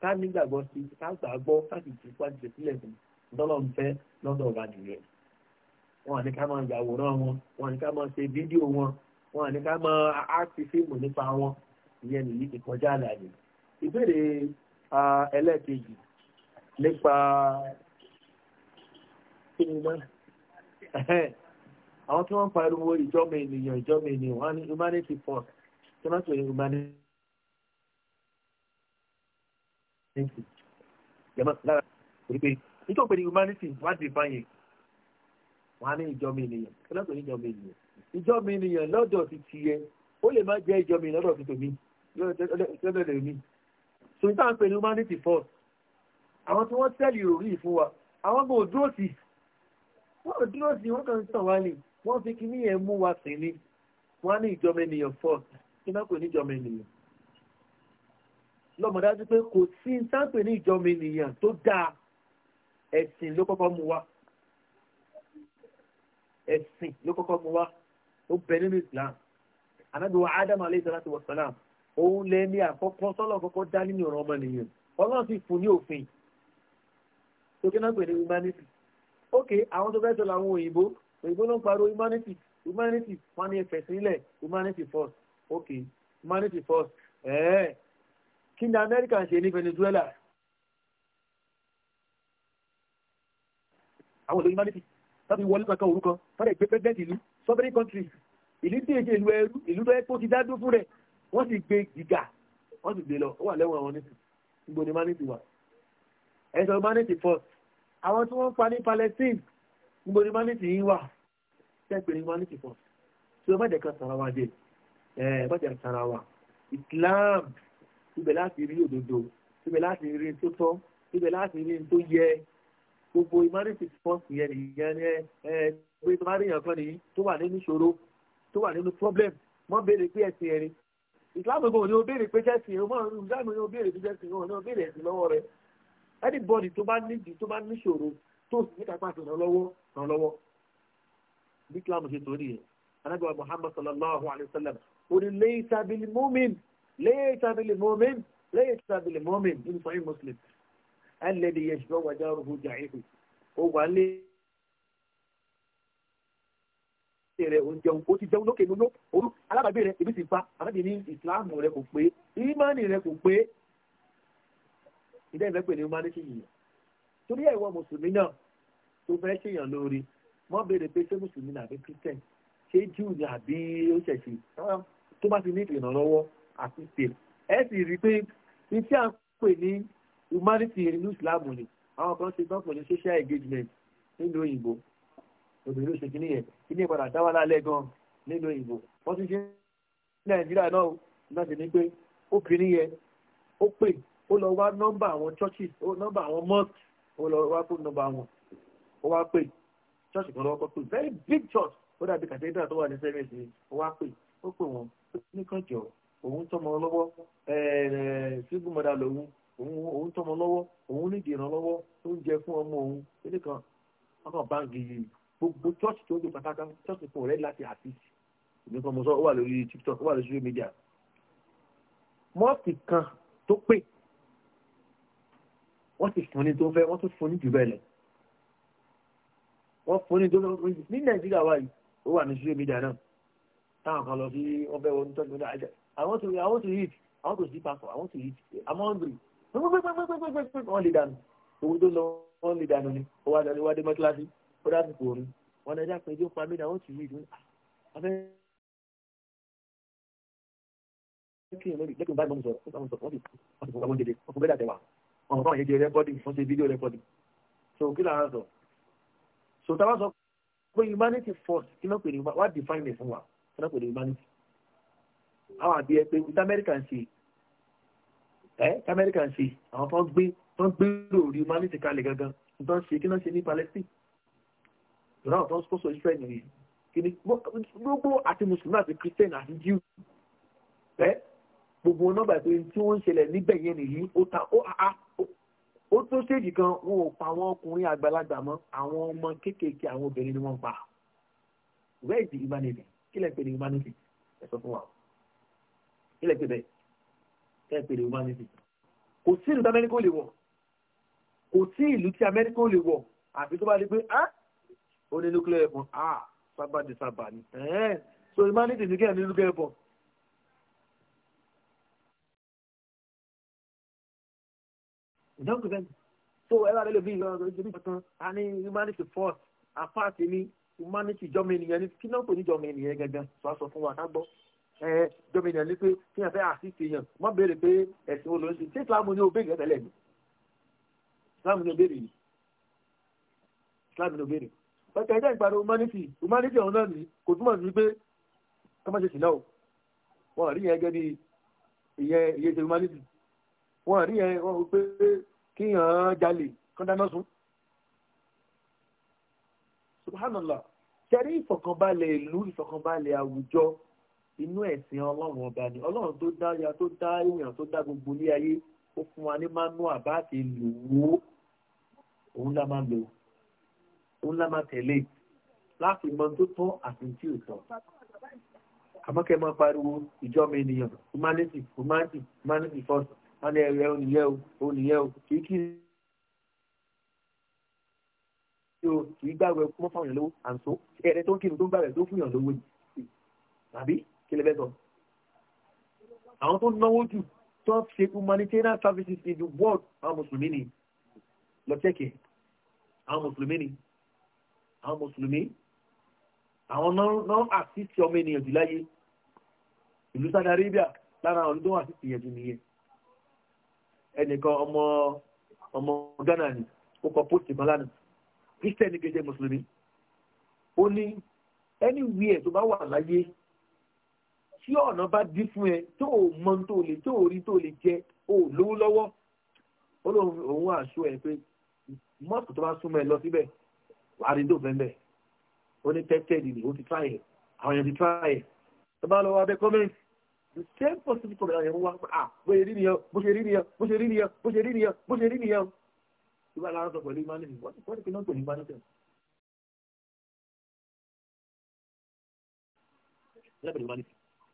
ká nígbàgbọ́ sí ká gbàgbọ́ ká sì ti pa jù sílẹ̀ sí lọ́lọ́mfẹ́ lọ́dọ̀ ọba jùlọ wọn ní ká máa yàwòrán wọn wọn ní ká máa ṣe fídíò wọn wọn ní ká máa áàtì fíìmù nípa wọn ìyẹn nìyí ìkọjá àlàyé ìbéèrè ẹlẹ́ẹ̀kejì nípa ìmọ̀ àwọn tí wọ́n ń pariwo ìjọba ènìyàn ìjọba ènìyàn wọ́n ní humanity force tí wọ́n pè ní humanity lára pé nítorí pé ní humanity wọ́n ti bá yẹn wọ́n á ní ìjọba ènìyàn tí wọ́n pè ní ìjọba ènìyàn ìjọba ènìyàn lọ́dọ̀ ti tiẹ̀ ó lè má jẹ́ ìjọba ènìyàn lọ́dọ̀ ti tòmí lọ́dọ̀dẹ̀ mi so n táà ń pè ní humanity first àwọn tí wọ́n tẹ́lì òrí ìfún wa àwọn gbọ́ dúró sí wọ́n dúró sí wọ́n kàn tàn wá ní wọ́n fi kí ní ẹ̀ mú wa sí ní wọ́n ní ìjọba ènìyàn first kí náà pè ní ìjọba lọ́mọdájú pé kò sí n ní ìjọba ènìyàn tó dáa ẹ̀sìn ló kọ́kọ́ mú wa ẹ̀sìn ló kọ́kọ́ mú wa ó bẹ nínú Islam anábìwá Adam aleyhi salatu wa salam òun lẹni àkọ́kọ́ sọ́lọ́ kọ́kọ́ dá nínú ọ̀rọ̀ ọmọnìyàn ọlọ́run sì fún ní òfin tókè náà pè ní humanity ok àwọn tó fẹ́ sọ làwọn òyìnbó òyìnbó ló ń parọ́ humanity humanity wọn ní ẹfẹ̀ sílẹ̀ humanity first ok humanity first ẹ̀ẹ́ kí ni amẹ́ríkà ń ṣe ní venezuela àwọn olóyìn humanity tàbí wọlé kankan orúkọ fọ́nà ìgbé president ìlú sovereign country ìlú tí èjì ìlú ẹrú ìlú tó ẹ kó ti dá dúró fún rẹ̀ wọ́n sì gbé gíga wọ́n sì gbé lọ ó wà lẹ́wọ̀n àwọn nísìn gbogbo ni manity wà ẹ̀sọ́ manity first àwọn tí wọ́n ń pa ní palestine gbogbo ni manity yìí wà tẹ́gbẹ̀ẹ́ ní manity first tí o mọ̀jẹ̀ kan sara wa dé ẹ̀ mọ̀jẹ̀ sara wa islam ibẹ̀ láti rí òdodo ibẹ̀ láti rí tó tọ́ ibẹ̀ láti rí tó yẹ gbogbo humanity first yẹn nìyẹn ẹ ẹ pé tó bá rí èèyàn kan nìyí tó wà nínú ìṣòro tó wà nínú problem wọ́n béèrè pé ẹ̀sìn ẹ̀rin islam kò ní o béèrè pé jẹ́sìn o máa islam ní o béèrè pé jẹ́sìn o ní o béèrè ẹ̀sìn lọ́wọ́ rẹ anybody tó bá nídìí tó bá níṣòro tó sì ní kápá àti ìrànlọ́wọ́ ìrànlọ́wọ́ bí islam ṣe tó nìyẹn anábìwá muhammad sallallahu alayhi wa sallam ó ní laysa bil mu'min laysa bil mu'min laysa bil mu'min nínú sahih muslim alladhi yashba'u wa jaruhu ja'ihu ó wà lé rẹ o ń jẹun ó ti jẹun lókè nínú orú alábàgbé rẹ ebi ti fa àbábí ní ìsìláàmù rẹ kò pé ìmánì rẹ kò pé ìdá ìfẹ́ pè ní humanity yìí torí ẹ̀wọ̀ mùsùlùmí náà tó fẹ́ ṣèyàn lórí wọ́n béèrè pé ṣé mùsùlùmí nàbí christian ṣé júù ni àbí ó ṣẹ̀ṣẹ̀ tó bá ti ní ìrànlọ́wọ́ àti ṣe ẹ sì rí i pé iṣẹ́ à ń pè ní humanity inú ìsìláàmù ni àwọn kan ṣe gbọ́n pẹ̀lú social engagement nínú òyìnbó obìnrin ló ṣe kíní yẹn kíní ìpadà dáwà lálẹ́ gan nínú ìbò wọ́n ti ṣe nàìjíríà náà náà sì ní pé obìnrin yẹn ó pè ó lọ wá nọ́mbà àwọn churches ó nọ́mbà àwọn mosques ó lọ wá kó nọ́mbà wọn ó wá pè church kan lọ́wọ́ pé very big church ó dàbí cathedral tó wà ní sẹ́fẹ̀sì ó wá pè ó pè wọ́n nìkan jọ òun tọmọ lọ́wọ́ single mother lòun òun tọmọ lọ́wọ́ òun nídìí ìrànlọ́wọ́ oúnjẹ fún ọmọ òun nìkan ọkàn báńkì yìí gbogbo church tó dùn pátákà church fún ọ̀rẹ́ láti àfíìsì èmi kan mo sọ ó wà lórí tiktok ó wà lórí social media mọ́ọ̀sì kan tó pè wọ́n ti fún ní tó fẹ́ wọ́n tún fún ní jù bẹ́ẹ̀ lọ wọ́n fún ní tó fẹ́ ní nàìjíríà wáyé ó wà ní social media náà táwọn kan lọ sí ọbẹ̀ wọn tó ń tọ́jú àwọn tó àwọn tó yìí àwọn tó sí pàṣọ àwọn tó yìí àmọ́ ń bèrè pẹ́pẹ́pẹ́pẹ́pẹ́pẹ́ wọ́n lè dànù owó tó lọ wọ́n lè dànù ni ó wá dé mọ́ kíláàsì ó dásìkò orin wọn lè dápẹ́ ẹjọ́ pa mí náà ó sì yí ìdún abẹ́ kí ni lórí lẹ́kùn báyìí mọ́ mi sọ̀rọ̀ wọ́n ti fún ọmọ jẹjẹrẹ ọkùnrin bẹ́ẹ̀ dàtẹ̀wà ọmọ báwọn jẹjẹrẹ rẹ́kọ́dì wọ́n ṣe fídíò rẹ́kọ́dì so kí lára sọ so a bá sọ pé humanity first kí ló pè ní wá define it fún wa kí ló pè ní humanity àwọn àbí ẹ pé with America ń ṣe ẹ America ń ṣe àwọn tó ń gbé tó gbé lórí humanity kalẹ̀ gangan tó ń ṣe kí ló ń ṣe ní Palestine ìran tó ń kó so israẹli rèé kí ni gbogbo àti mùsùlùmí àti christian àti jew ẹ gbogbo nọ́mbà pé tí wọ́n ń ṣẹlẹ̀ níbẹ̀ yẹn nìyí ó ta ó a ó tó stéèjì kan wọn ò pa àwọn ọkùnrin àgbàlagbà mọ́ àwọn ọmọ kéékèèké àwọn obìnrin ni wọ́n pa where is the humanity kí lẹ pè ní humanity ẹ sọ fún wa kí lẹ pè bẹ́ẹ̀ kí lẹ pè ní humanity kò sí ìlú tí amẹ́ríkà ò lè wọ̀ kò sí ìlú tí amẹ́ríkà ò lè wọ̀ àfi tó bá rí pé ah ó ní nuclear weapon ah sábà ní sábà ní so humanity ní kẹ́hìn ní nuclear weapon. ìdáhùn kìfẹ́ so ẹ bá lélẹ̀ bí ìlú ọ̀rọ̀ ìjọba ìbátan a ní humanity first apart ní humanity jọmọ ènìyàn ní kí náà kò ní jọmọ ènìyàn gangan sọ àṣọ fún wa ká gbọ́ jọmọ ènìyàn ní pé kí yàn fẹ́ àṣìṣe yàn mọ́ béèrè pé ẹ̀sìn olóńsìn ṣé islamu ni obèrè tẹ́lẹ̀ ni islamu ni obèrè yìí islamu ni obèrè yìí bẹ́ẹ̀ ẹ̀jẹ̀ ìgbàdo humanity humanity ọ̀hún náà ni kò túmọ̀ sí pé kọ́mọ ṣe sìnà o wọ́n rí yẹn gẹ́gẹ́ bí ìyẹn ìyẹn ṣe humanity wọ́n rí yẹn wọ́n pé kíyàn jalè kán dáná sun subhanallah ṣẹ́rí ìfọ̀kànbalẹ̀ ìlú ìfọ̀kànbalẹ̀ àwùjọ inú ẹ̀sìn ọlọ́run ọba ni ọlọ́run tó dá ya tó dá èèyàn tó dá gbogbo ilé ayé ó fún wa ní mánú àbá àti lòó òun la máa lò ó òun lá máa tẹ̀lé láti mọ tó tọ́ àti tí ò tọ́ àmọ́kẹ́ máa pariwo ìjọba ènìyàn humanity humanity humanity first wọn ní ẹ̀rẹ́ oníyẹ́ o oníyẹ́ o kìí kí o kìí gbàgbé mọ́ fáwọn èèyàn lówó àǹtó ẹ̀rẹ́ tó ń kírun tó ń gbàgbé tó fún èèyàn lówó yìí tàbí kí lè bẹ́ sọ. àwọn tó náwó jù tó ń ṣe humanitarian services in the world àwọn mùsùlùmí ni lọ tẹ́kẹ̀ẹ́ àwọn mùsùlùmí ni àwọn mùsùlùmí àwọn náà àtìsí ọmọ ènìyàn jù láyé ìlú Saudi Arabia lára àwọn tó wà sí ìyẹn jù nìyẹn ẹnìkan ọmọ ọmọ Ghana ni ó kọ pósìtì kan lánàá Christian kì í ṣe mùsùlùmí ó ní anywhere tó bá wà láyé tí ọ̀nà bá dí fún ẹ tó o mọ tó o lè tó o rí tó o lè jẹ o lówó lọ́wọ́ ó lóun àṣọ ẹ pé mọ́ọ̀kì tó bá súnmọ́ ẹ lọ síbẹ̀ wàá rí dòfẹ́ mbẹ́ ó ní tested ni ó ti try ẹ̀ àwọn èèyàn ti try ẹ̀ tó bá lọ wá bẹ́ the same positive comment àwọn èèyàn wá pé ah bó ṣe rí nìyẹn bó ṣe rí nìyẹn bó ṣe rí nìyẹn bó ṣe rí nìyẹn bó ṣe rí nìyẹn ìwà lára sọ pẹ̀lú ìmánìyàn wọ́n ti pinnu pẹ̀lú ìmánìyàn.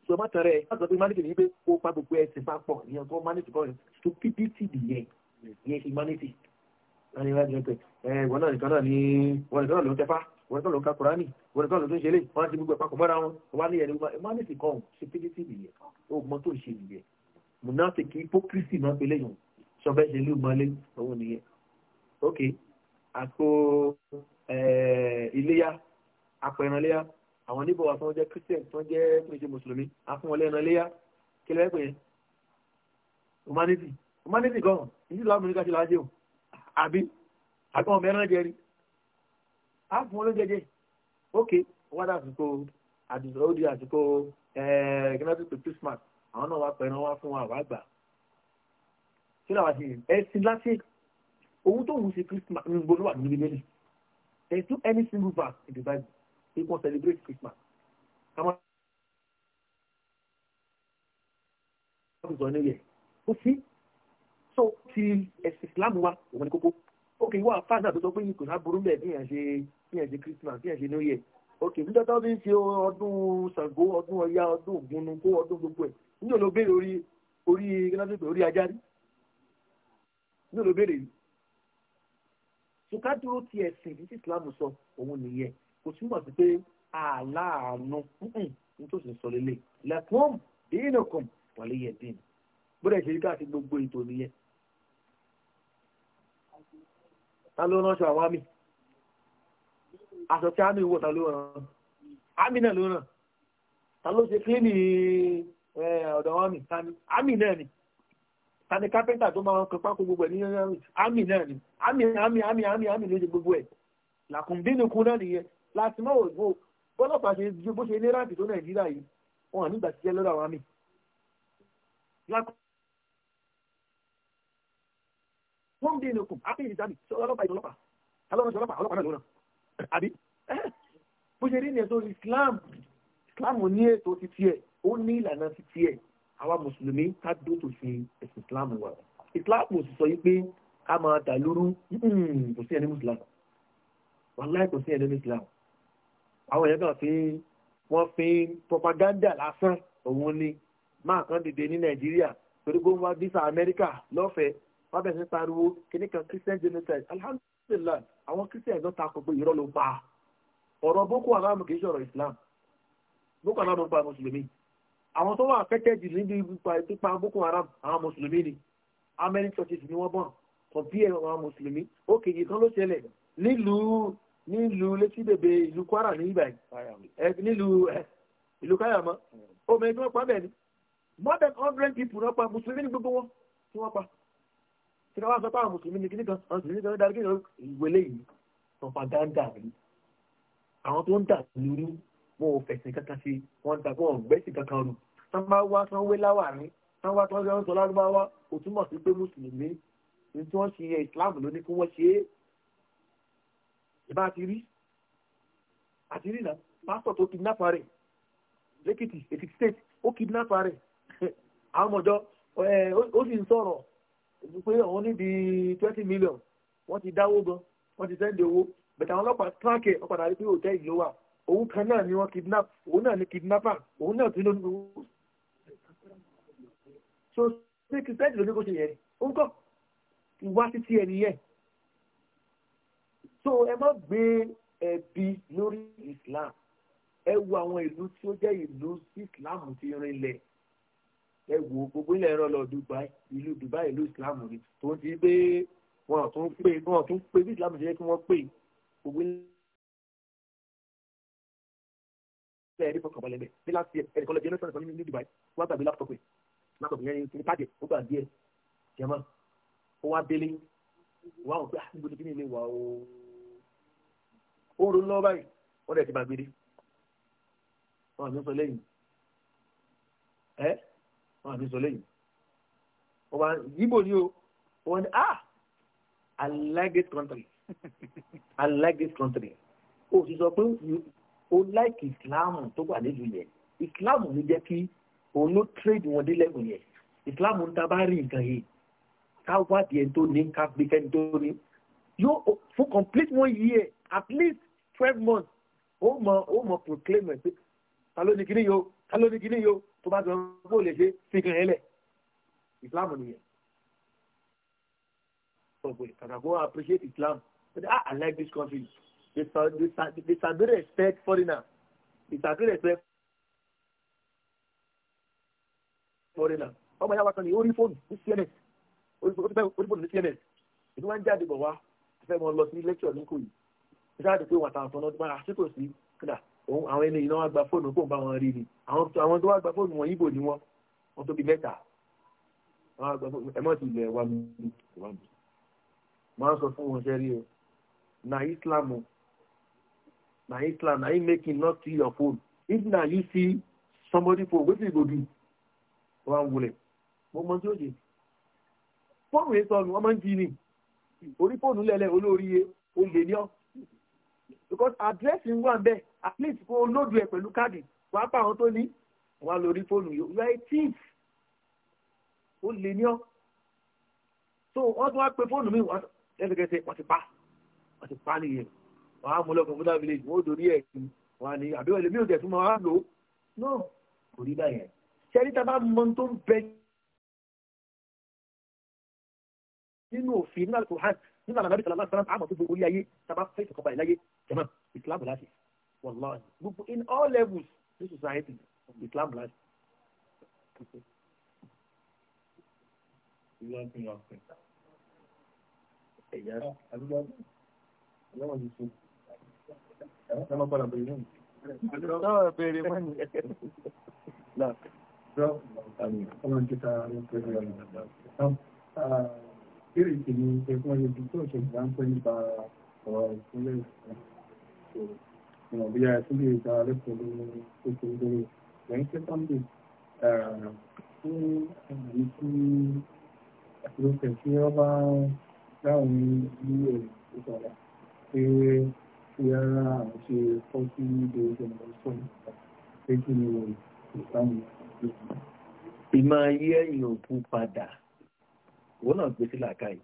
so ọmọ tẹ̀rẹ̀ ẹ̀ láti sọ pé humanity ní pé ó pa gbogbo ẹ̀sìn papọ̀ ìyẹn tó humanity kọ́ ẹ̀ stupidity nìyẹn ìyẹn humanity wọ́n ní wájú pé ẹ̀wọ̀n náà nìkan náà ní wọ́n nìkan náà ló ń tẹ́fà wọ́n nìkan ló ń ka kúránì wọ́n nìkan ló ń ṣe lé wọ́n ti gbogbo ẹ̀pàkọ́ mọ́ra wọn wọ́n ní ẹni wọ́n ní sìnkọ́ ṣe pírísì nìyẹn ó mọ tó ṣe nìyẹn mùnáfíkì pókírísì náà pélé yùn sọfẹ́ ṣe lú mọ́lé òun nìyẹn ok àpò iléyà apẹ̀rànléyà àwọn níbọ̀ wa tí wọ́n jẹ́ christian tí wọ́n jẹ́ pèsè mùsùlùmí afúnwọlé ẹranléyà kí lẹ́yìn pé humanity humanity gan-an ìdílé amúnikà ti lájẹ́ o àbí àbí ọmọ ẹran jẹ rí á fún olóúnjẹ jẹ ókè wọ́n dà àsìkò àdìsọ́ ó di àsìkò ẹ̀ẹ́dẹ́gbẹ́sì tó christmas àwọn náà wá pẹ̀ràn wá fún wa wá gbà kí làwọn àti ẹ̀sìn láti owó tó wù sí christmas ní gbogbo wà níbi lẹ́yìn there is no any single verse in the bible wey can celebrate christmas kàmá ọ̀sán ní yẹ ó sí so ti ẹ̀sìn islam wa òun ni kókó ok wọ́n àfáàdà tó sọ pé kò sá burú bẹ́ẹ̀ bí yàn ṣe bí yàn ṣe christmas bí yàn ṣe new year ok níjọ́ tó fi ń ṣe ọdún ṣàngó ọdún ọya ọdún ògúnnu kó ọdún gbogbo ẹ̀ níjọ́ ló béèrè orí orí gíláṣípì orí ajá rí níjọ́ ló béèrè yìí sùkádúró ti ẹ̀sìn tí islam sọ òun nìyẹn kò túmọ̀ sí pé àláàánú nítòsí sọ lélẹ̀ lẹ́kùn dín nìkan wàlẹ́ yẹ dín bó dẹ̀ ṣe rí káàkiri gbogbo ètò nìyẹn ta ló ránṣọ àwọn àmì aṣọ tí àmì wò ta ló ràn àmì náà ló ràn ta ló ṣe kílínì ọ̀dọ̀ wọn mi ta ni àmì náà ni ta ni kápẹ́ntà tó máa kan pákó gbogbo ẹ̀ ní àmì náà ni àmì àmì àmì àmì àmì ló ṣe gbogbo ẹ̀ làkùnbínukun náà nìyẹn láti mọ́ òògbó bọ́lọ́pàá ṣe ju wọ́n dé ní okùn àti ìdíjáde ṣe ọlọ́pàá ìlú ọlọ́pàá alọ́run ṣe ọlọ́pàá ọlọ́pàá náà lónà àbí bó ṣe rí ní ẹ̀tọ́ Islam Islam ní ètò ti tiẹ̀ ó ní ìlànà ti tiẹ̀ àwa mùsùlùmí ká dótò sí ẹ̀sìn Islam wa Islam kò sì sọ yìí pé ká máa dà lóru hmm, kò sí ẹni mùsùlùmí wàláì kò sí ẹni Islam àwọn èèyàn kan fi wọ́n fi propaganda lásán òun ni máa kan dìde ní Nàìjíríà torí gbóhùn wá visa Amẹ́ríkà lọ́fẹ̀ẹ́ wọ́n bẹ̀rẹ̀ sí pariwo kìnnì kan christian genocide alhamdulilayi àwọn christian ló takò pé irọ́ ló bá a ọ̀rọ̀ boko haram kì í ṣọ̀rọ̀ islam boko haram ń pa mùsùlùmí àwọn tó wà affected níbi pípa boko haram àwọn mùsùlùmí ni how churches ni wọ́n bọ̀n kò bí àwọn mùsùlùmí ó kejì kan ló ṣẹlẹ̀ nílùú nílùú létí bèbè ìlú kwara ní ibà nílùú ìlú káyàmọ́ omi ẹni tí wọ́n pa bẹ́ẹ̀ ni more than hundred people náà pa mùsùlùmí ní gbogbo wọn tí wọ́n pa kí wọ́n sọ pé àwọn mùsùlùmí ni kíníkan àwọn mùsùlùmí kan darí kíníkan ìwélé yìí propaganda ni àwọn tó ń dà lórí wọn ò fẹ̀sìn kankan sí wọn ń tàbí wọn ò gbẹ́sìn kankan rù tán bá wá tán wé láwàárín tán wá tán sọ lárúbáwá ó túmọ̀ sí pé mùsùlùmí ní tí wọ́n ṣe islam lóní kí wọ́n ṣe é ìbá ti rí àti rí náà pásítọ̀ tó kidnap rẹ̀ lẹ́kìtì èkìtì state ó kidnap rẹ̀ àwọn ọmọdọ́ ó sì ń sọ̀rọ̀ èmi pé àwọn níbi twenty million wọ́n ti dáwó gan wọ́n ti sẹ́ndì owó bẹ̀tẹ̀ àwọn ọlọ́pàá tíráàkì ọ̀padà rí pé hòtẹ́ẹ̀lì ló wà òun kan náà ni wọ́n kidnap òun náà ni kidnapper òun náà tún lónìí owó. so ṣé kìsẹ́ẹ̀tì ló ní kó ṣe yẹn ó ń kọ́ ìwá títí ẹni yẹn. so ẹ má gbé ẹbí lórí Islam ẹ wo àwọn ìlú tí ó jẹ́ ìlú Islam ti rinlẹ̀ ẹ wo gbogbo ilẹ̀ ẹ̀rọ lọ Dubai ìlú Dubai ìlú Islam ni tó ti pé wọn ò tún pé wọn ò tún pé bí Islam ṣe yẹ kí wọ́n pè gbogbo ilẹ̀ ẹ̀rí fọkàn balẹ̀ bẹ̀ bí láti ẹ̀rí kọ́lẹ̀ jẹ́ lọ́sọ̀rọ̀ ní Dubai wọ́n gbàgbé láptọ̀pù ẹ̀ láptọ̀pù yẹn ní pàdé ó gbà díẹ̀ jẹ́mọ́ ó wá délé wà ó gbà níbo ni kí ni ilé wà ó ó ń ronú lọ́wọ́ báyìí wọ́n dẹ̀ wọn àti sọ lẹ́yìn ọba yíbo ni o wọn ni ah i like this country i like this country o sì sọ pé o like islam tó wà nílùú yẹn islam ló jẹ́ kí òun ló trade wọn dé lẹ́gùn yẹn islam ń ta bá rí nǹkan yìí ká wádìí ẹni tó ní ká gbé kẹ́ni tó ní yóò fún complete one year at least twelve months ó mọ ó mọ proclaim ẹ pé ta ló ní kíní yìí o ta ló ní kíní yìí o tó bá sọ bó lè ṣe fi kàn yẹn nìyẹn ọ̀pẹ̀ kàkàkó appreciate islam but ah i like this country they sabi they sabi respect foreigner they sabi respect foreigner ọmọ yàrá kan ní orí fóònù ní cns orí fóònù ní cns ìlú wọn jáde bọ̀ wá fẹ́ mọ lọ sí lecture ní kò yìí ìṣáàdì pé wàtà àtọ̀nà ọdún bára àṣìkò sí kódà àwọn ẹni iná wá gba fóònù kó ń bá wọn rí ni àwọn tó wá gba fóònù wọn ibo ni wọn wọn tóbi mẹ́ta wọn wá gba fóònù ẹ mọ ti ilẹ̀ wa mi wa mi máa ń sọ fún wọn sẹ́rí o na islam o na islam na him not see your phone if na you see somebody phone wetin you go do wọn wulẹ̀ mo mọ tí ó jẹ fóònù yẹn sọnù wọn máa ń jí ni orí fóònù lẹ́lẹ̀ olórí yẹ olè ní ọ because address ń wà bẹ́ẹ̀ at least kó o lóòdù ẹ̀ pẹ̀lú káàdì wàá pa àwọn tó ní wà lórí fóònù yìí you are a thief ó lè ní ọ́ so wọ́n tún wá pe fóònù mi wọ́n lẹ́sẹ̀kẹsẹ̀ wọ́n ti pa wọ́n ti pa nìyẹn wọ́n á mú lọ computer village wọ́n ó dorí ẹ̀ wọ́n á ní àbíwọ̀n lèmi ò tẹ̀ fún wọn á lò ó no kò rí báyẹn ṣẹ́ni tá a bá mọ tó ń bẹ nínú òfin náà kò hàn nígbà nàbẹ́rẹ́ sọ̀rọ̀ láti sọ̀rọ̀ àmọ̀ tó gbogbo orí ayé sábà fẹ́ ìfọ̀kànbà ìláyé jẹ̀mọ́ islam láti wàláhì gbogbo in all levels ní society islam láti. Ọlọ́run kíta ló pẹ̀lú ìbéèrè tèmi ẹ̀fọn ibi tó ṣe ìgbà ń pẹ́ nípa ọ̀rọ̀ ìpínlẹ̀ ìṣẹ́ ìmọ̀ bí i tún lè dá lẹ́kọ̀ọ́ lórí tó ṣe lórí lẹ́yìn sẹ́kọ́ndì fún ẹ̀mí tí àtúrókẹ̀ tí wọ́n bá dáhùn ní ìṣọ̀rọ̀ pé kí ara ṣe fọ́tí ìdè ìṣẹ̀lẹ̀ pé kí ni ìbámu. ìmọ̀ ayé ẹ̀yìn òkú padà òun náà gbé sí làákàyè.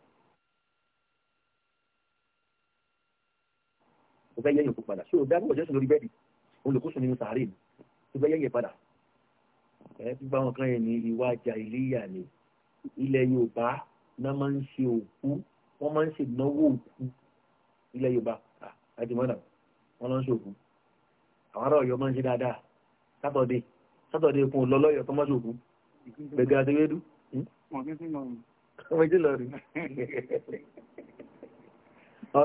o fẹ́ yẹ́yìn òkú padà ṣé o dá gbọ́dọ̀ jẹ́sùn lórí bẹ́ẹ̀dì olùkóso nínú sàárè ni o fẹ́ yẹ́yìn padà ẹ gbígbá wọn kan yẹn ní ìwà jàhílíyà ni ilẹ̀ yorùbá náà máa ń ṣe òkú wọ́n máa ń ṣe ìnáwó òkú ilẹ̀ yorùbá àdìmọ́dà wọ́n lọ ń ṣe òkú àwọn ará ọ̀yọ́ máa ń ṣe dáadáa sátọ̀dé sátọ̀dé kún un lọ́lọ́yọ̀ tó máa ṣe òkú gbẹ̀gẹ́ hmm? àti ọmọ ìjìlọ rí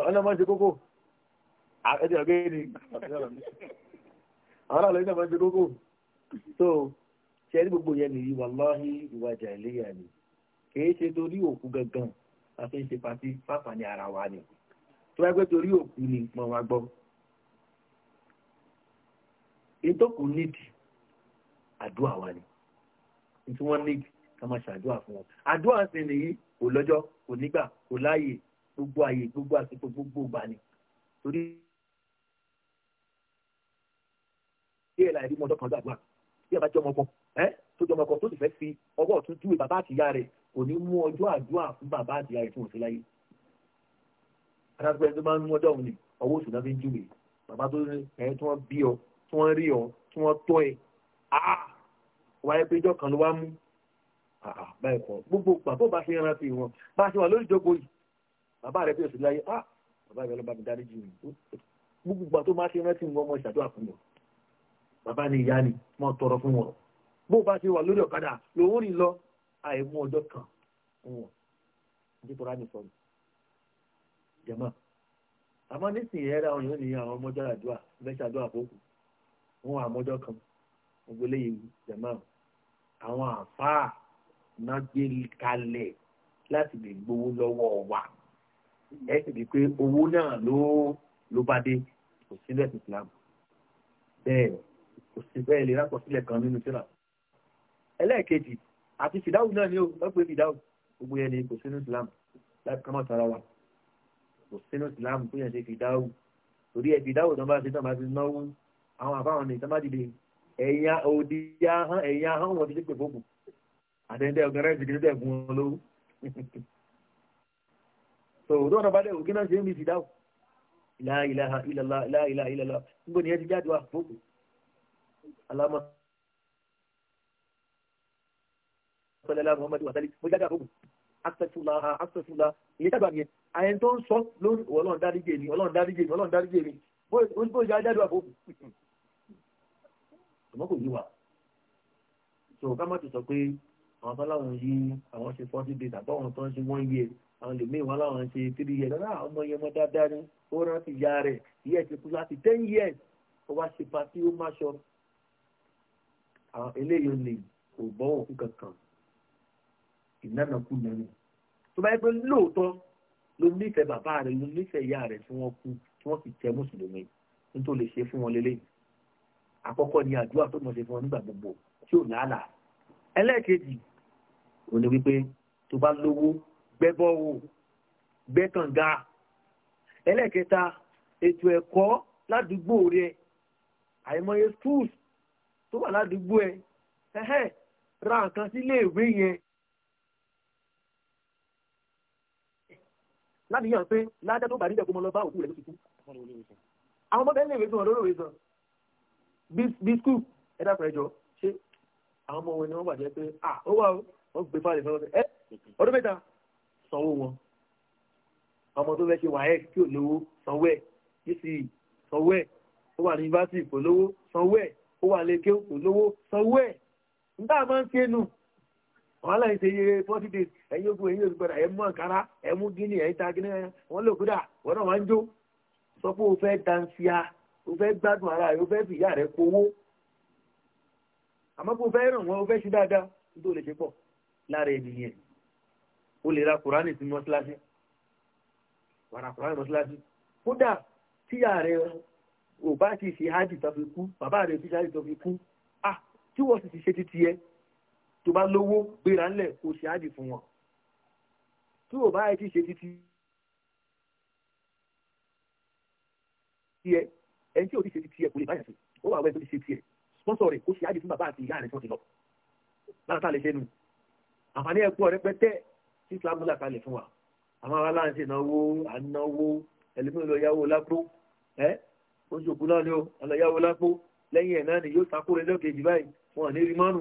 ọlọ́mọ ṣe kókó ẹ̀dì ọ̀gẹ́ so ṣe gbogbo yẹn nìyí wàláhí ìwà jàìlẹ́yà ni kìí ṣe torí òkú gangan àti ṣe pàtí fáfàní ara wa ni tó wáyé pé torí òkú ni mọ̀ wá gbọ́ ìtọ́kù nídìí àdúrà wa ni tí wọ́n nídìí kama máa ṣàdúrà fún wọn àdúrà sì nìyí kò lọ́jọ́ kò nígbà kò láàyè gbogbo àyè gbogbo àsìkò gbogbo ìgbà ni torí díẹ̀ láì rí mọ́ ọjọ́ kan gbàgbà bí ẹ bá jẹ́ ọmọ kan ẹ́ tó jẹ́ ọmọ kan tó sì fẹ́ fi ọwọ́ ọ̀tún júwe bàbá àtìyá rẹ̀ kò ní mú ọjọ́ àdúrà fún bàbá àtìyá rẹ̀ fún òsì láyé adágbẹ́ni máa ń mú ọjọ́ òun ni ọwọ́ òsì náà fi ń júwe bàbá tó ní ẹ̀ tí wọ́n bí ọ tí wọ́n rí ọ tí wọ́n tọ́ ẹ àá wáyé péjọ kan ló wá mú Ah, ah, báyìí kan gbogbo pàtó bá ṣe rántí wọn bá ṣe wà lórí ìjókòó yìí bàbá rẹ bí o láyé ah bàbá rẹ ọlọ́ba mi dárí jù mí gbogbo pàtó bá ṣe rántí wọn ọmọ ìṣàdúrà fún wọn bàbá ni ìyá ni wọn tọrọ fún wọn bó bá ṣe wà lórí ọ̀kadà lòun rìn lọ àìmú ọjọ́ kan wọn nítorá ní sọ̀rọ̀ jẹ̀mọ́ àmọ́ nísìnyí ẹ̀rọ àwọn èèyàn ní àwọn ọmọjọ́ àdúrà mẹ́ṣẹ́ àdúrà fókù wọn àmọ́jọ́ kan gbogbo eléyìí jẹ̀mọ́ àwọn àfáà náà gbé kalẹ̀ láti lè gbowó lọ́wọ́ wa ẹ sì rí i pé owó náà ló ló bá dé kò sílẹ̀ tó Islam. láàbù bẹ́ẹ̀ kò sí bẹ́ẹ̀ lè rákọ̀ sílẹ̀ kan nínú tíra ẹlẹ́ẹ̀kejì àti fìdáwù náà ni ó wọ́n pè fìdáwù gbogbo yẹn ni kò sínú ìsìlámù láti kọ́mọ̀ tara wa kò sínú ìsìlámù tó yẹn ṣe fìdáwù torí ẹ̀ fìdáwù tó bá ṣe tó bá ti náwó àwọn àbáwọn ní ìtàn bá dìde ẹ̀yà òdì ẹ̀yà hàn wọ́n ti dé pè fóògùn àtẹ̀yìntẹ́ ọ̀gáráìsì kìí tẹ̀ fún wọn so òdó ọ̀nà bá dẹ̀ òkè náà ṣe ń bí ti dáwò láìláha ìlàlá láìláha ìlàlá níbo ni ẹ ti jáde wá fókù aláma sọlẹ́lá muhammadu wasali mo jáde àfókù akẹ́sùlá akẹ́sùlá ìyẹn jáde àmì ayẹn tó ń sọ lórí ọlọ́run dáríjì mi ọlọ́run dáríjì mi ọlọ́run dáríjì mi bó ṣe jáde àfókù tòmọ́kò yìí wà so ká má ti sọ pé àwọn tó láwọn yí àwọn ṣe forty days àbáwọn tó ń ṣe one year àwọn lè mí wọn láwọn ṣe three years rárá ọmọ yẹn mọ dáadáa ni ó rántí ya rẹ yíyẹ ti kú láti ten years ó wá ṣe pati ó má ṣọ àwọn eléyìí lè kò bọ́ òkú kankan ìnánakú nínú tó bá yẹ pé lóòótọ́ ló nífẹ̀ẹ́ bàbá rẹ ló nífẹ̀ẹ́ ìyá rẹ tí wọ́n kú tí wọ́n sì tẹ mùsùlùmí nítorí lè ṣe fún wọn lélẹ́yìn àkọ́kọ́ ni àdúrà tó mọ̀ ṣe fún wọn nígbà gbogbo tí ò lálàá ẹlẹ́ẹ̀kejì ó ní wípé tó bá lówó gbẹ́bọ́ wò gbẹ́kànga ẹlẹ́kẹta ètò ẹ̀kọ́ ládùúgbò rẹ àìmọye schools tó wà ládùúgbò ẹ ẹ̀hẹ́ ra nǹkan sílé ìwé yẹn láti yàn pé ládá tó bàdí ìjẹ̀kú mọ́ lọ bá òkú rẹ̀ tó ti kú. àwọn ọmọ bẹ́ẹ̀ lè wéṣọ lórí òwe sàn bí skul ẹ̀dá pẹ̀jọ ṣé àwọn ọmọ wọn ni wọ́n bàjẹ́ pé à ó wà ó wọ́n gbé fáìlì fún ẹ ọdún mẹ́ta sanwó wọn ọmọ tó fẹ́ ṣe wàhẹ́ kí ò lówó sanwó ẹ̀ yìí sanwó ẹ̀ ó wà ní yunifásitì kò lówó sanwó ẹ̀ ó wà lówó sanwó ẹ̀ máa ń ṣe nù wọn aláìsí ṣe yẹ forty days ẹ̀yin ogun ẹ̀yin ẹ̀ mú àǹkárá ẹ̀ mú gíní ẹ̀yin ta sọ pé o dansia o fẹ́ gbádùn ara rẹ o fẹ́ fìyà rẹ kówó àmọ́ o fẹ́ o fẹ́ ṣe dáadáa nítorí lára ènìyàn o lè ra kùránì sí mọ́síláṣí wàrà kùránì mọ́síláṣí kódà tí ààrẹ ò bá ti ṣe hajj tó fi kú bàbá rẹ̀ ti ṣáàjì tó fi kú ah tí wọ́n sì ti ṣe títí ẹ tó bá lówó gbéra ńlẹ̀ kò ṣe hajj fún wọn tí ò bá ti ṣe títí tiẹ̀ ẹni tí ò ti ṣe títí ẹ kò lè báyà sí ó wà wẹ́n tó ti ṣe tiẹ̀ sponsor rẹ̀ kò ṣe hajj fún bàbá àti ìyá rẹ̀ tí wọ́n ti lọ lára àǹfààní ẹ̀kọ́ rẹpẹtẹ tí islam là kalẹ̀ fún wa àwọn ará láǹṣẹ̀ náwó ànáwó ẹlẹ́mìí lọ yáwó lápò ẹ́ oṣù òkú náà ni ó ọ̀nà yáwó lápò lẹ́yìn ẹ̀ náà ni yóò takó rẹ lọ́kejì báyìí wọn ò ní rí mọ́nù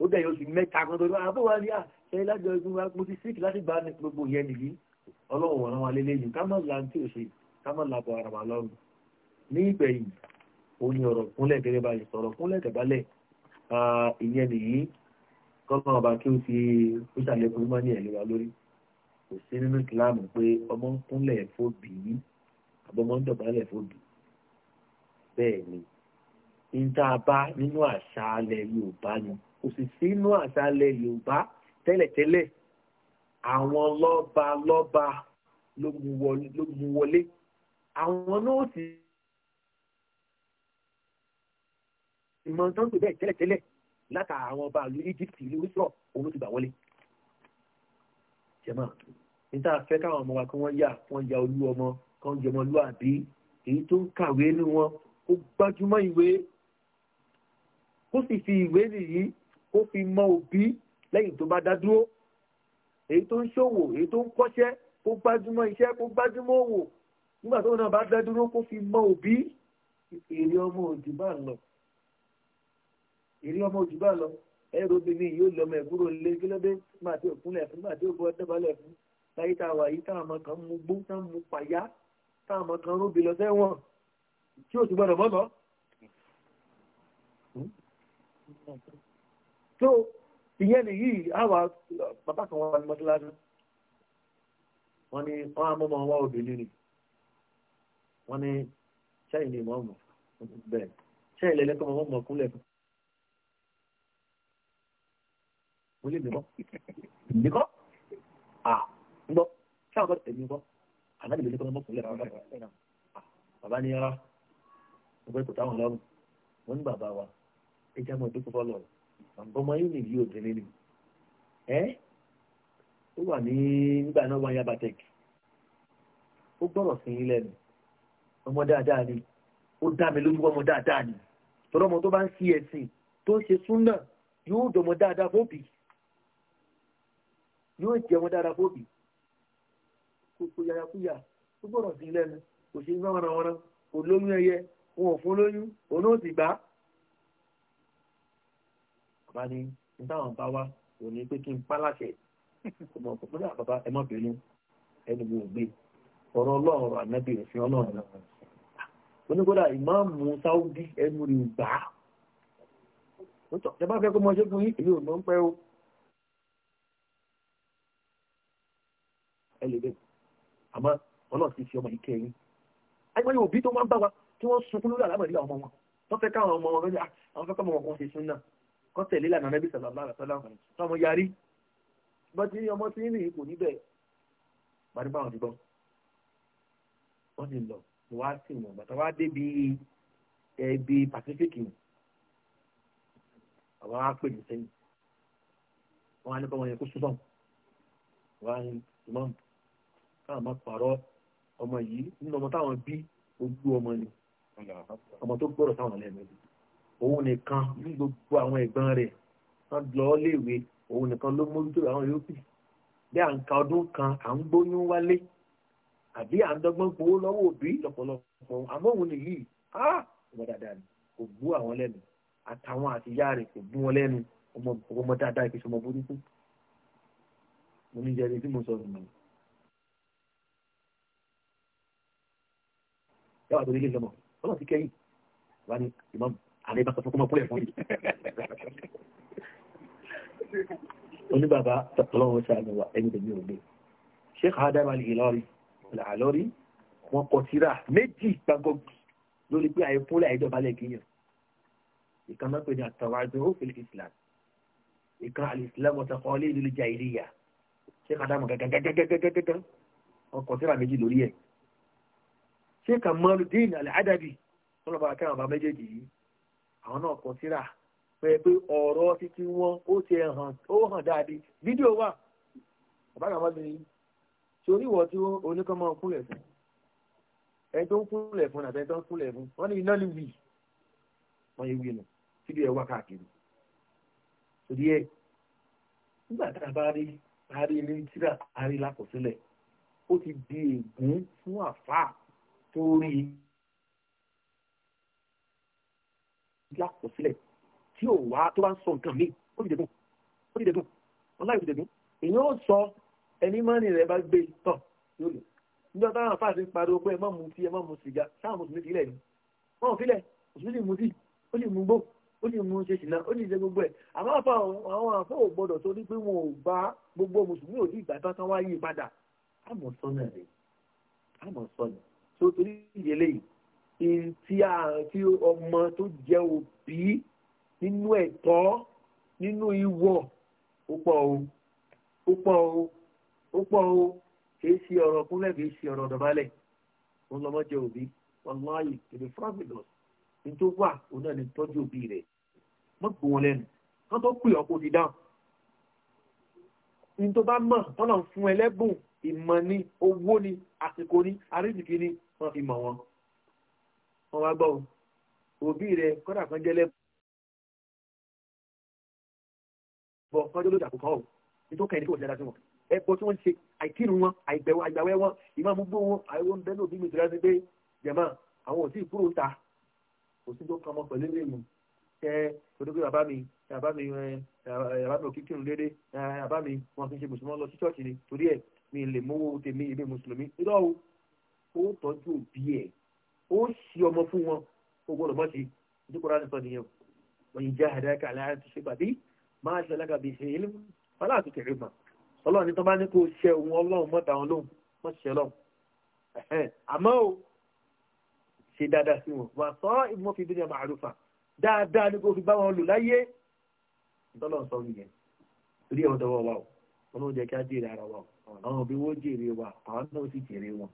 ó dẹ̀ yóò sì mẹ́ta kan tó lọ àbó wa ni à ṣe lájọ ẹgbẹ́ wa mo ti síkì láti gba gbogbo yẹn nìyí ọlọ́run wọ̀n wa lélẹ́yìn ká má la tí ò ṣe ká má la bọ̀ ara wa ní ọ̀rọ̀ kúnlẹ̀ gẹ́gẹ́ báyìí sọ̀rọ̀ kúnlẹ̀ tẹ̀bálẹ̀ ìyẹn nìyí kọ́lọ́ ọba kí ó fi ó ṣàlékún mọ́ ní ẹ̀lẹ́wà lórí kò sí nínú ìsìláàmù pé ọmọ ń kúnlẹ̀ fòbì yìí àbọ̀mọ́ ń dọ̀bálẹ̀ fòbì bẹ́ẹ̀ ni níta bá nínú àṣà alẹ̀ yorùbá ni kò sì sí nínú àṣà alẹ̀ yorùbá tẹ́lẹ̀tẹ́lẹ̀ àwọn lọ́ba lọ́ba ló mú wọlé àwọn náà sì ìmọ̀ tán bẹ́ẹ̀ tẹ́lẹ̀tẹ́lẹ̀ látà àwọn ọba ìlú Egypt ìlú Misrọ òun ló ti gbà wọlé jẹmọ níta fẹ́ káwọn ọmọ wa kí wọn yà wọn ya olú ọmọ kí wọn jẹmọ lú àbí èyí tó ń kàwé nínú wọn kó gbájúmọ́ ìwé kó sì fi ìwé nìyí kó fi mọ òbí lẹ́yìn tó bá dá dúró èyí tó ń ṣòwò èyí tó ń kọ́ṣẹ́ kó gbájúmọ́ iṣẹ́ kó gbájúmọ́ òwò nígbà tó náà bá dá dúró kó fi mọ òbí èrè ọmọ òdì bá lọ èrí ọmọ òjò bá lọ ẹrù obìnrin yóò lọmọ ẹgbúrò lé kílódé nígbà tí ò kúnlẹ̀ fún nígbà tí ò bọ́ dábàlẹ̀ fún láyé tá a wà yìí táwọn ọmọ kan mú gbó táwọn mú pàyà táwọn ọmọ kan rúbi lọ sẹ́wọ̀n tí ò tún gbọdọ̀ mọ́ tó hmm? ìyẹn nìyí àwa bàbá kan wà ní mọ́tíláṣí wọ́n ní wọ́n á mọ́mọ́ wá obìnrin ni wọ́n ní ṣẹ́yìn ni mọ́ mọ́ bẹ́ẹ̀ ṣẹ́yìn lẹ́lẹ́kọ̀ọ́ mọ́ mọ́ kúnlẹ̀ fún mo lè mìkọ́ mìkọ́ à ń gbọ́ ṣé àwọn ọ̀dọ́ èmi kọ́ àná ìlú nìkan mọ́kùnrin àwọn ọ̀dọ́ bàbá ní ara mo fẹ́ kó táwọn lọ́rùn wọ́n ní bàbá wa ẹ jẹ́ àmọ́ ìdókòfọ́ lọ ọmọ yìí nìyí obìnrin ni ẹ́ ó wà ní nígbà náà wáyé abatec ó gbọ́rọ̀ sí yín lẹ́nu ọmọ dáadáa ni ó dá mi lójú ọmọ dáadáa ni tọ́lọ́mọ tó bá ń sí ẹ̀sìn tó ń ṣe súnà yóò dọ̀mọ dáadáa fóbi yóò jẹun dára fóbi kókó yàyàkúyà ó gbọ́dọ̀ sí lẹ́nu kò ṣe iná wọn wọn kò lóyún ẹyẹ wọn ò fún lóyún òun ó sì gbà á. bàbá ni nítawọn bá wá òní pé kí n pa láṣẹ ọmọ ọkùnrin bàbá ẹ má bínú ẹnu mi ò gbé ọ̀rọ̀ ọlọ́run ọ̀rọ̀ ànábì òfin ọlọ́run náà onígbọ́dà ìmáàmù sáúdí ẹnu rẹ̀ gbà á. ẹ bá fẹ́ kó mọ ṣẹ́gun yìí èmi ò lọ ń pẹ́ o. ẹlẹ́dẹ̀ àmọ́ ọlọ́run ti fi ọmọ yìí kẹyìn àìmọye òbí tó máa ń bá wa tí wọ́n sunkún lórí àlámọ̀rí àwọn ọmọ wọn wọ́n fẹ́ káwọn ọmọ wọn lórí àwọn fẹ́ kọ́ ọmọ wọn kò ṣe sún náà kọ́ tẹ̀lé lànà rẹ́bí sàlámà sàlámà tọmọ yarí bọ́n ti ní ọmọ tí nìyí kò ní bẹ́ẹ̀ gbadúgbà wọn ti bọ́ wọ́n ti lọ ni wọ́n á sì wọ̀n bàtà wọ́n á dé bí ẹbí Pacific ni àwọn á pè ní sẹ́yìn wọ́n á ní bọ́ wọn yẹ kó sún sọ́n wọ́n á ní ìmọ̀ọ́mù káà má parọ́ ọmọ yìí nínú ọmọ táwọn bí ojú ọmọ ni ọmọ tó gbọ́dọ̀ táwọn lẹ́ẹ̀mẹ́rin òun nìkan ní gbogbo àwọn ẹ̀gbọ́n rẹ̀ wọ́n lọ léèwé òun nìkan ló mójútó àwọn yòókù bí à ń ka ọdún kan à ń gbóyún wálé àbí à ń dọ́gbọ́n gbowó lọ́wọ́ òbí lọ́pọ̀lọpọ̀ àmọ́ òun nìyí ọmọ dáadáa ni kò gbú àwọn lẹ́nu àtàwọn àtìyá rẹ̀ kò gbú wọn lẹ́nu ọmọ dáadáa kì burúkú mo ní jẹ́rìí tí mo sọ nù mí ẹ wà lórí ilé lọmọ ọlọ́run ti kẹ́yìn wà ní ìmọ̀ àlẹ́ ìbá sọ fún ọmọ fúnlẹ̀ fún yìí. oníbàbá tọ́lọ́wọ́ sàánú wa ẹni tẹ̀mí ò gbé sheikh adam al-hilari al-alori wọn kọ tírà méjì gbàgbọ́ lórí pé àyè fúnlẹ̀ àyèjọba lẹ́kìnyàn ìkan máa ń pè ní àtàwájú òfin islam ìkan alìsílámù ọ̀tàkọ́ọ́lé ìlú jahiliya sheikh adam gàgàgàgàgàgàgàgà wọn kọ tírà méjì lórí ẹ̀ ṣé Kamaluddin Al-Adabi ọlọ́ba akẹ́ àwọn bàbá méjèèjì yìí àwọn náà kọ síra pé pé ọ̀rọ̀ títí wọn ó ti hàn ó hàn dáadé fídíò wà bàbá àwọn ọmọdé yìí ṣe oníwọ̀ tí oníkan máa ń kúnlẹ̀ fún ẹni tó ń kúnlẹ̀ fún àti ẹni tó ń kúnlẹ̀ fún wọn ní iná ní wì wọn yé wì nù fídíò ẹ̀ wà káàkiri torí ẹ nígbà tá a bá rí a rí ilé tíra a rí lákòsílẹ̀ ó ti di ègún fún àfáà tó rí i lákọsílẹ̀ tí ò wá tó bá ń sọ nǹkan mi ó ti dẹ̀dùn ó ti dẹ̀dùn wọn láì ti dẹ̀dùn èyí ó sọ ẹni mọ́ni rẹ̀ bá gbé tọ̀ yóò lò nígbà táwọn àfáàsì ń pariwo pé ẹ má mu tí ẹ má mu sìgá táwọn mùsùlùmí fi lẹ̀ ni wọn ò fi lẹ̀ mùsùlùmí mu tí ó lè mu gbó ó lè mu ṣe ṣìnà ó lè ṣe gbogbo ẹ̀ àwọn àfa àwọn àfa ò gbọdọ̀ torí pé wọn ò bá gbogbo mùsùlùmí ò ní ìgbà tán tán padà àmọ̀ sọ́nà rẹ̀ àmọ̀ sọ́nà tó torí ìyẹlẹ yìí tí àti ọmọ tó jẹ òbí nínú ẹ̀tọ́ nínú ìwọ ó pọ̀ o ó o ó o kìí ṣe ọ̀rọ̀ kúnlẹ̀ kìí ṣe ọ̀rọ̀ dọ̀bálẹ̀ òun lọmọ jẹ òbí wàláyé kìlì fúráfìdọ̀s ní tó wà òun náà ní tọ́jú òbí rẹ̀ mọ́ gbọ́ wọn lẹ́nu kán tó pè ọ́ kó ti dáhùn ní tó bá mọ̀ tọ́lọ̀ fún ẹlẹ́bùn ìmọ̀ ni owó ni àsìkò ni àríṣìkí ni wọ́n fi mọ̀ wọn. wọ́n wá gbọ́ òbí rẹ kọ́dà kan jẹ́lẹ̀ bọ̀ kọ́jọ́ ló dàpọ̀ kọ́ ọ̀ nítorí kẹ́ni kò dára sí wọn. ẹ̀pọ̀ tí wọ́n ń ṣe àìkírun wọn àìgbẹ̀wò àgbàwẹ́ wọn ìmọ̀ àmúgbó wọn àwọn bẹ́ẹ̀ ló bí mi jìlá sí pé jẹ̀mọ́ àwọn ò tí ì kúrò ta kò sí tó kọmọ pẹ̀lú ilé ìmọ̀ ẹ torí bàbá mi bàbá mi bàbá mi ò kí kírun bàbá mi wọn kì í ṣe mùsùlùmọ́ lọ sí ṣọ́ọ̀ṣì ni torí ẹ̀ mi lè mówó tèmi ilé mùsùlùmí irọ́ o ó tọ́jú òbí ẹ̀ ó ṣì ọmọ fún wọn ó gbọ́dọ̀ mọ́ sí ìdíkùrá nìkan nìyẹn wọ́n yìí já àdáka aláàrẹ ti ṣe pàdé máa ṣe alágàbí ṣe ilé fọlá àti kẹrì mà ọlọ́run ní tó bá ní kó ṣe òun ọlọ́run mọ́ta wọn lóhùn wọ́n ṣe lọ àmọ́ o ṣe dáadáa sí wọn wà sọ ìmọ̀ fi bí ní ọmọ àrùfà dáadáa ní kó fi bá wọn lò láyé ìtọ́lọ́run sọ nìyẹn torí ọ̀dọ́wọ́ wa o wọn jẹ́ kí á dé ara wa o. اه بيوجي ريوا قانو سي تيريوا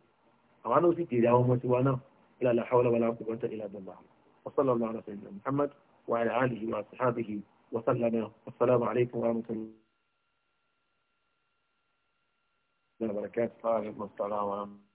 قانو سي تيريوا مسوانا لا لا حول ولا قوة إلا بالله وصلى الله على سيدنا محمد وعلى آله وأصحابه وسلم والسلام عليكم وعليكم السلام ورحمة الله